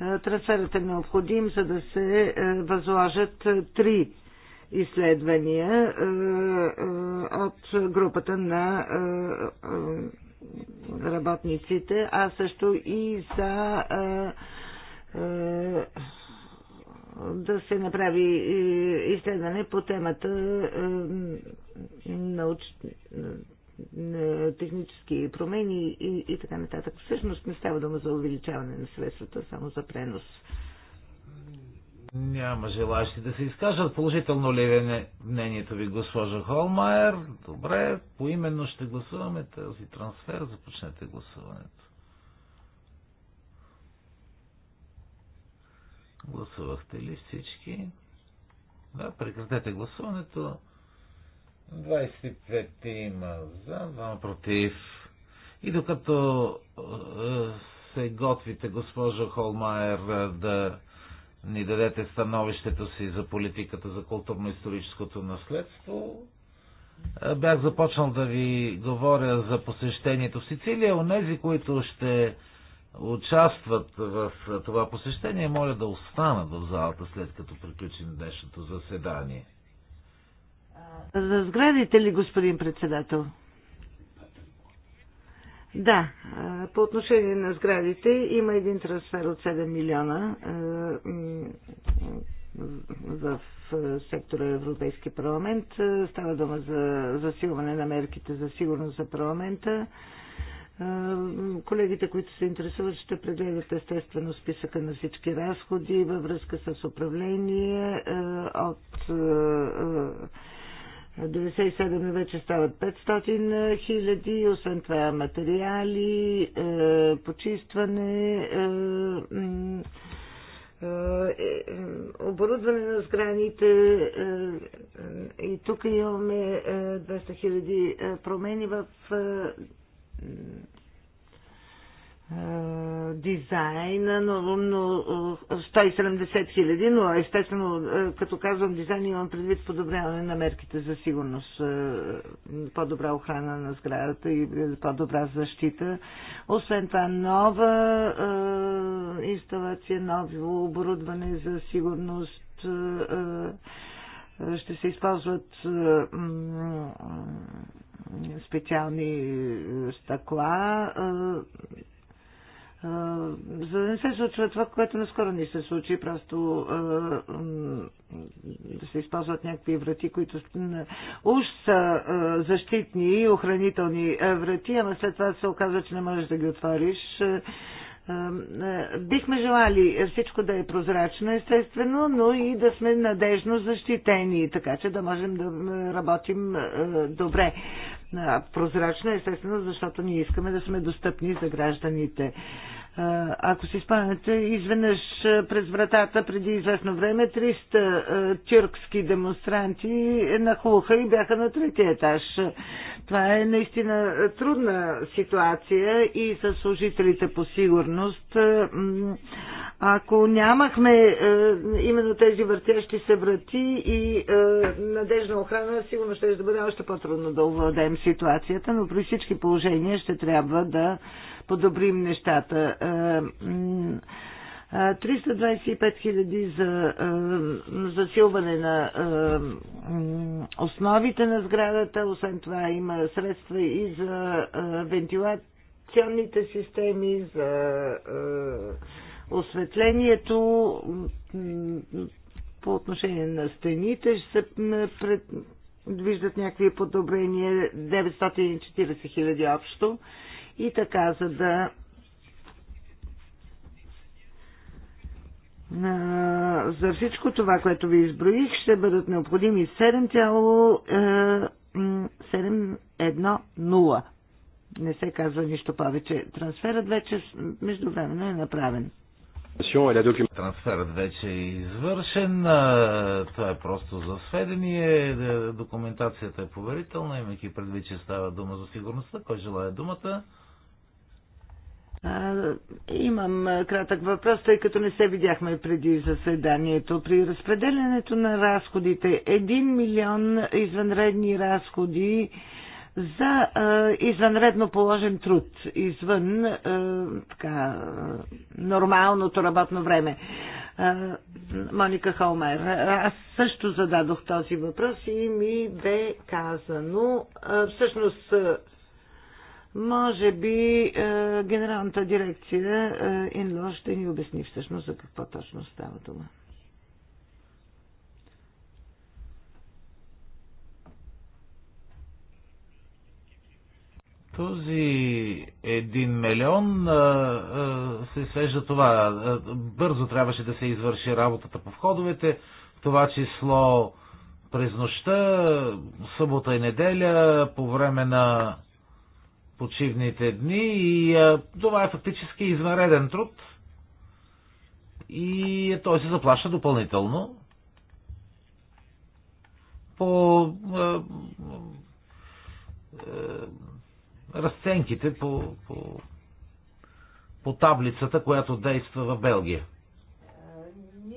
Speaker 3: Е, трансферът е необходим, за да се възложат три изследвания от групата на работниците, а също и за да се направи изследване по темата науч... технически промени и, и така нататък. Всъщност не става дума за увеличаване на средствата, само за пренос.
Speaker 2: Няма желащи да се изкажат. Положително ли е мнението ви, госпожа Холмайер? Добре, поименно ще гласуваме този трансфер. Започнете гласуването. Гласувахте ли всички? Да, прекратете гласуването. 25 има за, 2 против. И докато е, се готвите, госпожо Холмайер, е, да ни дадете становището си за политиката за културно-историческото наследство, е, бях започнал да ви говоря за посещението в Сицилия. Онези, които ще участват в това посещение, моля да останат в залата след като приключим днешното заседание.
Speaker 3: За сградите ли, господин председател? Да, по отношение на сградите има един трансфер от 7 милиона в сектора Европейски парламент. Става дума за засилване на мерките за сигурност за парламента. Колегите, които се интересуват, ще прегледат естествено списъка на всички разходи във връзка с управление от 97 вече стават 500 хиляди, освен това материали, е, почистване, е, е, оборудване на сграните и тук имаме 200 хиляди промени в дизайна 170 хиляди, но естествено, като казвам дизайн, имам предвид подобряване на мерките за сигурност, по-добра охрана на сградата и по-добра защита. Освен това, нова инсталация, ново оборудване за сигурност, ще се използват специални стъкла за да не се случва това, което наскоро ни се случи, просто да се използват някакви врати, които уж са защитни и охранителни врати, ама след това се оказва, че не можеш да ги отвориш. Бихме желали всичко да е прозрачно, естествено, но и да сме надежно защитени, така че да можем да работим добре прозрачна, естествено, защото ние искаме да сме достъпни за гражданите. Ако си спомняте, изведнъж през вратата преди известно време 300 тюркски демонстранти нахлуха и бяха на третия етаж. Това е наистина трудна ситуация и за служителите по сигурност. Ако нямахме именно тези въртящи се врати и надежна охрана, сигурно ще бъде още по-трудно да овладеем ситуацията, но при всички положения ще трябва да подобрим нещата. 325 е, е, хиляди за е, засилване на основите на сградата, освен това има средства и за вентилационните системи, за осветлението по отношение на стените ще се предвиждат някакви подобрения 940 хиляди общо и така, за да за всичко това, което ви изброих, ще бъдат необходими 7,710. Е, Не се казва нищо повече. Трансферът вече между време е направен.
Speaker 2: Е Трансферът вече е извършен. Това е просто за сведение. Е, документацията е поверителна, имайки предвид, че става дума за сигурността. Кой желая думата?
Speaker 3: Имам кратък въпрос, тъй като не се видяхме преди заседанието. При разпределянето на разходите 1 милион извънредни разходи за а, извънредно положен труд, извън а, така, нормалното работно време. А, Моника Холмер, аз също зададох този въпрос и ми бе казано. А, всъщност може би е, генералната дирекция е, Инло ще ни обясни всъщност за какво точно става дума.
Speaker 2: Този един милион а, е, а, е, се свежда това. Е, бързо трябваше да се извърши работата по входовете, в това число през нощта, събота и неделя, по време на почивните дни и а, това е фактически извънреден труд и той се заплаща допълнително по а, а, разценките по, по, по таблицата, която действа в Белгия.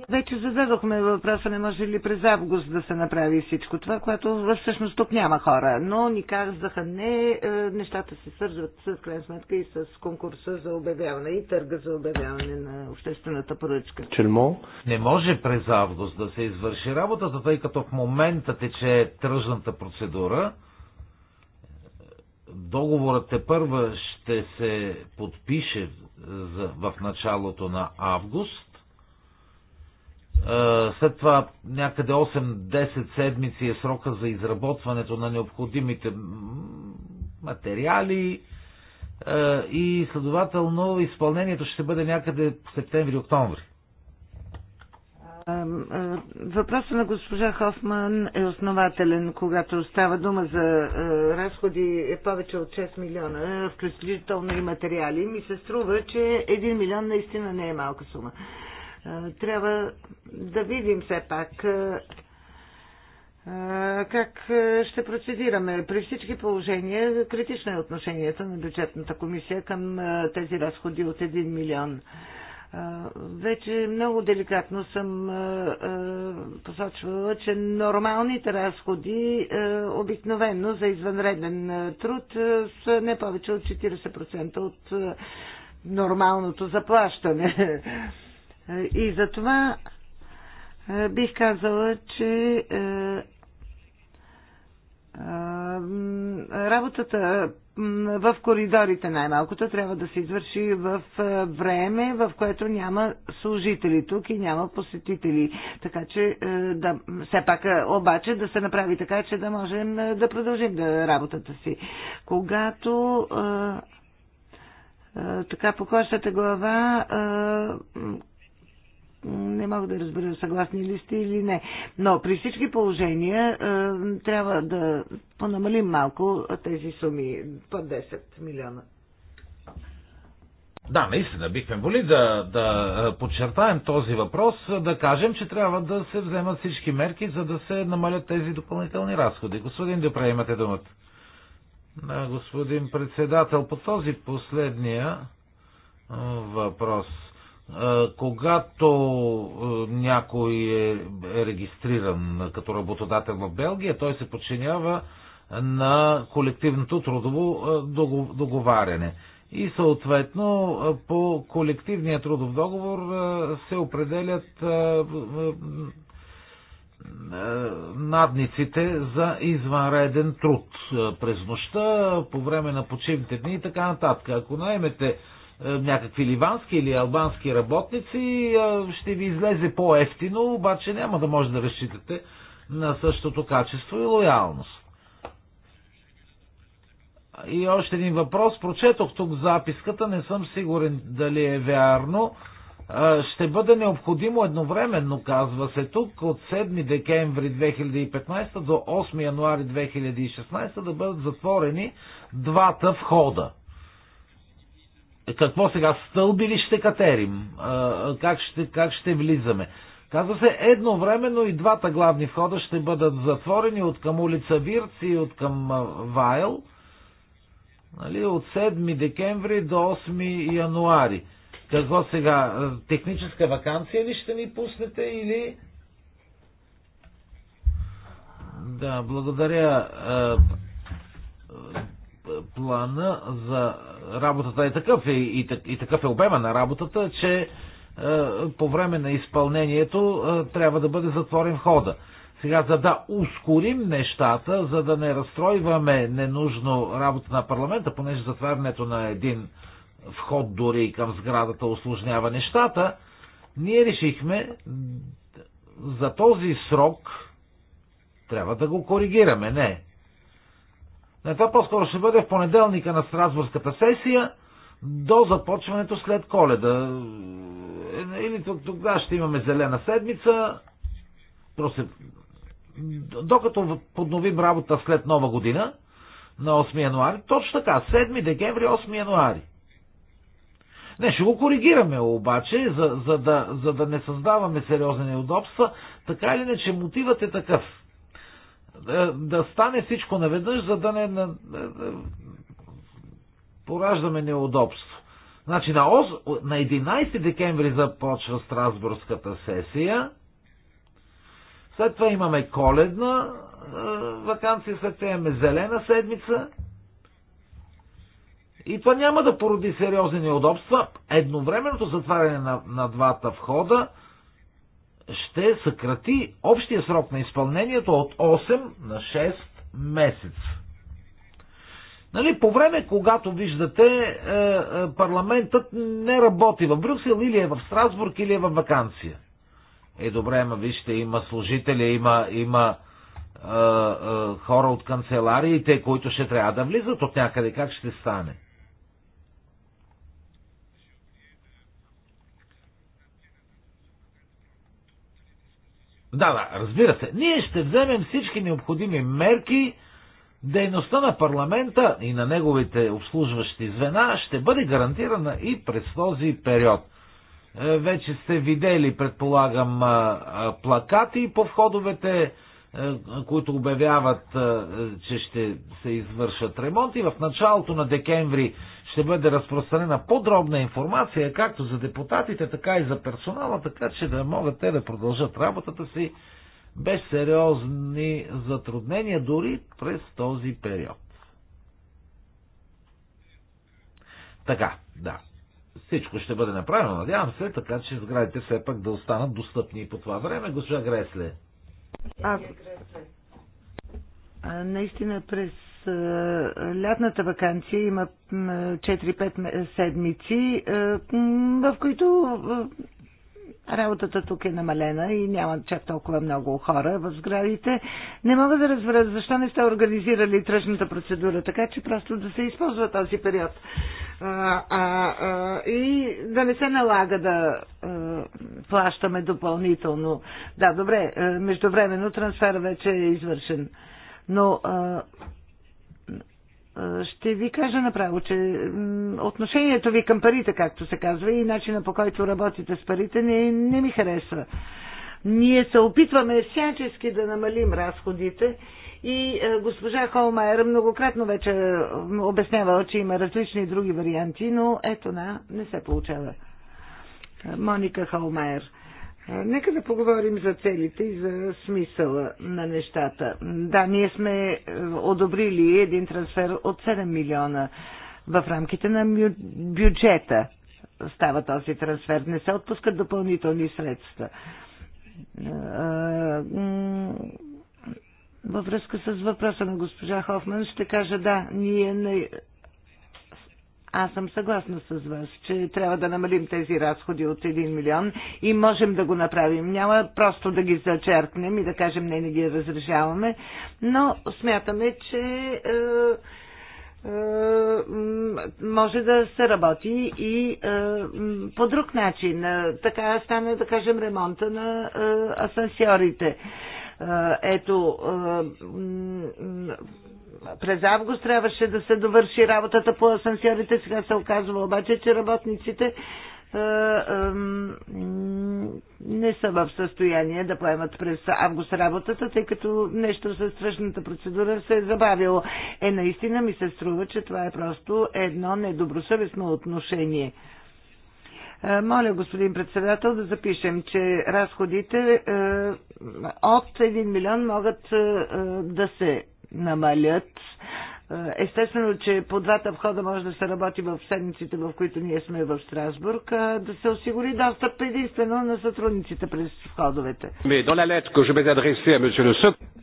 Speaker 3: Вече зададохме въпроса, не може ли през август да се направи всичко това, което всъщност тук няма хора. Но ни казаха не, е, нещата се свързват с крайна сметка и с конкурса за обявяване и търга за обявяване на обществената поръчка.
Speaker 2: Челмо? Не може през август да се извърши работата, тъй като в момента тече тръжната процедура. Договорът те първа ще се подпише в началото на август е, след това някъде 8-10 седмици е срока за изработването на необходимите материали е, и следователно изпълнението ще бъде някъде в септември-октомври.
Speaker 3: Е, въпросът на госпожа Хофман е основателен, когато става дума за разходи е повече от 6 милиона, включително и материали. Ми се струва, че 1 милион наистина не е малка сума. Трябва да видим все пак как ще процедираме. При всички положения критично е отношението на бюджетната комисия към тези разходи от 1 милион. Вече много деликатно съм посочвала, че нормалните разходи обикновено за извънреден труд са не повече от 40% от нормалното заплащане. И за това е, бих казала, че е, е, работата в коридорите най-малкото трябва да се извърши в време, в което няма служители тук и няма посетители. Така че, да, все пак обаче да се направи така, че да можем да продължим да работата си. Когато така покощата глава не мога да разбера съгласни ли сте или не. Но при всички положения е, трябва да понамалим малко тези суми по 10 милиона.
Speaker 2: Да, наистина бихме боли да, да подчертаем този въпрос, да кажем, че трябва да се вземат всички мерки, за да се намалят тези допълнителни разходи. Господин Дюпре, имате думата. Да, господин председател, по този последния въпрос когато някой е, е регистриран като работодател в Белгия, той се подчинява на колективното трудово договаряне. И съответно по колективния трудов договор се определят надниците за извънреден труд през нощта, по време на почивните дни и така нататък. Ако наймете е, някакви ливански или албански работници, е, ще ви излезе по-ефтино, обаче няма да може да разчитате на същото качество и лоялност. И още един въпрос. Прочетох тук записката, не съм сигурен дали е вярно. Е, ще бъде необходимо едновременно, казва се тук, от 7 декември 2015 до 8 януари 2016 да бъдат затворени двата входа какво сега, стълби ли ще катерим? Как ще, как ще влизаме? Казва се, едновременно и двата главни входа ще бъдат затворени от към улица Вирци и от към Вайл, нали, от 7 декември до 8 януари. Какво сега, техническа вакансия ли ще ни пуснете или... Да, благодаря плана за работата е такъв и, и, и такъв е обема на работата, че е, по време на изпълнението е, трябва да бъде затворен хода. Сега, за да ускорим нещата, за да не разстройваме ненужно работа на парламента, понеже затварянето на един вход дори и към сградата осложнява нещата, ние решихме за този срок трябва да го коригираме. Не, това по-скоро ще бъде в понеделника на Страсбургската сесия до започването след коледа. Е, или тогава ще имаме зелена седмица. Просто, докато подновим работа след нова година, на 8 януари, точно така, 7 декември, 8 януари. Не, ще го коригираме обаче, за, за, да, за да не създаваме сериозни неудобства, така или не, че мотивът е такъв – да, е, да стане всичко наведнъж, за да не на, да, е, да, е, пораждаме неудобство. Значи на, 8, на 11 декември започва Страсбургската сесия, след това имаме коледна е, вакансия, след това имаме зелена седмица. И това няма да породи сериозни неудобства. Едновременното затваряне на, на двата входа – ще съкрати общия срок на изпълнението от 8 на 6 месеца. Нали, по време, когато виждате, е, е, парламентът не работи в Брюксел или е в Страсбург или е в вакансия. Е, добре, ма вижте, има служители, има, има е, е, хора от канцелариите, които ще трябва да влизат от някъде. Как ще стане? Да, да, разбира се. Ние ще вземем всички необходими мерки. Дейността на парламента и на неговите обслужващи звена ще бъде гарантирана и през този период. Е, вече сте видели, предполагам, плакати по входовете е, които обявяват, е, че ще се извършат ремонти. В началото на декември ще бъде разпространена подробна информация, както за депутатите, така и за персонала, така че да могат те да продължат работата си без сериозни затруднения дори през този период. Така, да. Всичко ще бъде направено, надявам се, така че сградите все пак да останат достъпни и по това време. Госпожа Гресле.
Speaker 3: А, наистина през лятната вакансия има 4-5 седмици, в които Работата тук е намалена и няма чак толкова много хора в сградите. Не мога да разбера защо не сте организирали тръжната процедура, така че просто да се използва този период. А, а, а, и да не се налага да а, плащаме допълнително. Да, добре, междувременно трансфер вече е извършен. Но ще ви кажа направо, че отношението ви към парите, както се казва, и начина по който работите с парите не, не ми харесва. Ние се опитваме всячески да намалим разходите и госпожа Холмайер многократно вече обяснява, че има различни други варианти, но ето на, не се получава. Моника Холмайер. Нека да поговорим за целите и за смисъла на нещата. Да, ние сме е, одобрили един трансфер от 7 милиона в рамките на бюджета. Става този трансфер. Не се отпускат допълнителни средства. Във връзка с въпроса на госпожа Хофман ще кажа да, ние не аз съм съгласна с вас, че трябва да намалим тези разходи от 1 милион и можем да го направим. Няма просто да ги зачеркнем и да кажем не, не ги разрешаваме, но смятаме, че е, е може да се работи и е, по друг начин. Е, така стане, да кажем, ремонта на асансьорите. Ето, през август трябваше да се довърши работата по асансьорите. Сега се оказва обаче, че работниците е, е, не са в състояние да поемат през август работата, тъй като нещо със страшната процедура се е забавило. Е, наистина ми се струва, че това е просто едно недобросъвестно отношение. Е, моля, господин председател, да запишем, че разходите от 1 милион могат да се намалят. Е, естествено, че по двата входа може да се работи в седмиците, в които ние сме в Страсбург, да се осигури достъп единствено на сътрудниците през входовете.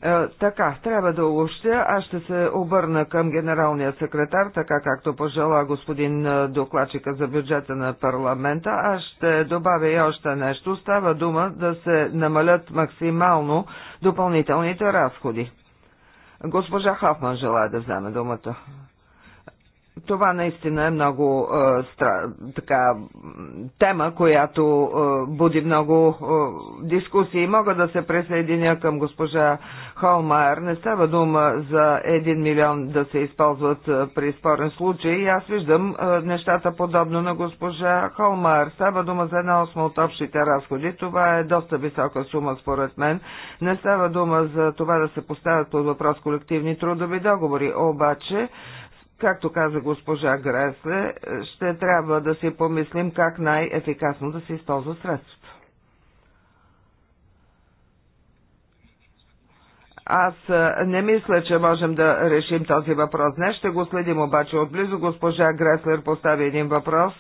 Speaker 3: Е, така, трябва да обобщя.
Speaker 1: Аз ще се обърна към генералния секретар, така както пожела господин е, докладчика за бюджета на парламента. Аз ще добавя и още нещо. Става дума да се намалят максимално допълнителните разходи. Госпожа Хафман желая да вземе думата това наистина е много е, стра, така, тема, която е, буди много е, дискусии. Мога да се присъединя към госпожа Холмайер. Не става дума за един милион да се използват е, при спорен случай. И аз виждам е, нещата подобно на госпожа Холмайер. Става дума за една осма от общите разходи. Това е доста висока сума според мен. Не става дума за това да се поставят под въпрос колективни трудови договори. Обаче, Както каза госпожа Гресле, ще трябва да си помислим как най-ефикасно да се използва средството. Аз не мисля, че можем да решим този въпрос днес. Ще го следим обаче отблизо. Госпожа Греслер постави един въпрос,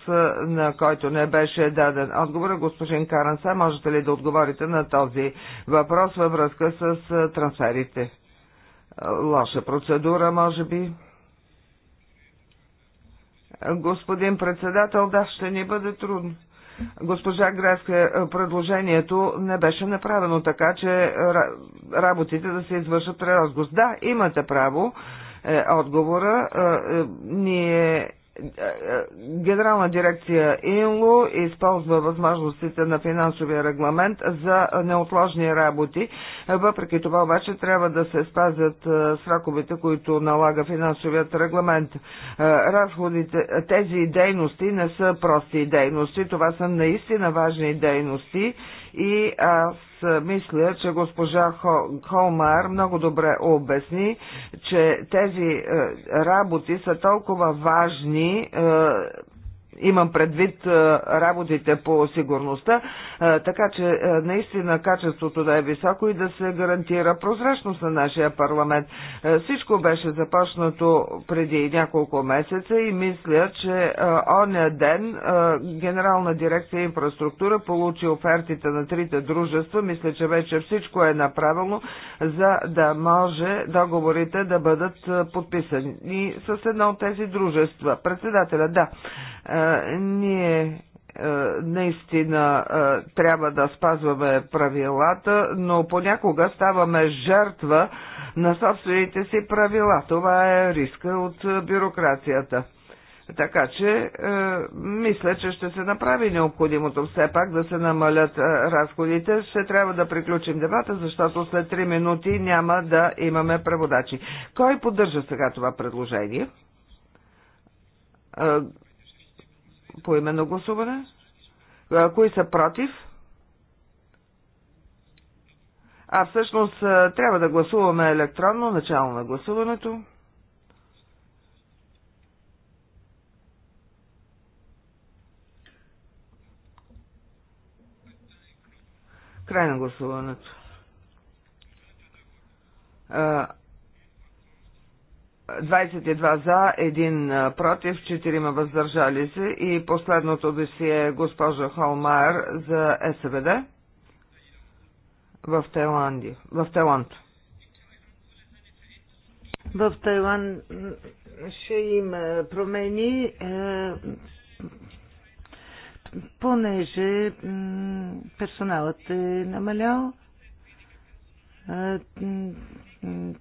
Speaker 1: на който не беше даден отговор. Господин Каранса, можете ли да отговорите на този въпрос във връзка с трансферите? Лоша процедура, може би. Господин председател, да, ще ни бъде трудно. Госпожа Градска, предложението не беше направено така, че работите да се извършат при разгост. Да, имате право е отговора. Е, е, ние Генерална дирекция ИНЛО използва възможностите на финансовия регламент за неотложни работи. Въпреки това обаче трябва да се спазят сроковете, които налага финансовият регламент. Разходите, тези дейности не са прости дейности, това са наистина важни дейности и аз мисля, че госпожа Холмар много добре обясни, че тези работи са толкова важни Имам предвид работите по сигурността, така че наистина качеството да е високо и да се гарантира прозрачност на нашия парламент. Всичко беше започнато преди няколко месеца и мисля, че оня ден Генерална дирекция инфраструктура получи офертите на трите дружества. Мисля, че вече всичко е направено, за да може договорите да бъдат подписани с едно от тези дружества. Председателя, да ние наистина трябва да спазваме правилата, но понякога ставаме жертва на собствените си правила. Това е риска от бюрокрацията. Така че, мисля, че ще се направи необходимото все пак да се намалят разходите. Ще трябва да приключим дебата, защото след 3 минути няма да имаме преводачи. Кой поддържа сега това предложение? По именно гласуване. Кои са против? А всъщност трябва да гласуваме електронно начало на
Speaker 3: гласуването.
Speaker 1: Край на гласуването. 22 за, 1 против, 4 въздържали се и последното да си е госпожа Холмайер за СВД
Speaker 3: в Тайланди. в Тайланд. В Тайланд ще има промени, е, понеже персоналът е намалял. Е,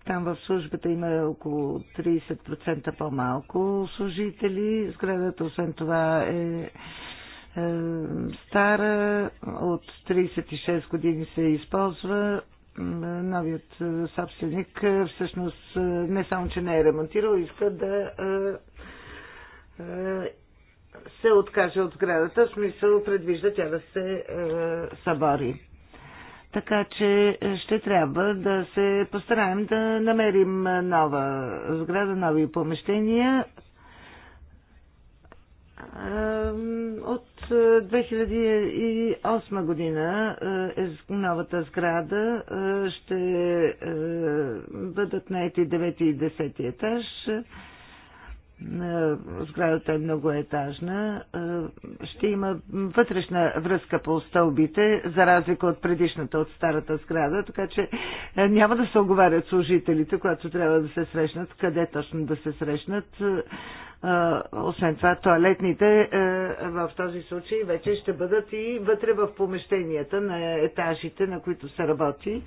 Speaker 3: там в службата има около 30% по-малко служители. Сградата, освен това, е, е стара, от 36 години се използва. Новият е, собственик е, всъщност не само, че не е ремонтирал, иска да се откаже от сградата, в смисъл предвижда тя да се събори. Така че е, ще трябва да се постараем да намерим е, нова сграда, нови помещения. От 2008 е, година е новата сграда. Ще бъдат наети 9 и 10 етаж. Е, сградата е многоетажна, е, ще има вътрешна връзка по стълбите, за разлика от предишната, от старата сграда, така че е, няма да се оговарят служителите, когато трябва да се срещнат, къде точно да се срещнат. Освен това, туалетните в този случай вече ще бъдат и вътре в помещенията на етажите, на които се работи.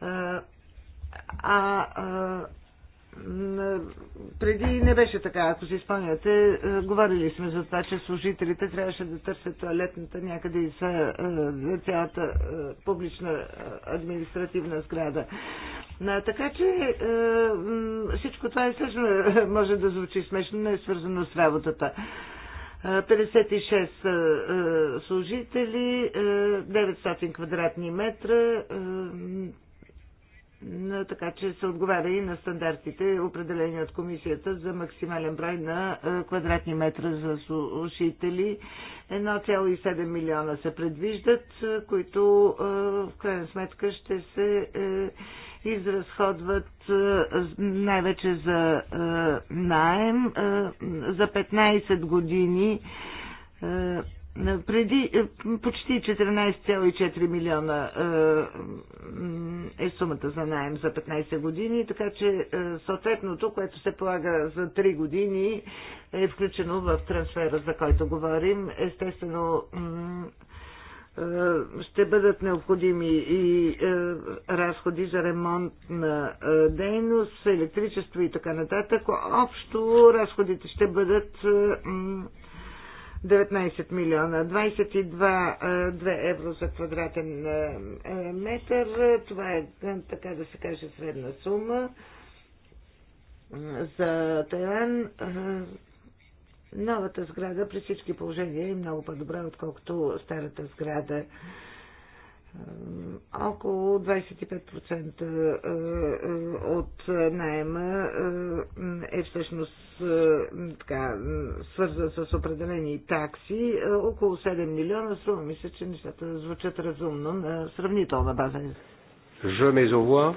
Speaker 3: А, а преди не беше така. Ако си спомняте, говорили сме за това, че служителите трябваше да търсят туалетната някъде и за, цялата публична административна сграда. Така че всичко това е също може да звучи смешно, но е свързано с работата. 56 служители, 900 квадратни метра, така че се отговаря и на стандартите, определени от комисията за максимален брой на е, квадратни метра за слушатели. 1,7 милиона се предвиждат, е, които е, в крайна сметка ще се изразходват най-вече за наем за 15 години преди е, почти 14,4 милиона е, е сумата за найем за 15 години, така че е, съответното, което се полага за 3 години, е включено в трансфера, за който говорим. Естествено, ще бъдат необходими и разходи за ремонт на дейност, електричество и така нататък. Общо разходите ще бъдат 19 милиона, 22 евро за квадратен метър. Това е, така да се каже, средна сума за Тайланд. Новата сграда при всички положения е много по-добра, отколкото старата сграда около 25% е, е, от найема е, е всъщност така, свързан с определени такси. Около 7 милиона сума мисля, че нещата звучат разумно на сравнителна база.
Speaker 4: Je mets au voix.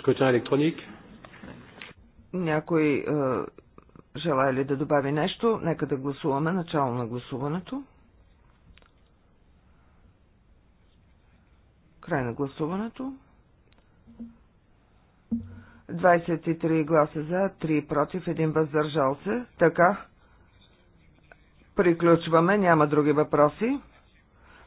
Speaker 4: Scrutin électronique.
Speaker 1: Някой желая ли да добави нещо? Нека да гласуваме начало на гласуването. Край на гласуването. 23 гласа за, 3 против, 1 въздържал се. Така. Приключваме, няма други въпроси.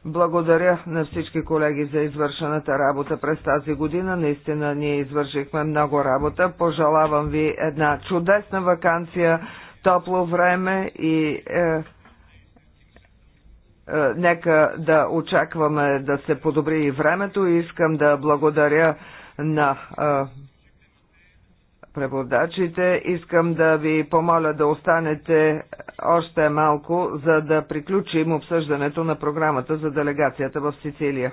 Speaker 1: Благодаря на всички колеги за извършената работа през тази година. Наистина ние извършихме много работа. Пожелавам ви една чудесна вакансия, топло време и е, е, нека да очакваме да се подобри и времето. Искам да благодаря на е, преводачите. Искам да ви помоля да останете още малко, за да приключим обсъждането на програмата за делегацията в Сицилия.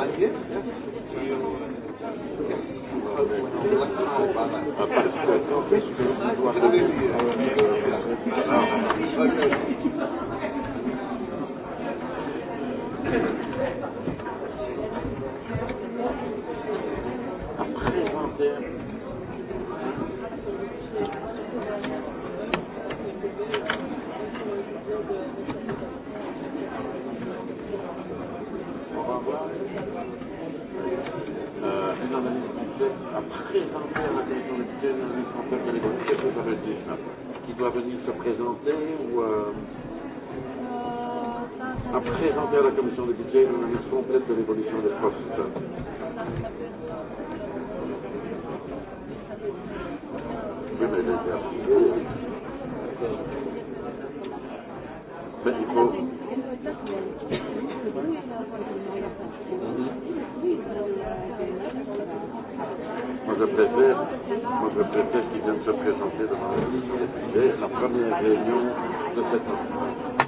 Speaker 2: On
Speaker 4: va voir. Qui doit venir se présenter ou euh, après 20 à la commission des budgets, une analyse complète de l'évolution des postes. Mais il faut. je préfère,
Speaker 2: moi je préfère
Speaker 4: qu'ils viennent se présenter devant la commission la première réunion de cette année.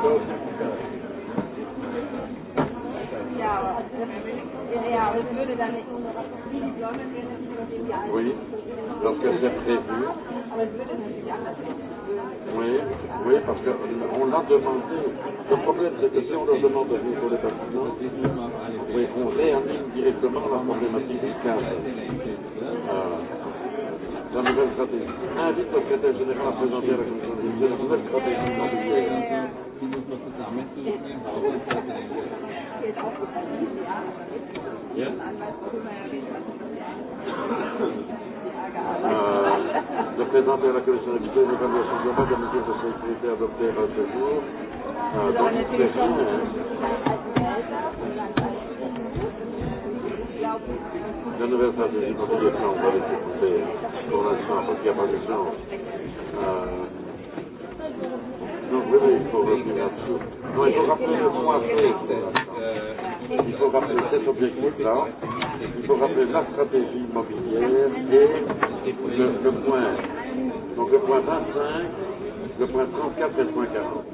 Speaker 4: Thank you. Oui, parce que c'est prévu. Oui, oui, parce qu'on l'a demandé. Le problème, c'est que si on le demande de pour les bâtiments, oui, on réanime directement la problématique du cas. Euh, la nouvelle stratégie. Invite le secrétaire général à présenter à la commission de la nouvelle stratégie immobilière. Ja? Euh, le président de la commission d'habitude, Mme Yassin Dioma, a mis de sécurité adoptée à ce jour. Euh, donc, c'est La nouvelle stratégie contre le plan, on va laisser pousser pour l'instant, parce qu'il n'y a pas d'urgence. Euh, il faut rappeler cet objectif-là. Il faut rappeler la stratégie immobilière et le, le point. Donc le point 25, le point 34 et le point 40.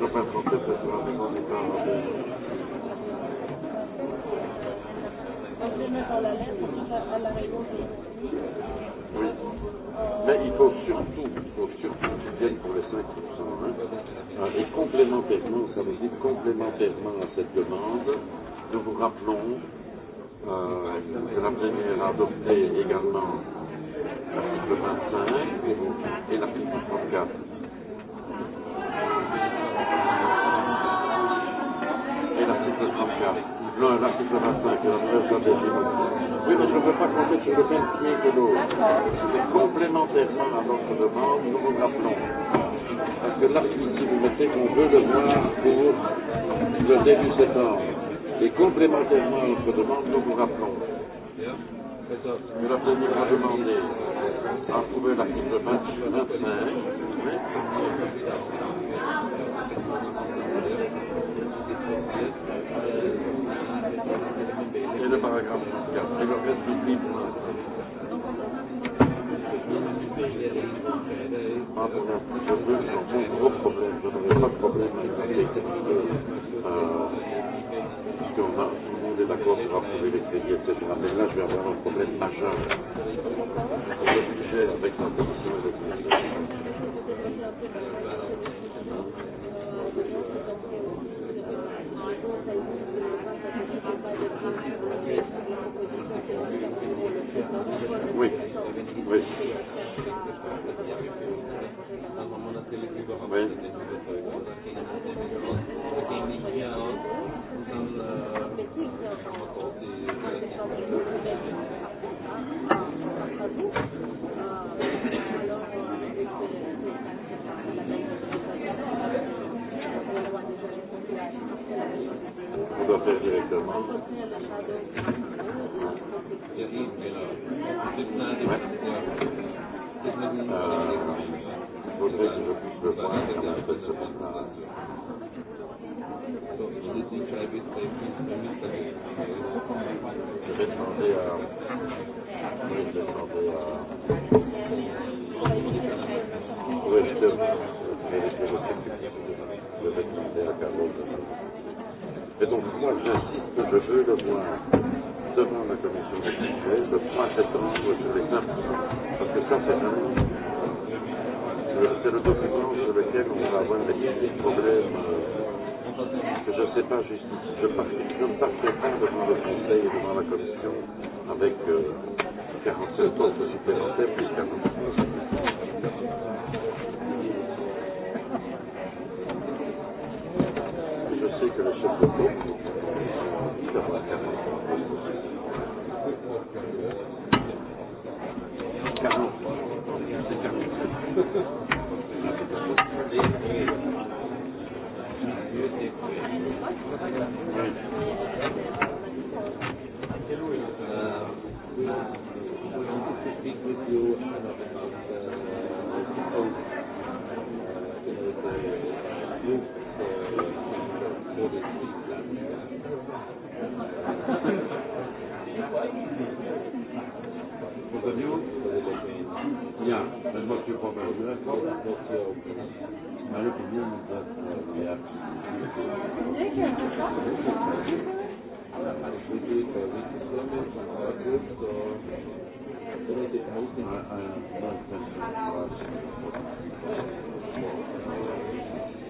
Speaker 4: Le point 37, c'est en le Oui. Mais il faut surtout surtout pour les cinq hein, et complémentairement, ça veut dire complémentairement à cette demande, nous vous rappelons euh, que la première a adopté également l'article 25 et, et l'article 34. Et l'article 34. Non, l'article 25, c'est la presse d'adhésion. Oui, mais je ne veux pas compter sur le même pied que l'autre. Mais complémentairement à notre demande, nous vous rappelons. Parce que l'article, si vous mettez qu'on veut le voir pour le début septembre. Et complémentairement à votre demande, nous vous rappelons. Nous l'avons demandé à trouver l'article 25. der Paragraph. Ja, der wird jetzt geblieben. Barbara, je veux un gros problème, je n'aurais pas de problème avec les parce qu'on a tout le monde est d'accord sur approuver les crédits, etc. Mais là, je vais avoir un problème majeur le budget avec la commission et le Thank you. Moment. On doit faire directement. Genau voter si je puisse le Et donc, moi, j'insiste que je veux le voir devant la commission des budgets le 3 septembre sur les 9 Parce que ça, c'est vraiment le document sur lequel on va avoir des petits problèmes que je ne sais pas juste. Je, je ne partirai pas devant le Conseil et devant la Commission avec euh, 47 autres supplémentaires plus 49. Je sais que le chef de groupe il aura 43 postes. what your problem is. The problem that uh, my opinion is that uh, we have to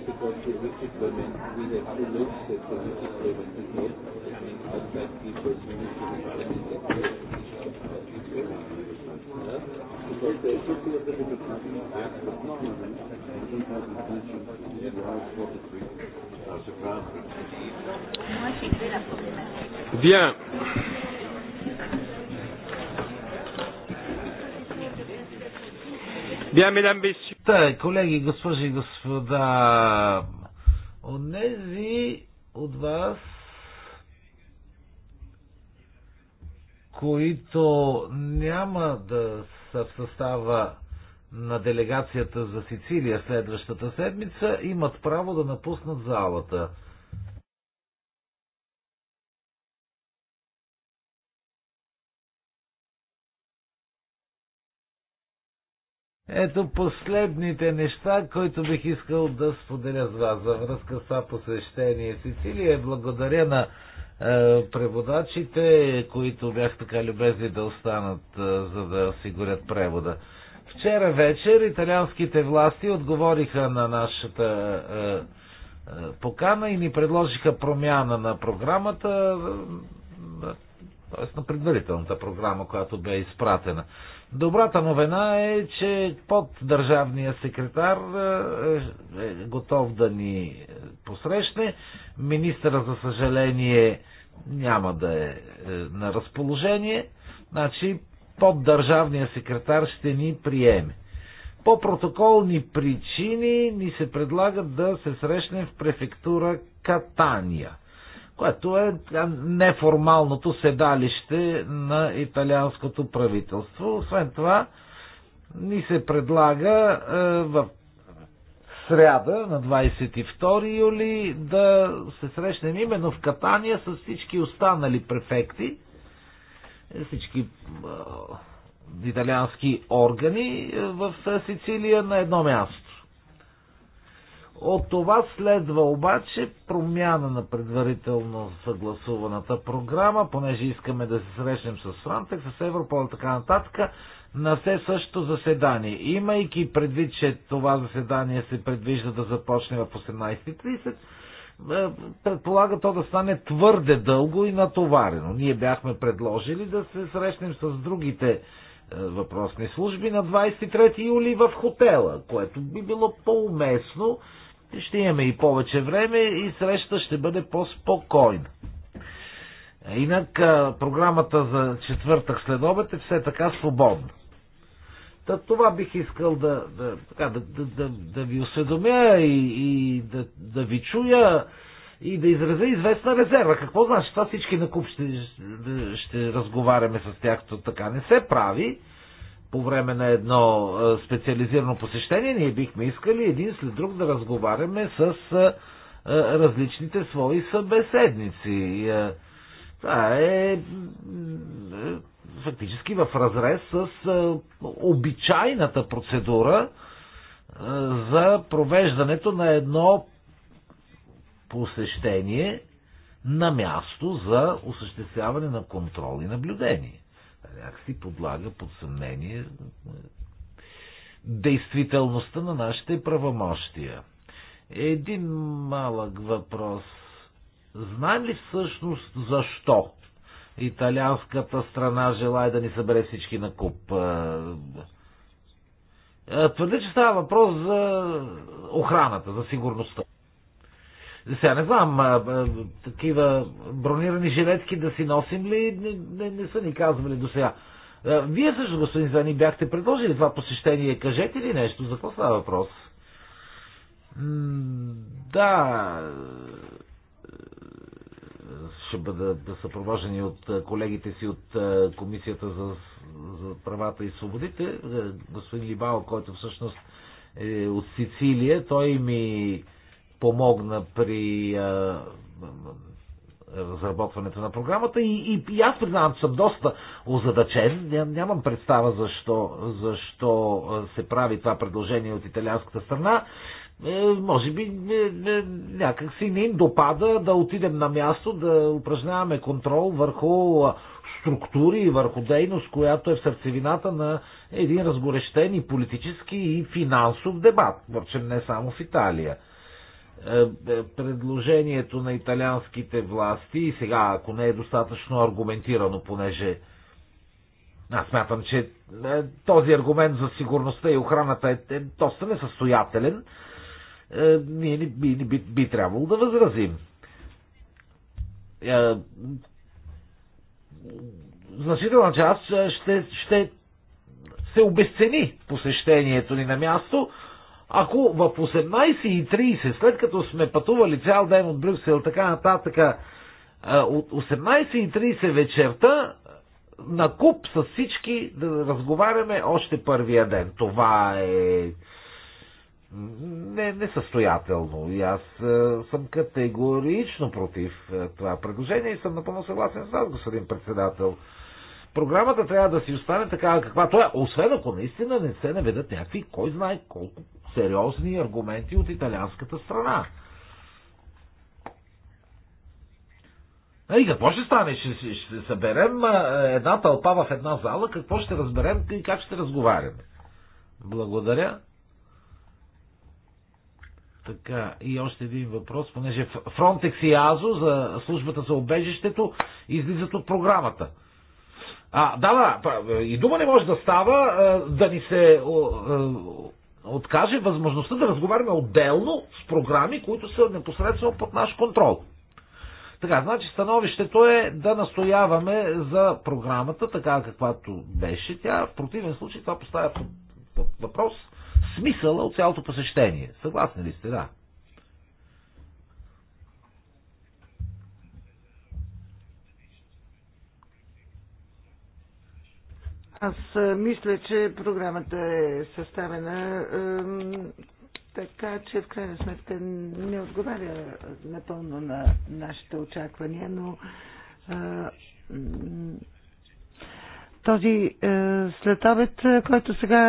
Speaker 4: because the wicked women, we have to look at the wicked women, and outside people, we need to determine that Bien.
Speaker 2: Bien, mesdames, messieurs. Та, колеги, госпожи и господа, онези от вас, които няма да са в състава на делегацията за Сицилия следващата седмица, имат право да напуснат залата. Ето последните неща, които бих искал да споделя с вас за връзка с това посещение Сицилия. Е благодаря на е, преводачите, които бях така любезни да останат, е, за да осигурят превода. Вчера вечер италианските власти отговориха на нашата е, покана и ни предложиха промяна на програмата, т.е. на предварителната програма, която бе изпратена. Добрата новина е, че под държавния секретар е, е, е готов да ни посрещне. Министъра, за съжаление, няма да е, е на разположение. Значи, под държавния секретар ще ни приеме. По протоколни причини ни се предлага да се срещнем в префектура Катания – което е неформалното седалище на италианското правителство. Освен това, ни се предлага е, в сряда на 22 юли да се срещнем именно в Катания с всички останали префекти, всички е, италиански органи е, в Сицилия на едно място. От това следва обаче промяна на предварително съгласуваната програма, понеже искаме да се срещнем с Франтекс, с Европол и така нататък, на все същото заседание. Имайки предвид, че това заседание се предвижда да започне в 18.30, е, предполага то да стане твърде дълго и натоварено. Ние бяхме предложили да се срещнем с другите е, въпросни служби на 23 юли в хотела, което би било по-уместно ще имаме и повече време и среща ще бъде по-спокойна. Инак програмата за четвъртък след обед е все така свободна. Та, това бих искал да, да, така, да, да, да, да ви осведомя и, и да, да ви чуя и да изразя известна резерва. Какво значи? Това всички накуп ще, ще разговаряме с тях, така не се прави по време на едно е, специализирано посещение, ние бихме искали един след друг да разговаряме с е, е, различните свои събеседници. Това е фактически в разрез с обичайната процедура за провеждането на едно посещение на място за осъществяване на контрол и наблюдение някакси подлага под съмнение действителността на нашите правомощия. Един малък въпрос. Знаем ли всъщност защо италианската страна желая да ни събере всички на куп? Твърди, че става въпрос за охраната, за сигурността. Сега не знам, а, а, такива бронирани жилетки да си носим ли, не, не, не са ни казвали до сега. Вие също, господин Зани, бяхте предложили това посещение. Кажете ли нещо? За какво става въпрос? М да, ще бъда да съпровождани от колегите си от Комисията за, за правата и свободите. Господин Либао, който всъщност е от Сицилия, той ми помогна при а, разработването на програмата и, и, и аз признавам, че съм доста озадачен. Ням, нямам представа защо, защо се прави това предложение от италианската страна. Е, може би е, е, някак си не им допада да отидем на място, да упражняваме контрол върху структури и върху дейност, която е в сърцевината на един разгорещен и политически и финансов дебат, впрочем не само в Италия. Е, е, предложението на италианските власти, и сега, ако не е достатъчно аргументирано, понеже аз смятам, че е, този аргумент за сигурността и охраната е, е доста несъстоятелен, е, ние ни, би, ни, би, би трябвало да възразим. Е, значителна част ще, ще се обесцени посещението ни на място, ако в 18.30, след като сме пътували цял ден от Брюксел, така нататък, от 18.30 вечерта на куп с всички да разговаряме още първия ден. Това е не, несъстоятелно. И аз съм категорично против това предложение и съм напълно съгласен с вас, господин председател. Програмата трябва да си остане такава каквато е, освен ако наистина не се наведат някакви, кой знае колко сериозни аргументи от италианската страна. И какво ще стане? Ще, ще съберем една тълпа в една зала, какво ще разберем и как ще разговаряме. Благодаря. Така, и още един въпрос, понеже Фронтекс и АЗО за службата за обежището излизат от програмата. А, да, да, и дума не може да става да ни се откаже възможността да разговаряме отделно с програми, които са непосредствено под наш контрол. Така, значи становището е да настояваме за програмата, така каквато беше тя. В противен случай това поставя под въпрос смисъла от цялото посещение. Съгласни ли сте, да?
Speaker 3: Аз мисля, че програмата е съставена така, че в крайна сметка не отговаря напълно на нашите очаквания, но този следобед, който сега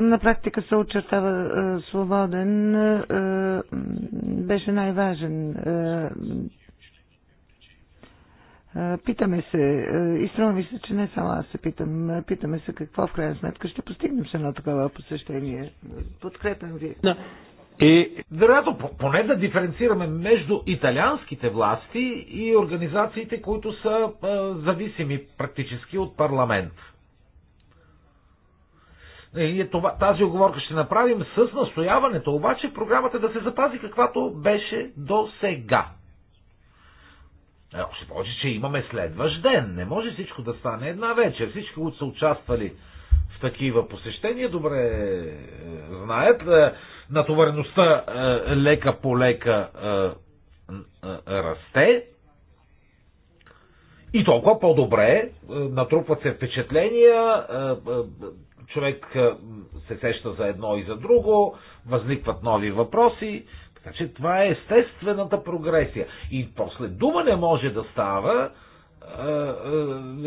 Speaker 3: на практика се очертава свободен, беше най-важен. Питаме се, и струва ми се, че не само аз се питам, питаме се какво в крайна
Speaker 2: сметка ще постигнем с едно такова посещение. Подкрепям ви. Да. И вероятно поне да диференцираме между италианските власти и организациите, които са а, зависими практически от парламент. И това, тази оговорка ще направим с настояването, обаче програмата да се запази каквато беше до сега. Още повече, че имаме следващ ден. Не може всичко да стане една вечер. Всички, които са участвали в такива посещения, добре е, знаят. Е, натовареността е, лека по лека расте. И толкова по-добре натрупват се впечатления, човек се сеща за едно и за друго, възникват нови въпроси, така че това е естествената прогресия. И после дума не може да става е, е,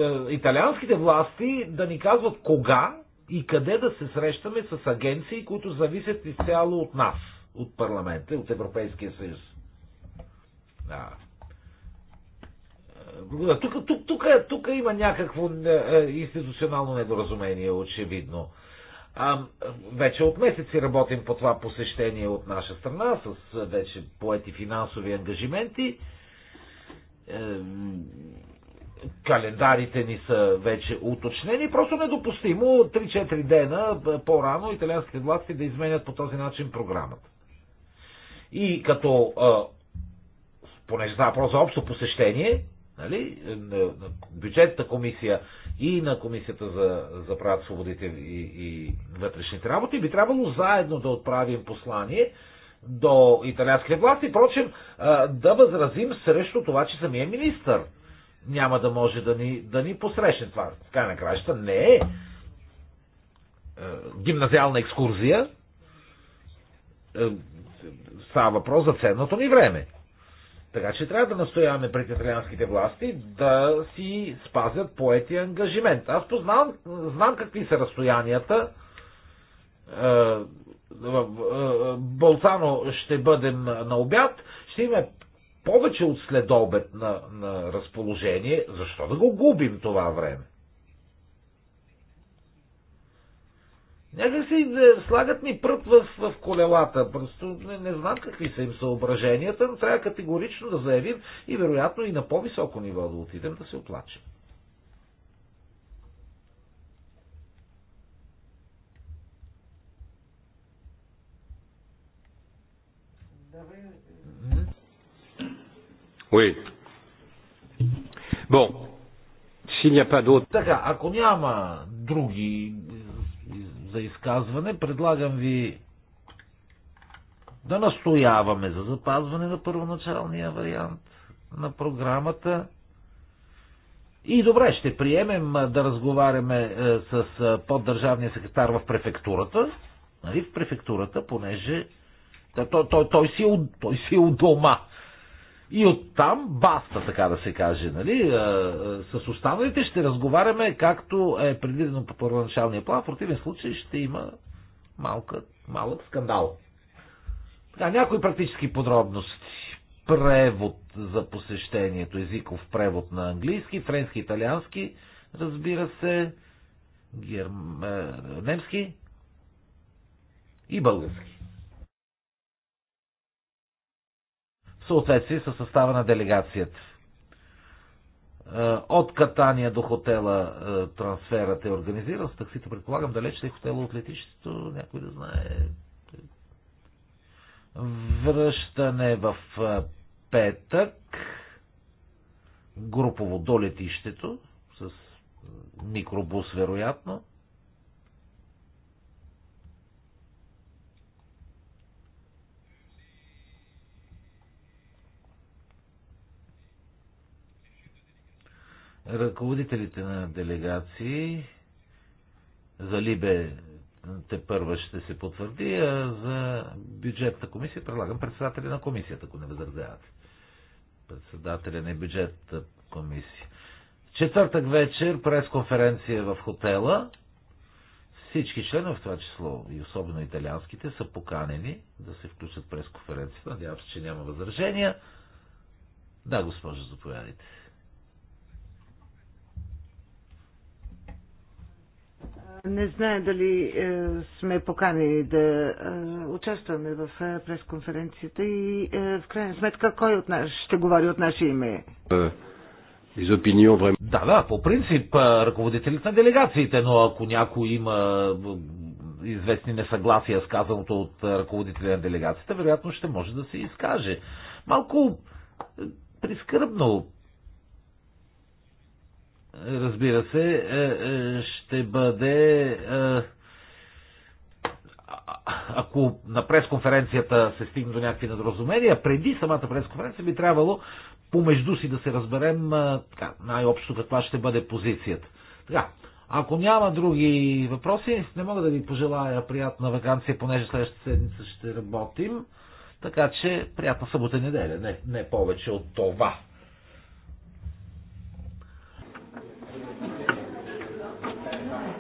Speaker 2: е, италианските власти да ни казват кога и къде да се срещаме с агенции, които зависят изцяло от нас, от парламента, от Европейския съюз. Да. Тук, тук, тук, тук има някакво институционално недоразумение, очевидно. А, вече от месеци работим по това посещение от наша страна, с вече поети финансови ангажименти. Календарите ни са вече уточнени. Просто недопустимо 3-4 дена по-рано италианските власти да изменят по този начин програмата. И като, понеже става въпрос за общо посещение, нали, на бюджетната комисия и на комисията за, за правят свободите и, и вътрешните работи, би трябвало заедно да отправим послание до власт власти, впрочем, да възразим срещу това, че самия министр няма да може да ни, да ни посрещне това. Така на краища не е, е гимназиална екскурзия, е, става въпрос за ценното ни време. Така че трябва да настояваме пред италианските власти да си спазят поети ангажимент. Аз познавам, знам какви са разстоянията. Е, е, е, Болцано ще бъдем на обяд, ще имаме повече от следобед на, на разположение. Защо да го губим това време? да е, слагат ми прът в, в колелата. Просто не, не знам какви са им съображенията, но трябва категорично да заявим и вероятно и на по-високо ниво да отидем да се оплачем. Oui. Bon. S'il n'y a pas d'autres. Така, ако няма други за изказване. Предлагам ви да настояваме за запазване на първоначалния вариант на програмата. И добре, ще приемем да разговаряме с поддържавния секретар в префектурата. Нали, в префектурата, понеже той, той, той, си, е той си е у дома и оттам баста, така да се каже. Нали? Е, е, с останалите ще разговаряме както е предвидено по първоначалния план. В противен случай ще има малка, малък скандал. Така, някои практически подробности. Превод за посещението. Езиков превод на английски, френски, италиански, разбира се, герм... Е, немски и български. съответствие с състава на делегацията. Е, от катания до хотела е, трансферът е организиран с таксито. Предполагам, далеч е хотела от летището, някой да знае. Връщане в е, петък, групово до летището, с микробус вероятно. Ръководителите на делегации за Либе те първа ще се потвърди, а за бюджетна комисия предлагам председателя на комисията, ако не възразявате. Председателя на бюджетна комисия. Четвъртък вечер пресконференция в хотела. Всички членове, в това число и особено италианските, са поканени да се включат през конференцията. Надявам се, че няма възражения. Да, госпожо, заповядайте. Не
Speaker 3: знае дали е, сме поканени да е, участваме в е, пресконференцията и в крайна сметка кой от нас ще говори от наше име?
Speaker 2: Да, да, по принцип ръководителите на делегациите, но ако някой има известни несъгласия с казаното от ръководителя на делегацията, вероятно ще може да се изкаже. Малко прискърбно разбира се, е, е, ще бъде. Е, ако на пресконференцията се стигне до някакви недоразумения, преди самата пресконференция би трябвало помежду си да се разберем най-общо каква ще бъде позицията. Така, ако няма други въпроси, не мога да ви пожелая приятна вакансия, понеже следващата седмица ще работим. Така че приятна събота неделя, не, не повече от това.